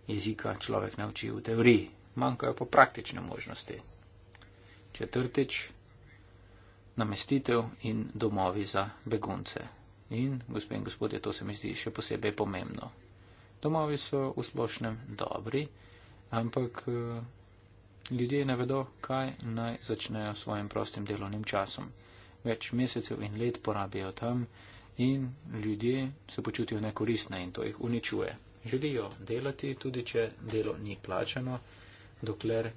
jezika človek nauči v teoriji, manjkajo pa praktične možnosti. Četrtič, namestitev in domovi za begunce. In, gospe in gospodje, to se mi zdi še posebej pomembno. Domovi so v splošnem dobri, ampak eh, Ljudje ne vedo, kaj naj začnejo s svojim prostim delovnim časom. Več mesecev in let porabijo tam in ljudje se počutijo nekoristne in to jih uničuje. Želijo delati, tudi če delo ni plačano, dokler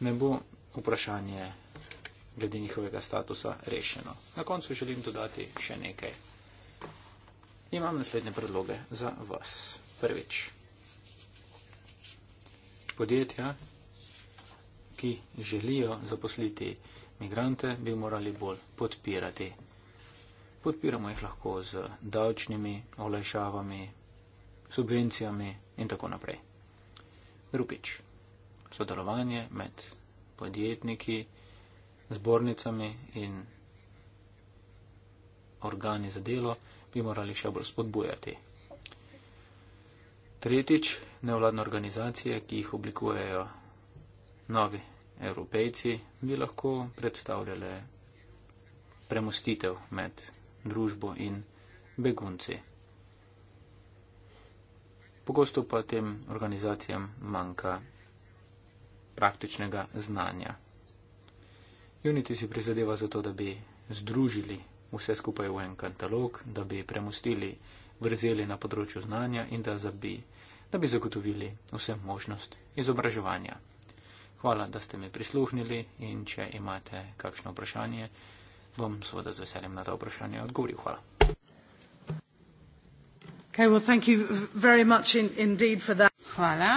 ne bo vprašanje glede njihovega statusa rešeno. Na koncu želim dodati še nekaj. Imam naslednje predloge za vas. Prvič. Podjetja, ki želijo zaposliti migrante, bi morali bolj podpirati. Podpiramo jih lahko z davčnimi olajšavami, subvencijami in tako naprej. Drugič, sodelovanje med podjetniki, zbornicami in organi za delo bi morali še bolj spodbujati. Tretjič, nevladne organizacije, ki jih oblikujejo novi evropejci bi lahko predstavljale premustitev med družbo in begunci. Pogosto pa tem organizacijam manjka praktičnega znanja. Unity si prizadeva za to, da bi združili vse skupaj v en katalog, da bi premustili vrzeli na področju znanja in da, zabi, da bi zagotovili vse možnost izobraževanja. Hvala, da ste mi prisluhnili in če imate kakšno vprašanje, bom seveda z veseljem na to vprašanje odgovoril. Hvala. Okay, well, thank you very much in, indeed for that. Hvala.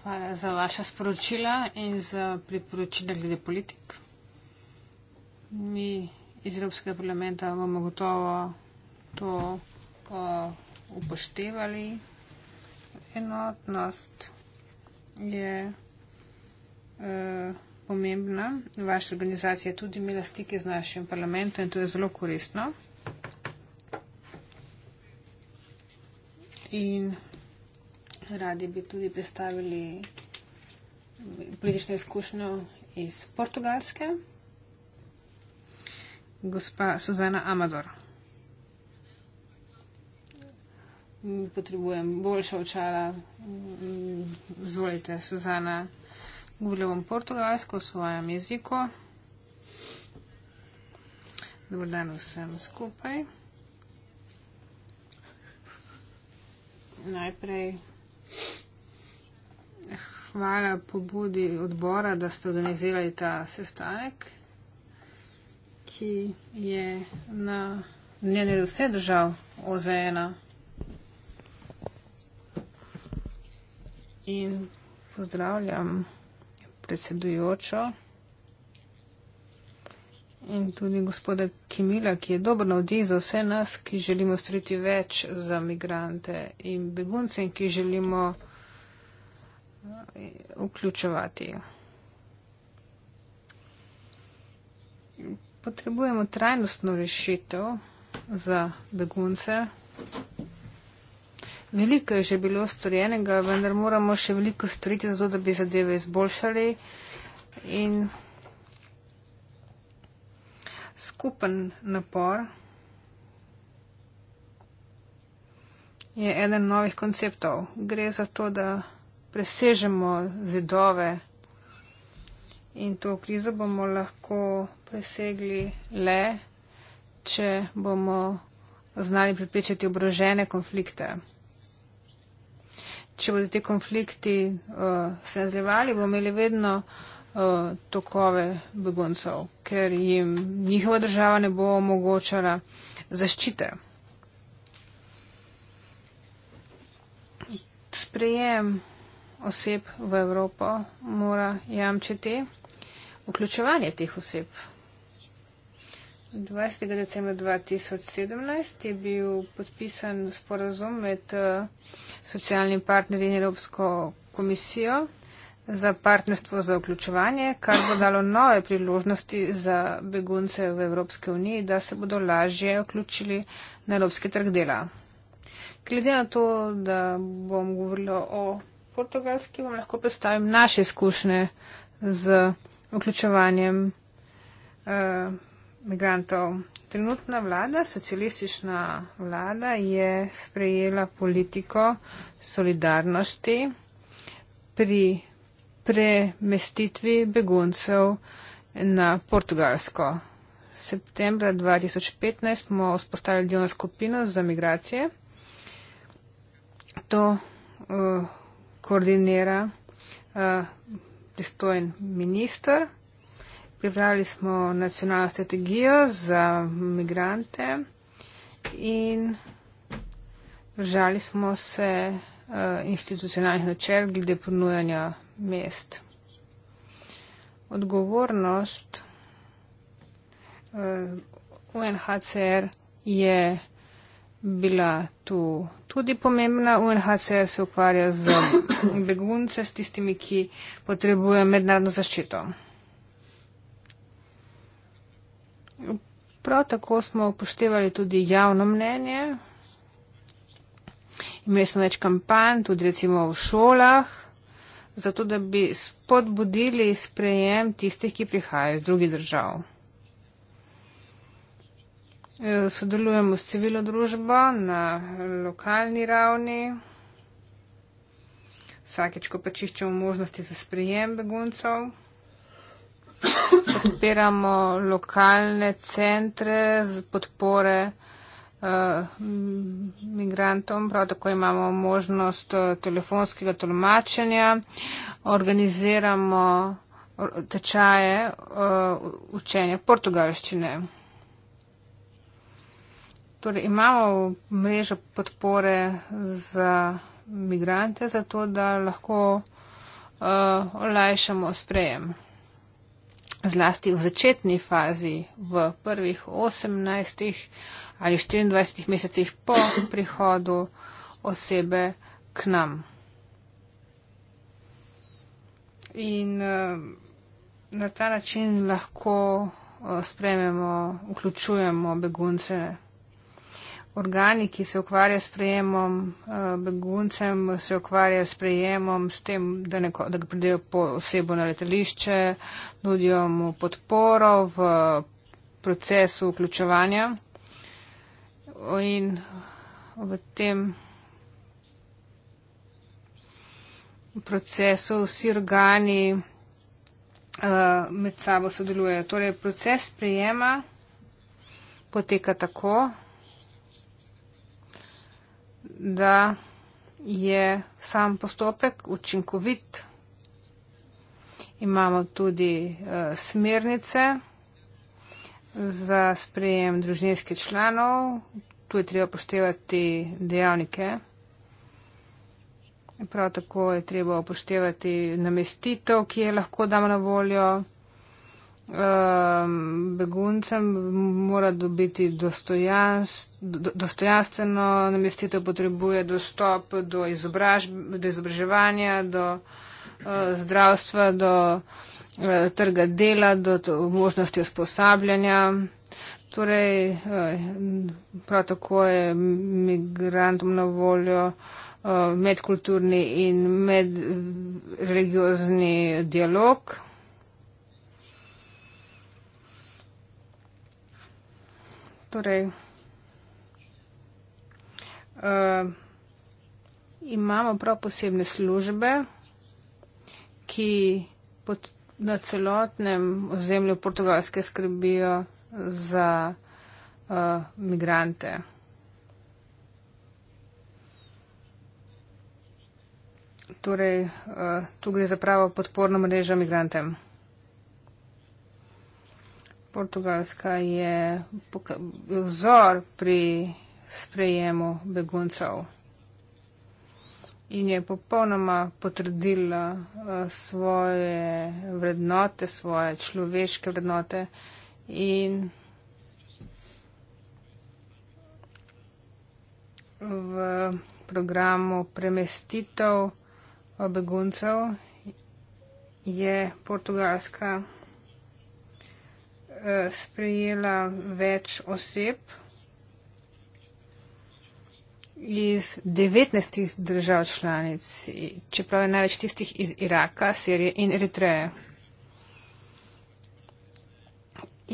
Hvala za vaša sporočila in za priporočila glede politik. Mi iz Evropskega parlamenta bomo gotovo to uh, upoštevali. Enotnost je eh, pomembna. Vaša organizacija je tudi imela stike z našim parlamentom in to je zelo koristno. In radi bi tudi predstavili politično izkušnjo iz Portugalske. Gospa Suzana Amador. Mm, potrebujem boljša očala. Mm, Zvolite, Suzana. Govorila bom portugalsko v svojem jeziku. Dobro dan vsem skupaj. Najprej hvala pobudi odbora, da ste organizirali ta sestanek, ki je na dnevne vse držav OZN-a. in pozdravljam predsedujočo in tudi gospoda Kimila, ki je dobro navdih za vse nas, ki želimo streti več za migrante in begunce in ki želimo eh, vključevati. Potrebujemo trajnostno rešitev za begunce. Veliko je že bilo storjenega, vendar moramo še veliko storiti za to, da bi zadeve izboljšali. In skupen napor je eden novih konceptov. Gre za to, da presežemo zidove in to krizo bomo lahko presegli le, če bomo znali pripričati obrožene konflikte če bodo ti konflikti uh, se nadaljevali, bomo imeli vedno uh, tokove beguncev, ker jim njihova država ne bo omogočala zaščite. Sprejem oseb v Evropo mora jamčiti vključevanje teh oseb 20. decembra 2017 je bil podpisan sporazum med eh, socialnim partnerjem in Evropsko komisijo za partnerstvo za vključevanje, kar bo dalo nove priložnosti za begunce v Evropske unije, da se bodo lažje vključili na evropski trg dela. Glede na to, da bom govorila o portugalski, vam lahko predstavim naše izkušnje z vključevanjem. Uh, migrantov. Trenutna vlada, socialistična vlada, je sprejela politiko solidarnosti pri premestitvi beguncev na Portugalsko. Septembra 2015 smo vzpostavili delovno skupino za migracije. To uh, koordinira uh, pristojen minister pripravili smo nacionalno strategijo za migrante in držali smo se uh, institucionalnih načel glede ponujanja mest. Odgovornost uh, UNHCR je bila tu tudi pomembna. UNHCR se ukvarja z begunce, s tistimi, ki potrebujejo mednarodno zaščito. Prav tako smo upoštevali tudi javno mnenje. Imeli smo več kampanj, tudi recimo v šolah, zato da bi spodbudili sprejem tistih, ki prihajajo iz drugih držav. E, sodelujemo s civilno družbo na lokalni ravni. Vsakeč, ko pa čiščemo možnosti za sprejem beguncov podpiramo lokalne centre z podpore uh, migrantom, prav tako imamo možnost eh, telefonskega tolmačenja, organiziramo tečaje uh, učenja portugalščine. Torej imamo mrežo podpore za migrante, zato da lahko uh, olajšamo sprejem zlasti v začetni fazi, v prvih 18 ali 24 mesecih po prihodu osebe k nam. In eh, na ta način lahko eh, sprememo, vključujemo begunce organi, ki se ukvarja s prejemom eh, beguncem, se ukvarja s prejemom s tem, da, neko, da pridejo po osebo na letališče, nudijo mu podporo v procesu vključevanja in v tem procesu vsi organi eh, med sabo sodelujejo. Torej, proces prijema poteka tako, da je sam postopek učinkovit. Imamo tudi uh, smernice za sprejem družinskih članov. Tu je treba upoštevati dejavnike. Prav tako je treba upoštevati namestitev, ki je lahko dama na voljo. Ehm, beguncem mora dobiti dostojanstveno namestitev, potrebuje dostop do, izobraž, do izobraževanja, do eh, zdravstva, do eh, trga dela, do možnosti usposabljanja. Torej, eh, prav tako je migrantom na voljo medkulturni in medreligiozni dialog. torej, uh, imamo prav posebne službe, ki pod, na celotnem ozemlju Portugalske skrbijo za uh, migrante. Torej, uh, tu gre za pravo podporno mrežo migrantem. Portugalska je vzor pri sprejemu beguncev in je popolnoma potrdila eh, svoje vrednote, svoje človeške vrednote in v programu premestitev eh, beguncev je Portugalska. Eh, sprejela več oseb iz 19 držav članic, čeprav je največ tistih iz Iraka, Sirije in Eritreje.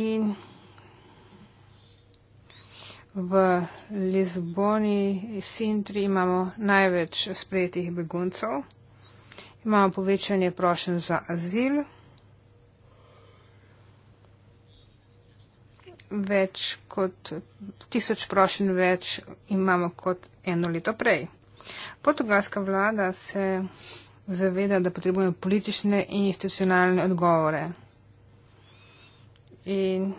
In v Lizboni, Sintri imamo največ sprejetih beguncev, imamo povečanje prošen za azil. več kot tisoč prošen več imamo kot eno leto prej. Portugalska vlada se zaveda, da potrebujemo politične in institucionalne odgovore. In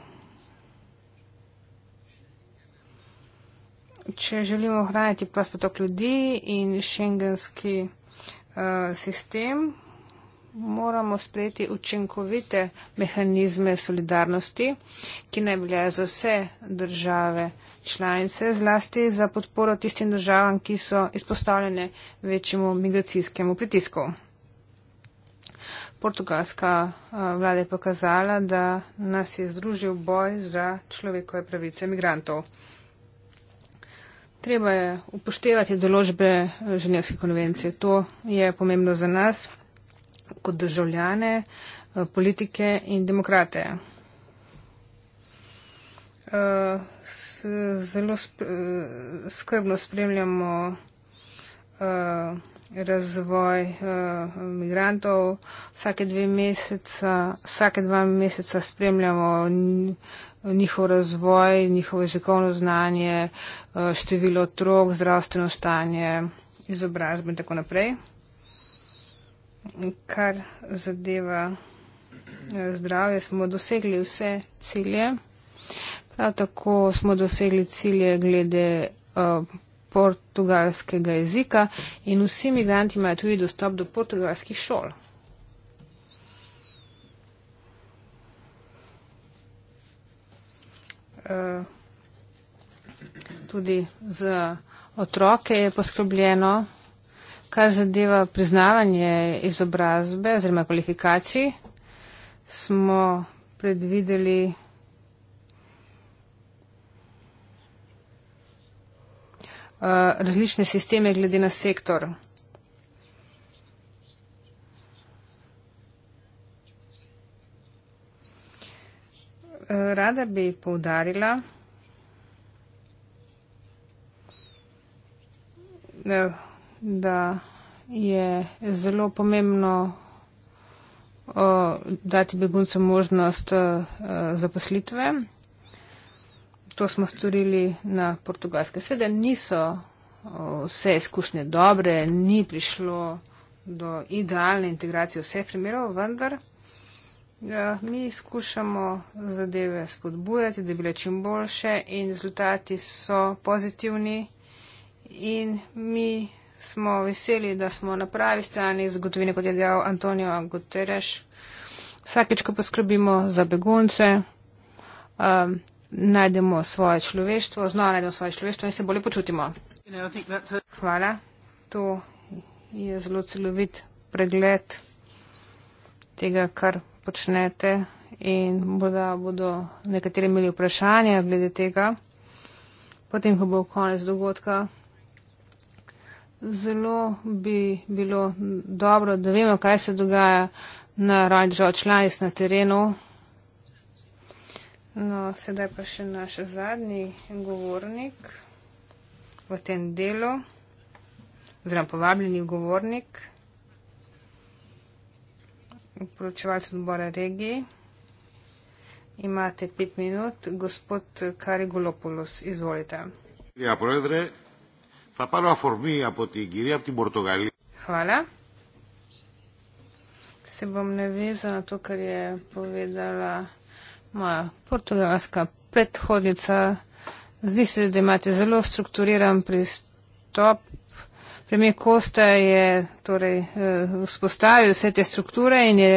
če želimo ohraniti prost potok ljudi in šengenski uh, sistem, moramo sprejeti učinkovite mehanizme solidarnosti, ki naj bile za vse države članice, zlasti za podporo tistim državam, ki so izpostavljene večjemu migracijskemu pritisku. Portugalska eh, vlada je pokazala, da nas je združil boj za človekove pravice migrantov. Treba je upoštevati določbe Ženevske konvencije. To je pomembno za nas kot državljane, eh, politike in demokrate. Eh, zelo eh, skrbno spremljamo razvoj migrantov. Vsake, meseca, vsake dva meseca spremljamo njihov razvoj, njihovo jezikovno znanje, število otrok, zdravstveno stanje, izobrazbo in tako naprej kar zadeva eh, zdravje, smo dosegli vse cilje. Prav tako smo dosegli cilje glede uh, portugalskega jezika in vsi migranti imajo tudi dostop do portugalskih šol. Uh, tudi za otroke je poskrbljeno. Kar zadeva priznavanje izobrazbe oziroma kvalifikacij, smo predvideli. Eh, različne sisteme glede na sektor. Eh, rada bi poudarila, da eh, da je zelo pomembno o, dati beguncem možnost o, zaposlitve. To smo storili na portugalske. Seveda niso vse izkušnje dobre, ni prišlo do idealne integracije vseh primerov, vendar ja, mi skušamo zadeve spodbujati, da bi bile čim boljše in rezultati so pozitivni in mi smo veseli, da smo na pravi strani zgodovine, kot je dejal Antonijo Guterres. Vsakeč, ko poskrbimo za begunce, um, najdemo svoje človeštvo, znova najdemo svoje človeštvo in se bolje počutimo. Hvala. To je zelo celovit pregled tega, kar počnete in morda bodo nekateri imeli vprašanja glede tega. Potem, ko bo konec dogodka zelo bi bilo dobro, da vemo, kaj se dogaja na ravni držav članic na terenu. No, sedaj pa še naš zadnji govornik v tem delu, oziroma povabljeni govornik, poročevalce odbora regiji. Imate pet minut, gospod Karigulopoulos, izvolite. Ja, Θα πάρω αφορμή από την κυρία από την Πορτογαλία. Χαλά. Συμπομνευίζω να το κρύε που βίδαλα. Μα, πορτογαλάσκα πετχόδιτσα. Здесь, где мать, зло структурирован приступ. Премьер Коста е, торе, споставил все эти структуры и не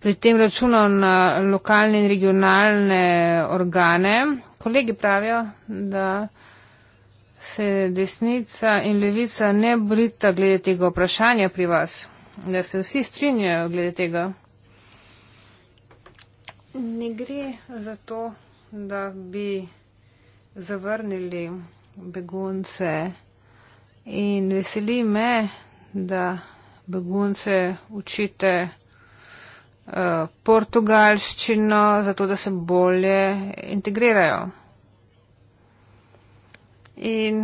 при тем рачуно на локальные и региональные органы. Коллеги правят, да, se desnica in levica ne brita glede tega vprašanja pri vas, da se vsi strinjajo glede tega. Ne gre za to, da bi zavrnili begunce in veseli me, da begunce učite uh, portugalščino, zato da se bolje integrirajo in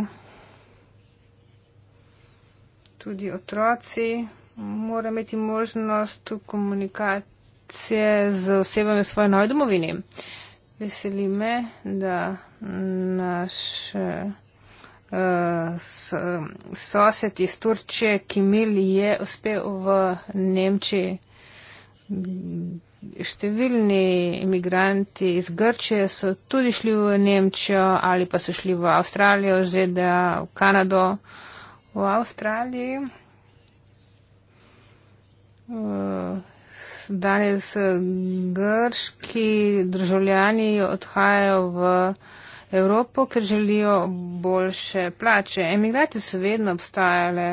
tudi otroci morajo imeti možnost komunikacije z osebami v svoji novi domovini. Veseli me, da naš uh, s, sosed iz Turčije, Kimil, je uspel v Nemčiji. Številni imigranti iz Grčije so tudi šli v Nemčijo ali pa so šli v Avstralijo, ZDA, v Kanado, v Avstraliji. Eh, danes eh, grški državljani odhajajo v Evropo, ker želijo boljše plače. Emigracije so vedno obstajale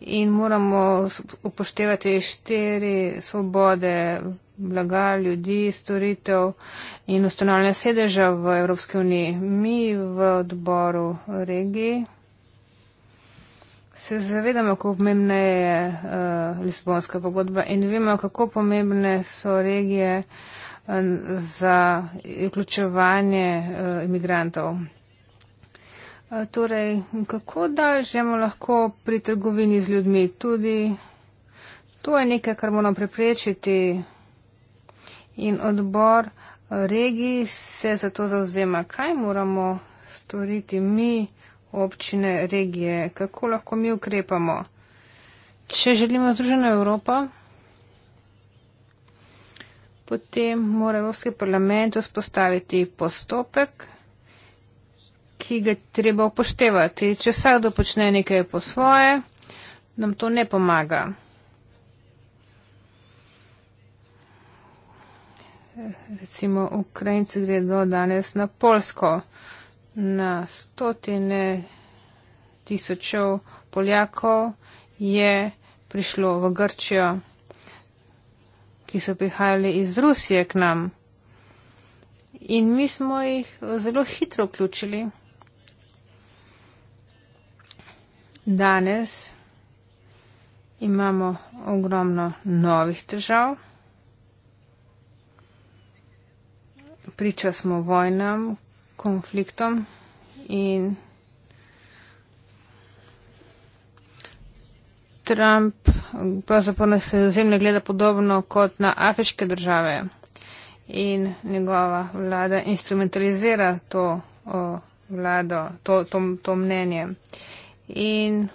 in moramo upoštevati štiri svobode blaga, ljudi, storitev in ustanovljanja sedeža v Evropski uniji. Mi v odboru regiji se zavedamo, kako pomembna je uh, Lisbonska pogodba in vemo, kako pomembne so regije uh, za vključevanje uh, imigrantov. Eh, torej, kako daljžemo lahko pri trgovini z ljudmi? Tudi to je nekaj, kar moramo preprečiti. In odbor eh, regij se za to zauzema. Kaj moramo storiti mi, občine, regije? Kako lahko mi ukrepamo? Če želimo združeno Evropo, potem mora Evropski parlament vzpostaviti postopek ki ga treba upoštevati. Če vsakdo počne nekaj po svoje, nam to ne pomaga. Recimo, Ukrajinci gredo danes na Polsko, na stotine tisočev Poljakov je prišlo v Grčijo, ki so prihajali iz Rusije k nam. In mi smo jih zelo hitro vključili. Danes imamo ogromno novih težav. Priča smo vojnam, konfliktom in Trump pravzaprav na sredozemlje gleda podobno kot na afriške države in njegova vlada instrumentalizira to o, vlado, to, to, to mnenje. Uh, in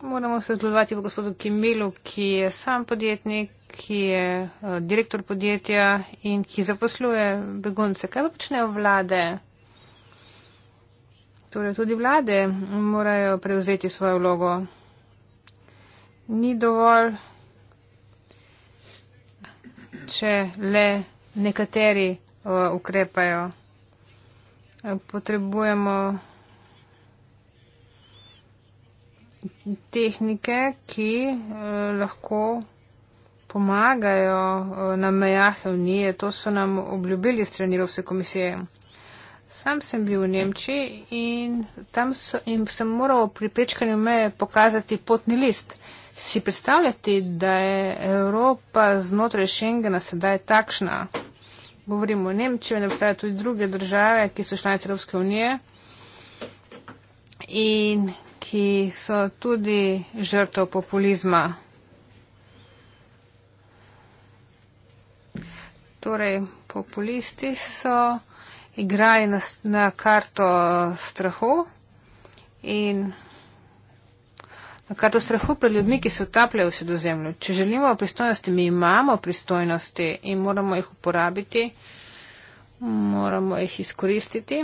moramo se zgledovati v gospodu Kimilu, ki je sam podjetnik, ki je eh, direktor podjetja in ki zaposluje begunce. Kaj pa počnejo vlade? Torej, tudi vlade morajo prevzeti svojo vlogo. Ni dovolj, če le nekateri uh, ukrepajo. Eh, potrebujemo tehnike, ki eh, lahko pomagajo eh, na mejah Unije. To so nam obljubili strani Evropske komisije. Sam sem bil v Nemčiji in tam so, in sem moral pri prečkanju meje pokazati potni list. Si predstavljati, da je Evropa znotraj Schengena sedaj takšna? govorimo o Nemčiji, ne obstajajo tudi druge države, ki so članice Evropske unije in ki so tudi žrtev populizma. Torej, populisti so igrali na, na karto strahu in kar do strahu pred ljudmi, ki se utapljajo v sredozemlju. Če želimo pristojnosti, mi imamo pristojnosti in moramo jih uporabiti, moramo jih izkoristiti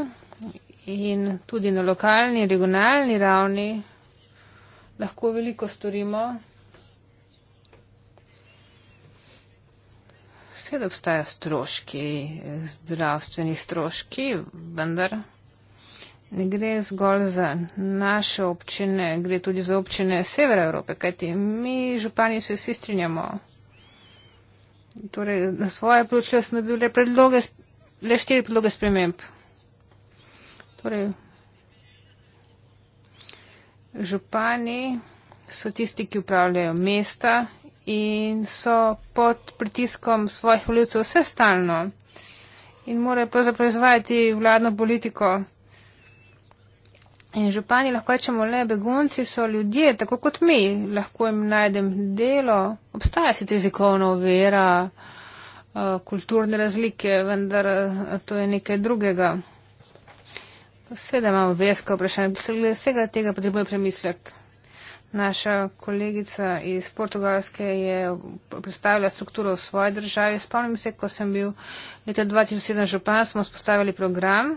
in tudi na lokalni, regionalni ravni lahko veliko storimo. Sveda obstajajo stroški, zdravstveni stroški, vendar ne gre zgolj za naše občine, gre tudi za občine Severa Evrope, kajti mi župani se vsi strinjamo. Torej, na svoje poročilo smo dobili le, predloge, le štiri predloge sprememb. Torej, župani so tisti, ki upravljajo mesta in so pod pritiskom svojih voljivcev vse stalno in morajo pravzaprav izvajati vladno politiko. In župani lahko rečemo, le begunci so ljudje, tako kot mi, lahko jim najdem delo. Obstaja sicer jezikovna uvera, eh, kulturne razlike, vendar eh, to je nekaj drugega. Seveda imamo verska vprašanja, glede vsega tega potrebuje premislek. Naša kolegica iz Portugalske je predstavila strukturo v svoji državi. Spomnim se, ko sem bil leta 2007 župan, smo spostavili program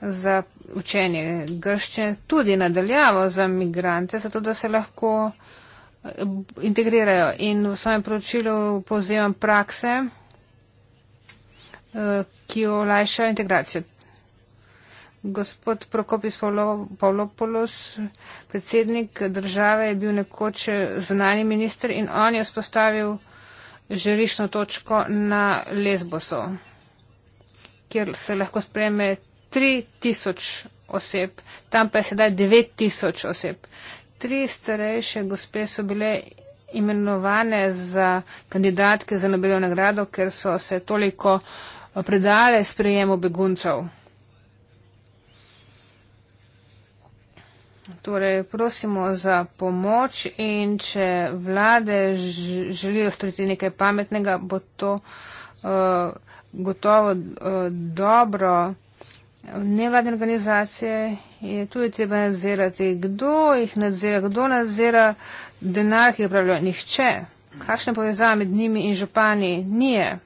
za učenje grščine, tudi nadaljavo za migrante, zato da se lahko eh, integrirajo. In v svojem poročilu povzemam prakse, eh, ki olajšajo integracijo. Gospod Prokopis Pavlopoulos, predsednik države, je bil nekoč eh, zunani minister in on je vzpostavil žerišno točko na Lesbosov, kjer se lahko spreme 3000 oseb, tam pa je sedaj 9000 oseb. Tri starejše gospe so bile imenovane za kandidatke za Nobelovo nagrado, ker so se toliko eh, predale sprejemu beguncev. Torej, prosimo za pomoč in če vlade želijo storiti nekaj pametnega, bo to uh, gotovo uh, dobro nevladne organizacije. Je, tu je treba nadzirati, kdo jih nadzira, kdo nadzira denar, ki ga pravijo. Nihče. Kakšne povezave med njimi in župani nije.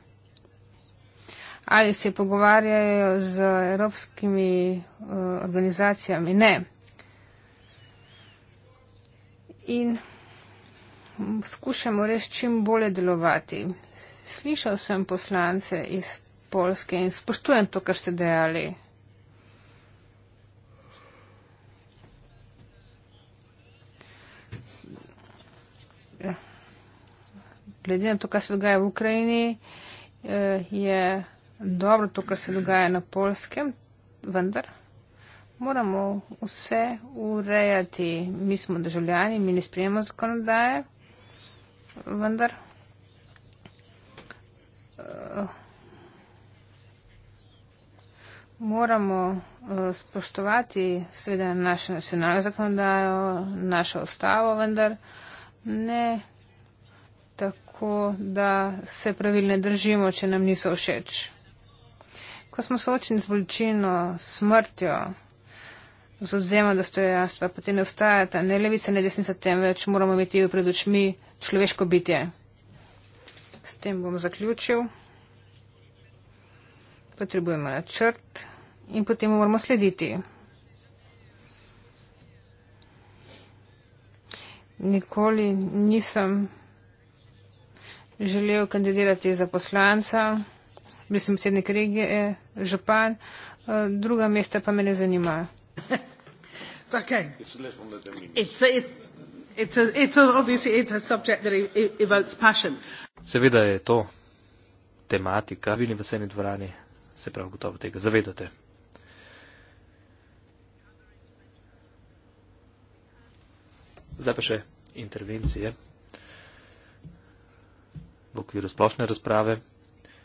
Ali se pogovarjajo z evropskimi uh, organizacijami? Ne. In skušamo res čim bolje delovati. Slišal sem poslance iz Polske in spoštujem to, kar ste dejali. glede na to, kar se dogaja v Ukrajini, eh, je dobro to, kar se dogaja na polskem, vendar moramo vse urejati. Mi smo državljani, mi ne sprejemamo zakonodaje, vendar eh, moramo eh, spoštovati seveda našo nacionalno zakonodajo, našo ustavo, vendar. Ne tako, da se pravil ne držimo, če nam niso všeč. Ko smo soočeni z bolečino, smrtjo, z odzema dostojanstva, potem ne ustajata ne levica, ne desnica, temveč moramo imeti pred očmi človeško bitje. S tem bom zaključil. Potrebujemo načrt in potem moramo slediti. Nikoli nisem želel kandidirati za poslanca, bil sem predsednik regije, eh, župan, eh, druga mesta pa me ne zanimajo. Okay. It's, it's, it's a, it's a, e, e, Seveda je to tematika, vidim v sejni dvorani, se prav gotovo tega zavedate. Zdaj pa še intervencije v okviru splošne razprave.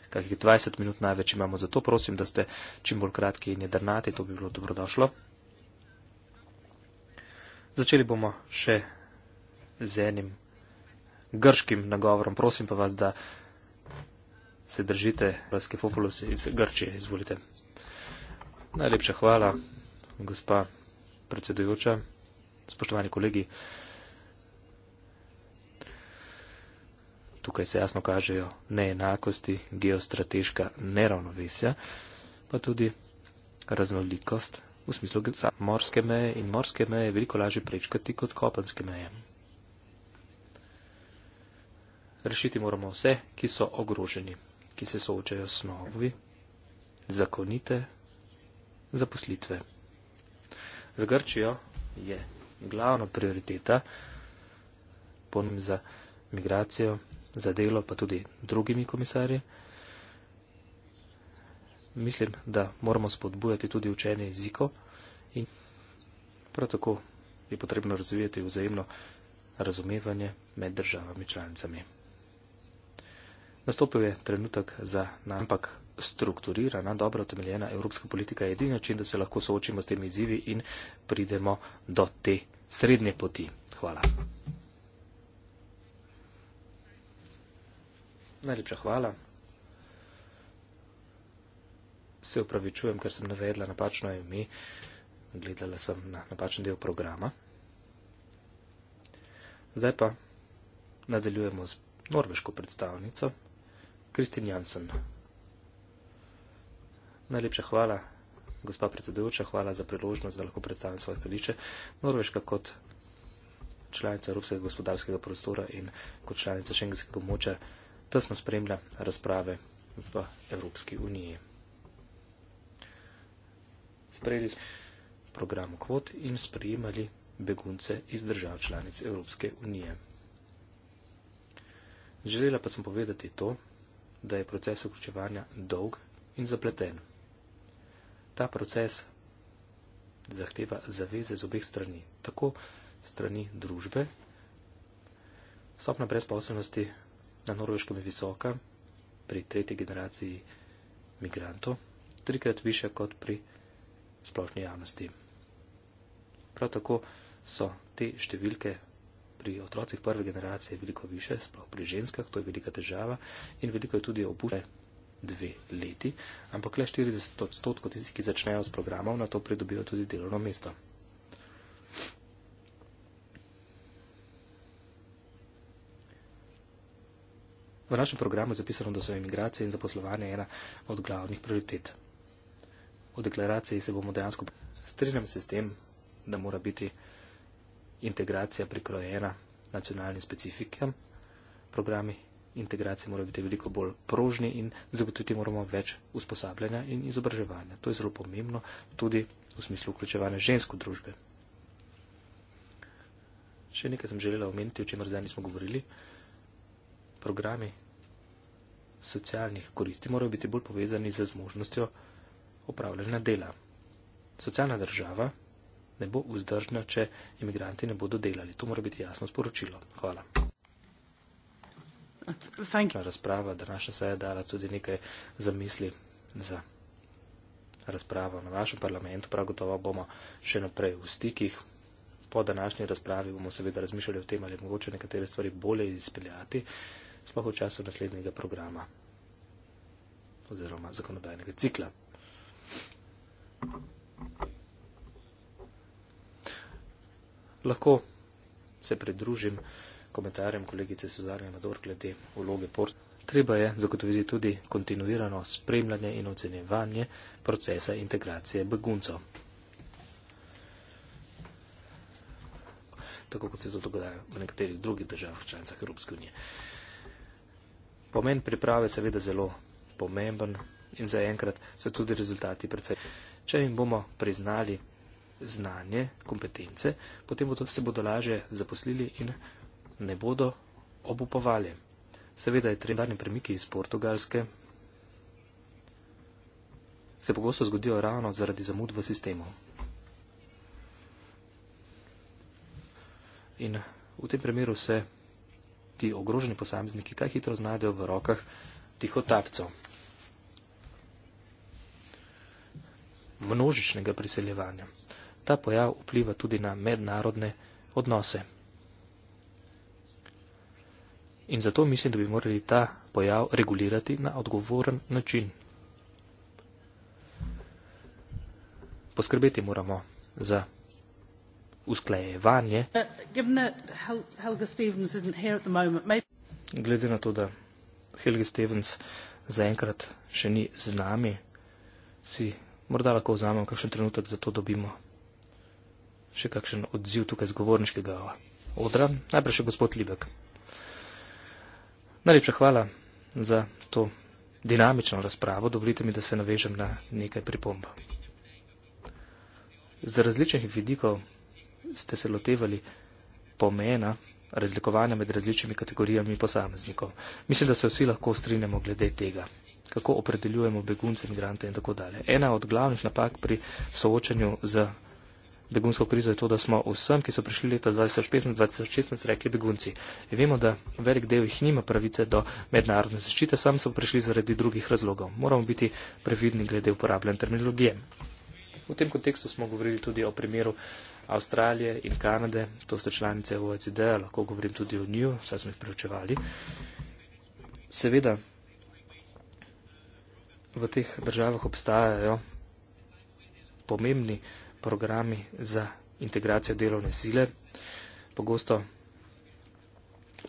Kakih 20 minut največ imamo, zato prosim, da ste čim bolj kratki in jedrnati, to bi bilo dobrodošlo. Začeli bomo še z enim grškim nagovorom. Prosim pa vas, da se držite grške fopulose iz Grčije. Izvolite. Najlepša hvala, gospa predsedujoča, spoštovani kolegi. tukaj se jasno kažejo neenakosti, geostrateška neravnovesja, pa tudi raznolikost v smislu morske meje in morske meje veliko lažje prečkati kot kopenske meje. Rešiti moramo vse, ki so ogroženi, ki se soočajo s novi, zakonite zaposlitve. Za Grčijo je glavna prioriteta ponem za migracijo za delo, pa tudi drugimi komisarji. Mislim, da moramo spodbujati tudi učenje jezika in prav tako je potrebno razvijati vzajemno razumevanje med državami članicami. Nastopil je trenutek za napak strukturirana, dobro utemeljena evropska politika je edini način, da se lahko soočimo s temi izzivi in pridemo do te srednje poti. Hvala. Najlepša hvala. Se upravičujem, ker sem navedla napačno ime. Gledala sem na napačen del programa. Zdaj pa nadaljujemo z norveško predstavnico, Kristin Jansen. Najlepša hvala, gospa predsedujoča, hvala za priložnost, da lahko predstavim svoje stališče. Norveška kot članica Evropskega gospodarskega prostora in kot članica šengenskega območja tesno spremlja razprave v Evropski uniji. Sprejeli smo program kvot in sprejemali begunce iz držav članic Evropske unije. Želela pa sem povedati to, da je proces vključevanja dolg in zapleten. Ta proces zahteva zaveze z obeh strani, tako strani družbe, stopna brezposobnosti na norveškem je visoka pri tretji generaciji migrantov, trikrat više kot pri splošni javnosti. Prav tako so te številke pri otrocih prve generacije veliko više, sploh pri ženskah, to je velika težava in veliko je tudi opušče dve leti, ampak le 40 odstotkov tistih, ki začnejo s programom, na to pridobijo tudi delovno mesto. V našem programu je zapisano, da so imigracije in zaposlovanje ena od glavnih prioritet. V deklaraciji se bomo dejansko strinjam se s tem, da mora biti integracija prikrojena nacionalnim specifikam. Programi integracije morajo biti veliko bolj prožni in zagotoviti moramo več usposabljanja in izobraževanja. To je zelo pomembno tudi v smislu vključevanja žensko družbe. Še nekaj sem želela omeniti, o čemer zdaj nismo govorili programi socialnih koristi morajo biti bolj povezani z zmožnostjo upravljanja dela. Socialna država ne bo vzdržna, če imigranti ne bodo delali. To mora biti jasno sporočilo. Hvala. Razprava, današnja seja je dala tudi nekaj zamisli za razpravo na vašem parlamentu. Prav gotovo bomo še naprej v stikih. Po današnji razpravi bomo seveda razmišljali o tem, ali je mogoče nekatere stvari bolje izpeljati sploh v času naslednjega programa oziroma zakonodajnega cikla. Lahko se pridružim komentarjem kolegice Suzanje Mador glede vloge port. Treba je zagotoviti tudi kontinuirano spremljanje in ocenjevanje procesa integracije beguncov. Tako kot se to dogaja v nekaterih drugih državah članicah Evropske unije. Pomen priprave je seveda zelo pomemben in zaenkrat so tudi rezultati precej. Če jim bomo priznali znanje, kompetence, potem bodo, se bodo lažje zaposlili in ne bodo obupovali. Seveda je treba dani premiki iz Portugalske. Se pogosto zgodijo ravno zaradi zamud v sistemu. In v tem primeru se ti ogroženi posamezniki kaj hitro znajdejo v rokah tihotapcev. Množičnega priseljevanja. Ta pojav vpliva tudi na mednarodne odnose. In zato mislim, da bi morali ta pojav regulirati na odgovoren način. Poskrbeti moramo za usklajevanje. Uh, Glede na to, da Helge Stevens zaenkrat še ni z nami, si morda lahko vzamem kakšen trenutek, da to dobimo. Še kakšen odziv tukaj z govorniškega odra. Najprej še gospod Libek. Najlepša hvala za to dinamično razpravo. Dovolite mi, da se navežem na nekaj pripomb. Z različnih vidikov ste se lotevali pomena razlikovanja med različnimi kategorijami posameznikov. Mislim, da se vsi lahko strinjamo glede tega, kako opredeljujemo begunce, migrante in tako dalje. Ena od glavnih napak pri soočanju z begunsko krizo je to, da smo vsem, ki so prišli leta 2015-2016, rekli begunci. Vemo, da velik del jih nima pravice do mednarodne zaščite, sam so prišli zaradi drugih razlogov. Moramo biti previdni glede uporabljanja terminologije. V tem kontekstu smo govorili tudi o primeru Avstralije in Kanade, to so članice OECD, lahko govorim tudi o nju, saj smo jih preučevali. Seveda, v teh državah obstajajo pomembni programi za integracijo delovne sile, pogosto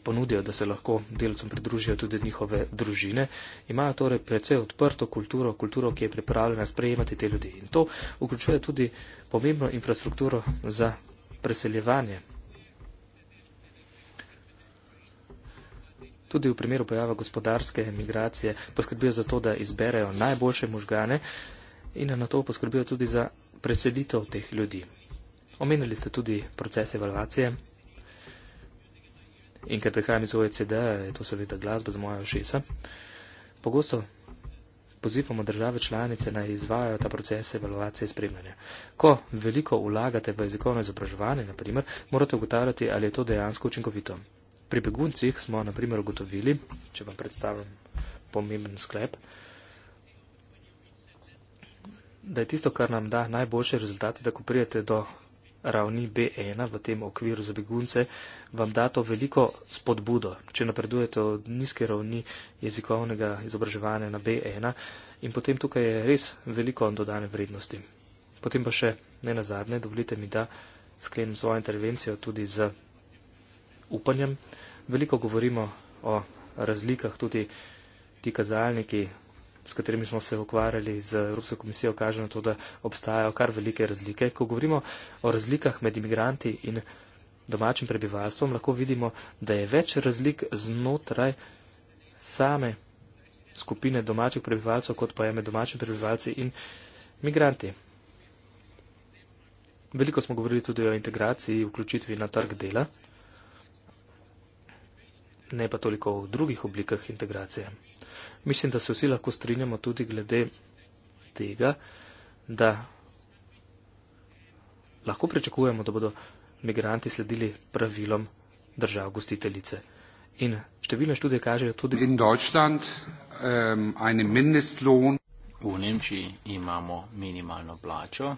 ponudijo, da se lahko delcem pridružijo tudi njihove družine. Imajo torej precej odprto kulturo, kulturo, ki je pripravljena sprejemati te ljudi. In to vključuje tudi pomembno infrastrukturo za preseljevanje. Tudi v primeru pojava gospodarske emigracije poskrbijo za to, da izberejo najboljše možgane in na to poskrbijo tudi za preseditev teh ljudi. Omenili ste tudi proces evalvacije in ker prihajam iz OECD, je to seveda glasba za moja ošesa, pogosto pozivamo države članice naj izvajajo ta proces evaluacije in spremljanja. Ko veliko vlagate v jezikovno izobraževanje, na primer, morate ugotavljati, ali je to dejansko učinkovito. Pri beguncih smo, na primer, ugotovili, če vam predstavim pomemben sklep, da je tisto, kar nam da najboljše rezultate, da ko prijete do ravni B1 v tem okviru za begunce, vam da to veliko spodbudo, če napredujete od nizke ravni jezikovnega izobraževanja na B1 in potem tukaj je res veliko dodane vrednosti. Potem pa še ne na zadnje, dovolite mi, da sklenem svojo intervencijo tudi z upanjem. Veliko govorimo o razlikah, tudi ti kazalniki s katerimi smo se ukvarjali z Evropsko komisijo, kaže na to, da obstajajo kar velike razlike. Ko govorimo o razlikah med imigranti in domačim prebivalstvom, lahko vidimo, da je več razlik znotraj same skupine domačih prebivalcev, kot pa je med domačimi prebivalci in migranti. Veliko smo govorili tudi o integraciji, vključitvi na trg dela ne pa toliko v drugih oblikah integracije. Mislim, da se vsi lahko strinjamo tudi glede tega, da lahko pričakujemo, da bodo migranti sledili pravilom držav gostiteljice. In številne študije kažejo tudi. In Deutschland, um, v Nemčiji imamo minimalno plačo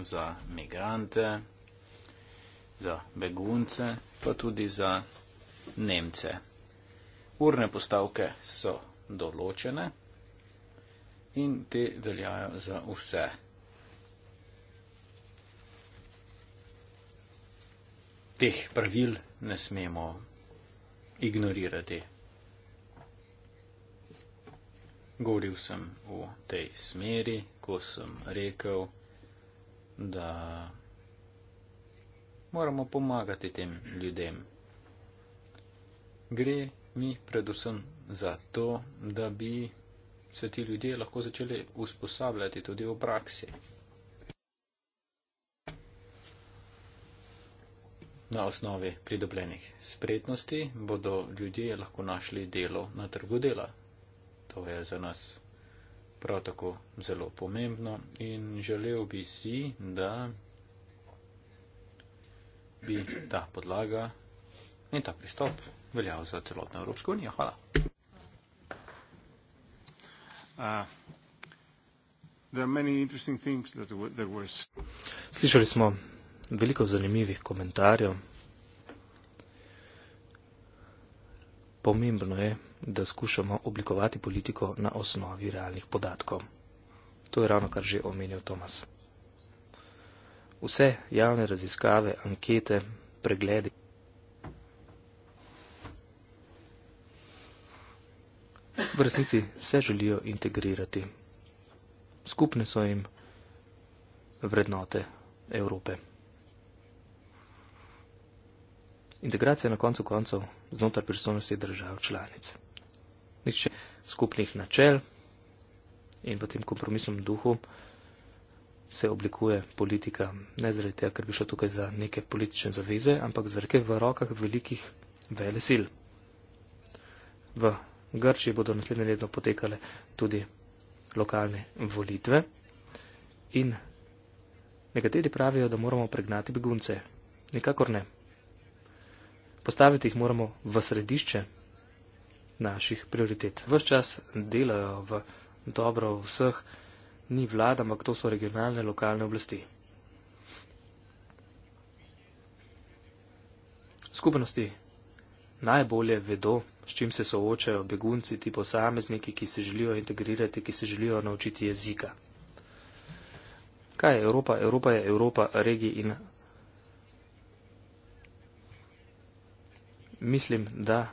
za migrante, za begunce, pa tudi za Nemce. Urne postavke so določene in te veljajo za vse. Teh pravil ne smemo ignorirati. Govoril sem v tej smeri, ko sem rekel, da moramo pomagati tem ljudem gre mi predvsem za to, da bi se ti ljudje lahko začeli usposabljati tudi v praksi. Na osnovi pridobljenih spretnosti bodo ljudje lahko našli delo na trgu dela. To je za nas prav tako zelo pomembno in želel bi si, da bi ta podlaga in ta pristop veljal za celotno Evropsko unijo. Hvala. Uh, Slišali smo veliko zanimivih komentarjev. Pomembno je, da skušamo oblikovati politiko na osnovi realnih podatkov. To je ravno kar že omenil Tomas. Vse javne raziskave, ankete, pregledi. v resnici se želijo integrirati. Skupne so jim vrednote Evrope. Integracija na koncu koncev znotraj pristojnosti držav članic. Nič skupnih načel in v tem kompromisnem duhu se oblikuje politika, ne zaradi tega, ker bi šlo tukaj za neke politične zaveze, ampak zaradi tega v rokah velikih velesil. V Grčiji bodo naslednje leto potekale tudi lokalne volitve in nekateri pravijo, da moramo pregnati begunce. Nikakor ne. Postaviti jih moramo v središče naših prioritet. Ves čas delajo v dobro vseh, ni vlada, ampak to so regionalne, lokalne oblasti. Skupnosti najbolje vedo, s čim se soočajo begunci, ti posamezniki, ki se želijo integrirati, ki se želijo naučiti jezika. Kaj je Evropa? Evropa je Evropa, regij in. Mislim, da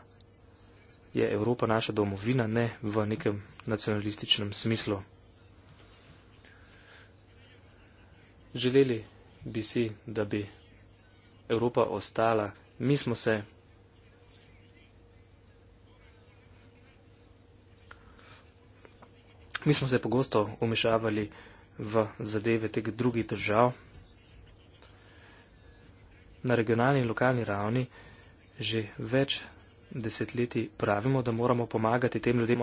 je Evropa naša domovina, ne v nekem nacionalističnem smislu. Želeli bi si, da bi Evropa ostala. Mi smo se Mi smo se pogosto umešavali v zadeve teh drugih držav. Na regionalni in lokalni ravni že več desetletji pravimo, da moramo pomagati tem ljudem,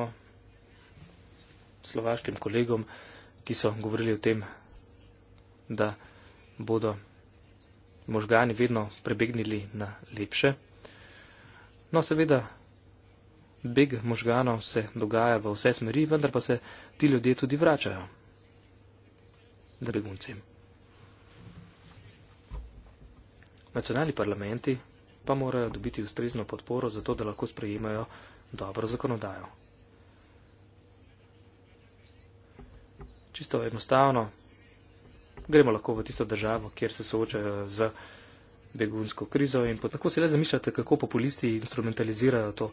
slovaškim kolegom, ki so govorili o tem, da bodo možgani vedno prebegnili na lepše. No, seveda, beg možganov se dogaja v vse smeri, vendar pa se ti ljudje tudi vračajo. Da begunci. Nacionalni parlamenti pa morajo dobiti ustrezno podporo za to, da lahko sprejemajo dobro zakonodajo. Čisto enostavno, gremo lahko v tisto državo, kjer se soočajo z begunsko krizo in tako se le zamišljate, kako populisti instrumentalizirajo to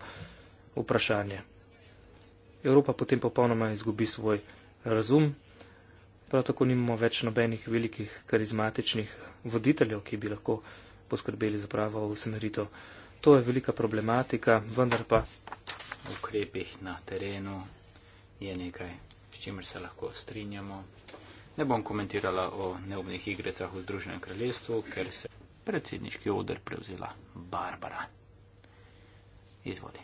vprašanje. Evropa potem popolnoma izgubi svoj razum, prav tako nimamo več nobenih velikih karizmatičnih voditeljev, ki bi lahko poskrbeli za pravo usmeritev. To je velika problematika, vendar pa. V ukrepih na terenu je nekaj, s čimer se lahko strinjamo. Ne bom komentirala o neobnih igricah v Združenem kraljestvu, ker se predsedniški odr prevzela Barbara. Izvoli.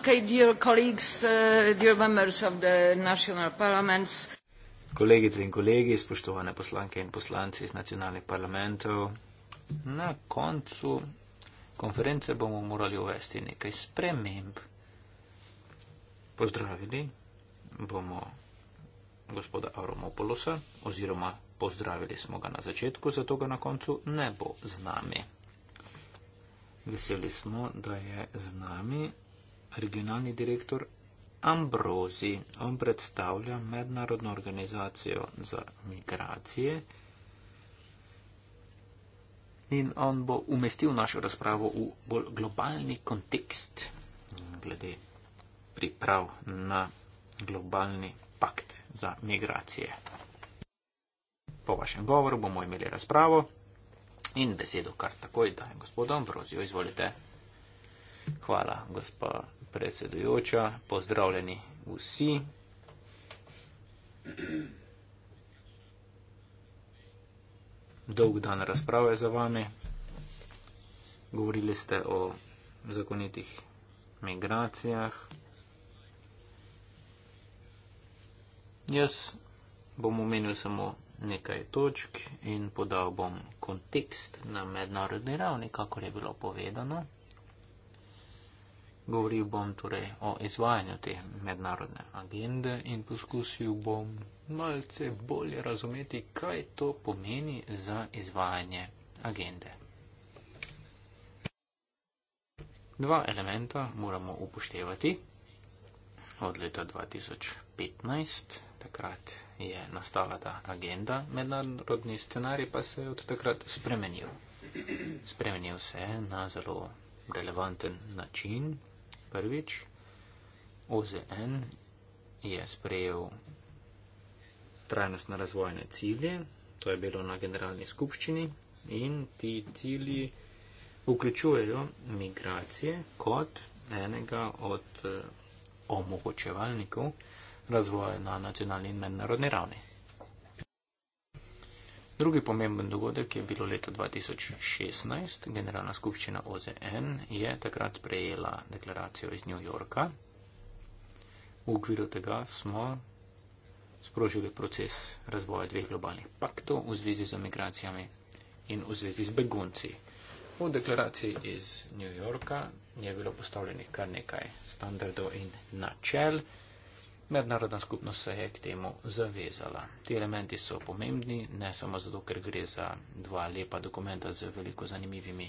Uh, Kolegice in kolegi, spoštovane poslanke in poslanci iz nacionalnih parlamentov, na koncu konference bomo morali uvesti nekaj sprememb. Pozdravili bomo gospoda Avromopolosa oziroma pozdravili smo ga na začetku, zato ga na koncu ne bo z nami. Veseli smo, da je z nami regionalni direktor Ambrozi. On predstavlja mednarodno organizacijo za migracije in on bo umestil našo razpravo v bolj globalni kontekst glede priprav na globalni pakt za migracije. Po vašem govoru bomo imeli razpravo in besedo kar takoj dajem gospodu Ambroziju. Izvolite. Hvala, gospa predsedujoča. Pozdravljeni vsi. Dolg dan razprave za vami. Govorili ste o zakonitih migracijah. Jaz bom omenil samo nekaj točk in podal bom kontekst na mednarodni ravni, kakor je bilo povedano govoril bom torej o izvajanju te mednarodne agende in poskusil bom malce bolje razumeti, kaj to pomeni za izvajanje agende. Dva elementa moramo upoštevati. Od leta 2015, takrat je nastala ta agenda, mednarodni scenarij pa se je od takrat spremenil. Spremenil se je na zelo relevanten način, prvič OZN je sprejel trajnostne razvojne cilje, to je bilo na generalni skupščini in ti cilji vključujejo migracije kot enega od eh, omogočevalnikov razvoja na nacionalni in mednarodni ravni. Drugi pomemben dogodek je bilo leto 2016. Generalna skupščina OZN je takrat prejela deklaracijo iz New Yorka. V okviru tega smo sprožili proces razvoja dveh globalnih paktov v zvezi z migracijami in v zvezi z begunci. V deklaraciji iz New Yorka je bilo postavljenih kar nekaj standardov in načel mednarodna skupnost se je k temu zavezala. Ti elementi so pomembni, ne samo zato, ker gre za dva lepa dokumenta z veliko zanimivimi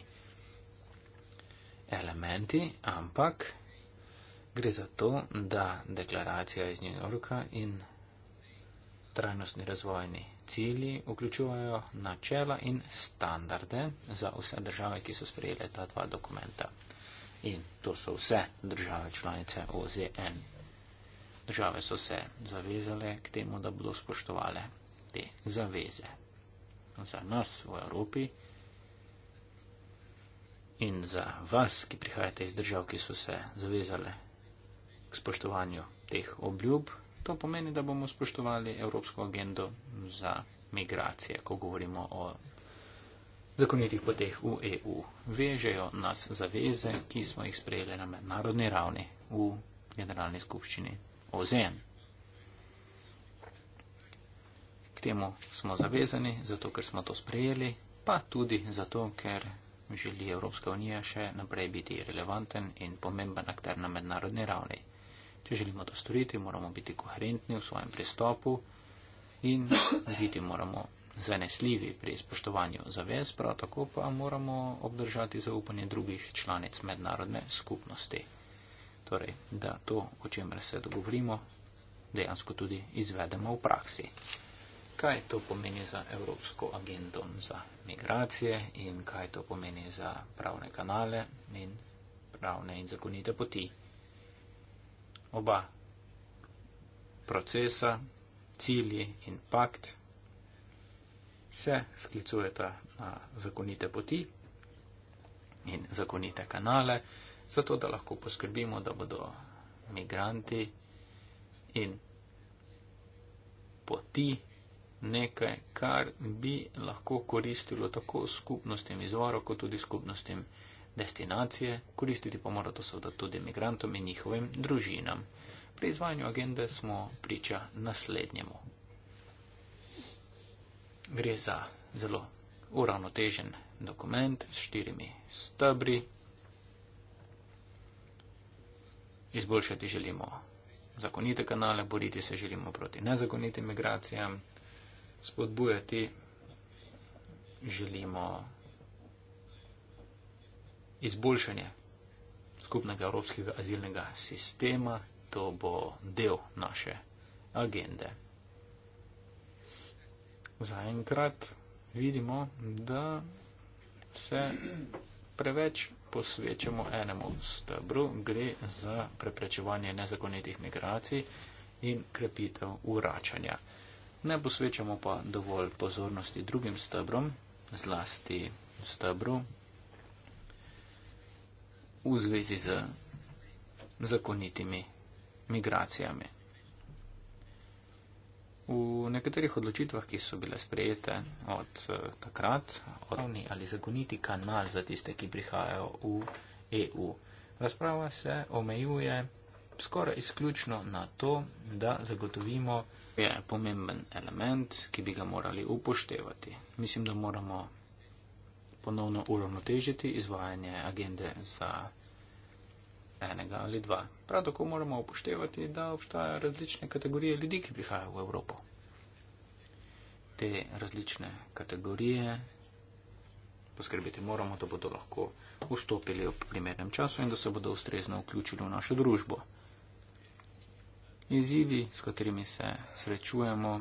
elementi, ampak gre za to, da deklaracija iz New Yorka in trajnostni razvojni cilji vključujejo načela in standarde za vse države, ki so sprejele ta dva dokumenta. In to so vse države članice OZN države so se zavezale k temu, da bodo spoštovale te zaveze. Za nas v Evropi in za vas, ki prihajate iz držav, ki so se zavezale k spoštovanju teh obljub, to pomeni, da bomo spoštovali Evropsko agendo za migracije, ko govorimo o zakonitih poteh v EU. Vežejo nas zaveze, ki smo jih sprejeli na mednarodni ravni v generalni skupščini ozem. K temu smo zavezani, zato ker smo to sprejeli, pa tudi zato, ker želi Evropska unija še naprej biti relevanten in pomemben akter na mednarodni ravni. Če želimo to storiti, moramo biti koherentni v svojem pristopu in biti moramo zanesljivi pri spoštovanju zavez, prav tako pa moramo obdržati zaupanje drugih članic mednarodne skupnosti torej, da to, o čemer se dogovorimo, dejansko tudi izvedemo v praksi. Kaj to pomeni za Evropsko agendo za migracije in kaj to pomeni za pravne kanale in pravne in zakonite poti? Oba procesa, cilji in pakt se sklicujeta na zakonite poti in zakonite kanale zato da lahko poskrbimo, da bodo migranti in poti nekaj, kar bi lahko koristilo tako skupnostim izvora, kot tudi skupnostim destinacije, koristiti pa mora to seveda tudi migrantom in njihovim družinam. Pri izvajanju agende smo priča naslednjemu. Gre za zelo uravnotežen dokument s štirimi stabri. izboljšati želimo zakonite kanale, boriti se želimo proti nezakonitim migracijam, spodbujati želimo izboljšanje skupnega evropskega azilnega sistema, to bo del naše agende. Zaenkrat vidimo, da se preveč posvečamo enemu stebru, gre za preprečevanje nezakonitih migracij in krepitev uračanja. Ne posvečamo pa dovolj pozornosti drugim stebrom, zlasti stebru v zvezi z zakonitimi migracijami. V nekaterih odločitvah, ki so bile sprejete od eh, takrat, odpravni ali zakoniti kanal za tiste, ki prihajajo v EU. Razprava se omejuje skoraj izključno na to, da zagotovimo je pomemben element, ki bi ga morali upoštevati. Mislim, da moramo ponovno uravnotežiti izvajanje agende za enega ali dva. Prav tako moramo upoštevati, da obstajajo različne kategorije ljudi, ki prihajajo v Evropo. Te različne kategorije poskrbeti moramo, da bodo lahko vstopili ob primernem času in da se bodo ustrezno vključili v našo družbo. Izzivi, s katerimi se srečujemo,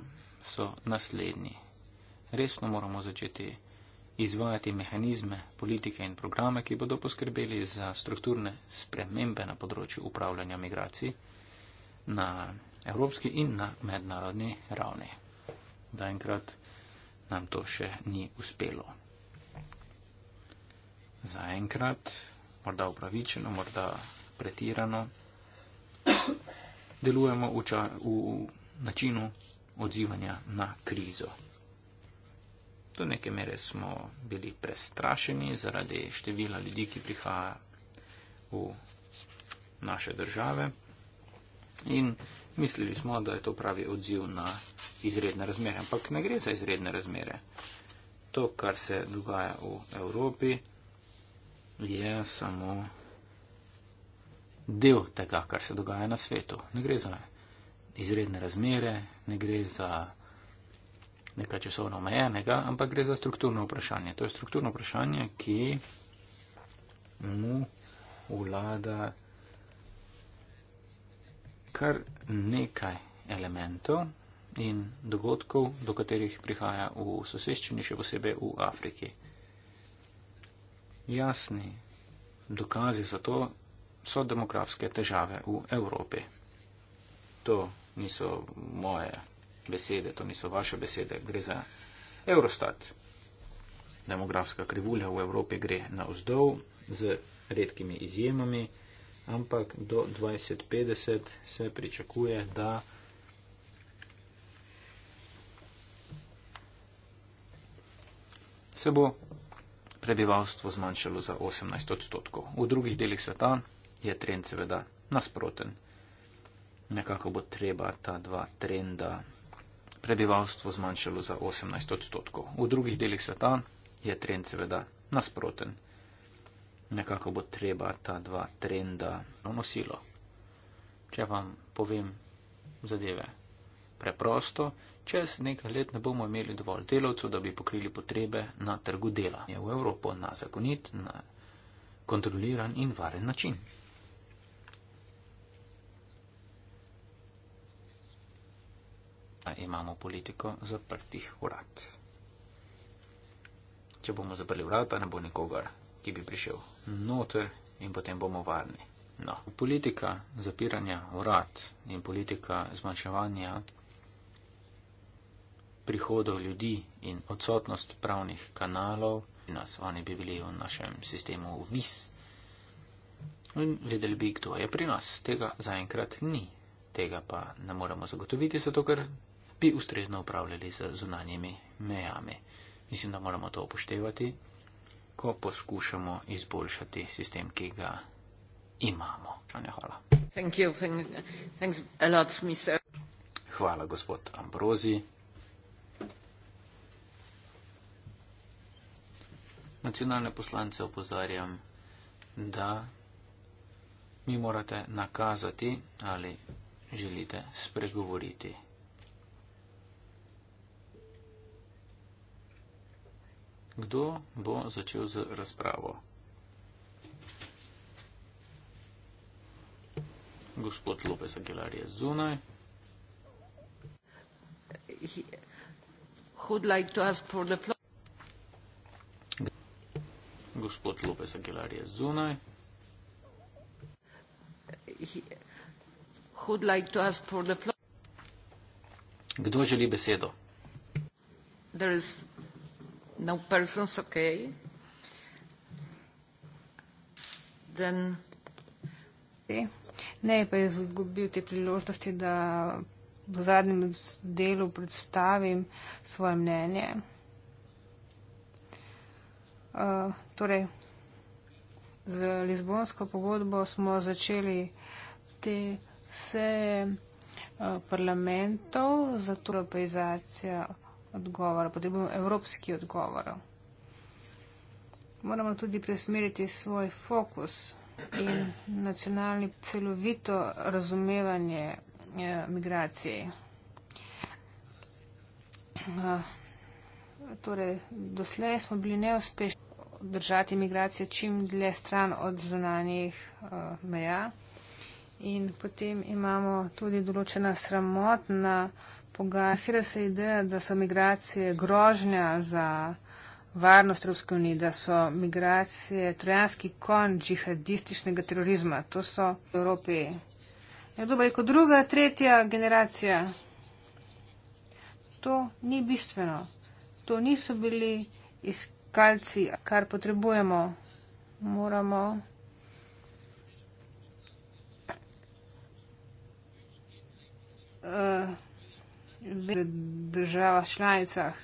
so naslednji. Resno moramo začeti izvajati mehanizme, politike in programe, ki bodo poskrbeli za strukturne spremembe na področju upravljanja migracij na evropski in na mednarodni ravni. Da enkrat nam to še ni uspelo. Za enkrat, morda upravičeno, morda pretirano, delujemo v, ča, v načinu odzivanja na krizo. Do neke mere smo bili prestrašeni zaradi števila ljudi, ki prihaja v naše države in mislili smo, da je to pravi odziv na izredne razmere. Ampak ne gre za izredne razmere. To, kar se dogaja v Evropi, je samo del tega, kar se dogaja na svetu. Ne gre za izredne razmere, ne gre za neka časovna omeja, neka, ampak gre za strukturno vprašanje. To je strukturno vprašanje, ki mu vlada kar nekaj elementov in dogodkov, do katerih prihaja v soseščini, še posebej v Afriki. Jasni dokazi za to so demografske težave v Evropi. To niso moje besede, to niso vaše besede, gre za Eurostat. Demografska krivulja v Evropi gre na vzdolj z redkimi izjemami, ampak do 2050 se pričakuje, da se bo prebivalstvo zmanjšalo za 18 odstotkov. V drugih delih sveta je trend seveda nasproten. Nekako bo treba ta dva trenda prebivalstvo zmanjšalo za 18 odstotkov. V drugih delih sveta je trend seveda nasproten. Nekako bo treba ta dva trenda nosilo. Če vam povem zadeve preprosto, čez nekaj let ne bomo imeli dovolj delavcev, da bi pokrili potrebe na trgu dela. Je v Evropo na zakonit, na kontroliran in varen način. da imamo politiko zaprtih vrat. Če bomo zaprli vrata, ne bo nikogar, ki bi prišel noter in potem bomo varni. No. Politika zapiranja vrat in politika zmanjševanja prihodov ljudi in odsotnost pravnih kanalov, nas oni bi bili v našem sistemu vis. In vedeli bi, kdo je pri nas. Tega zaenkrat ni. Tega pa ne moremo zagotoviti, zato ker bi ustrezno upravljali z zunanjimi mejami. Mislim, da moramo to upoštevati, ko poskušamo izboljšati sistem, ki ga imamo. Hvala. Thank you, thank, thanks a lot, mister. Hvala, gospod Ambrozi. Nacionalne poslance opozarjam, da mi morate nakazati ali želite spregovoriti. Kdo bo začel z razpravo? Gospod Lopes Aguilar je zunaj. Like Gospod Lopes Aguilar je zunaj. Like Kdo želi besedo? No persons, okay. Then... Ne, pa je izgubil te priložnosti, da v zadnjem delu predstavim svoje mnenje. Uh, torej, z Lizbonsko pogodbo smo začeli te seje uh, parlamentov za to europeizacijo odgovor, potrebujemo evropski odgovor. Moramo tudi presmeriti svoj fokus in nacionalni celovito razumevanje eh, migracij. Eh, torej, doslej smo bili neuspešni držati migracije čim dlje stran od zunanjih eh, meja in potem imamo tudi določena sramotna pogasila se ideja, da so migracije grožnja za varnost Evropske unije, da so migracije trojanski konj džihadističnega terorizma. To so v Evropi. Ja, dobro, je kot druga, tretja generacija. To ni bistveno. To niso bili iskalci, kar potrebujemo. Moramo. Uh, v državah članicah.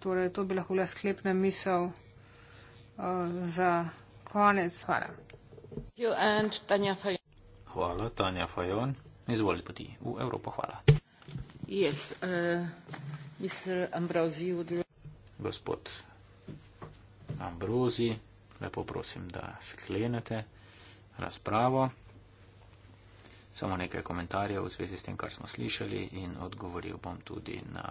Torej, to bi lahko bila sklepna misel uh, za konec. Hvala. Hvala, Tanja Fajon. Izvoli poti v Evropo. Hvala. Yes, uh, Mr. Ambrozi. Gospod Ambrozi, lepo prosim, da sklenete razpravo samo nekaj komentarjev v zvezi s tem, kar smo slišali in odgovoril bom tudi na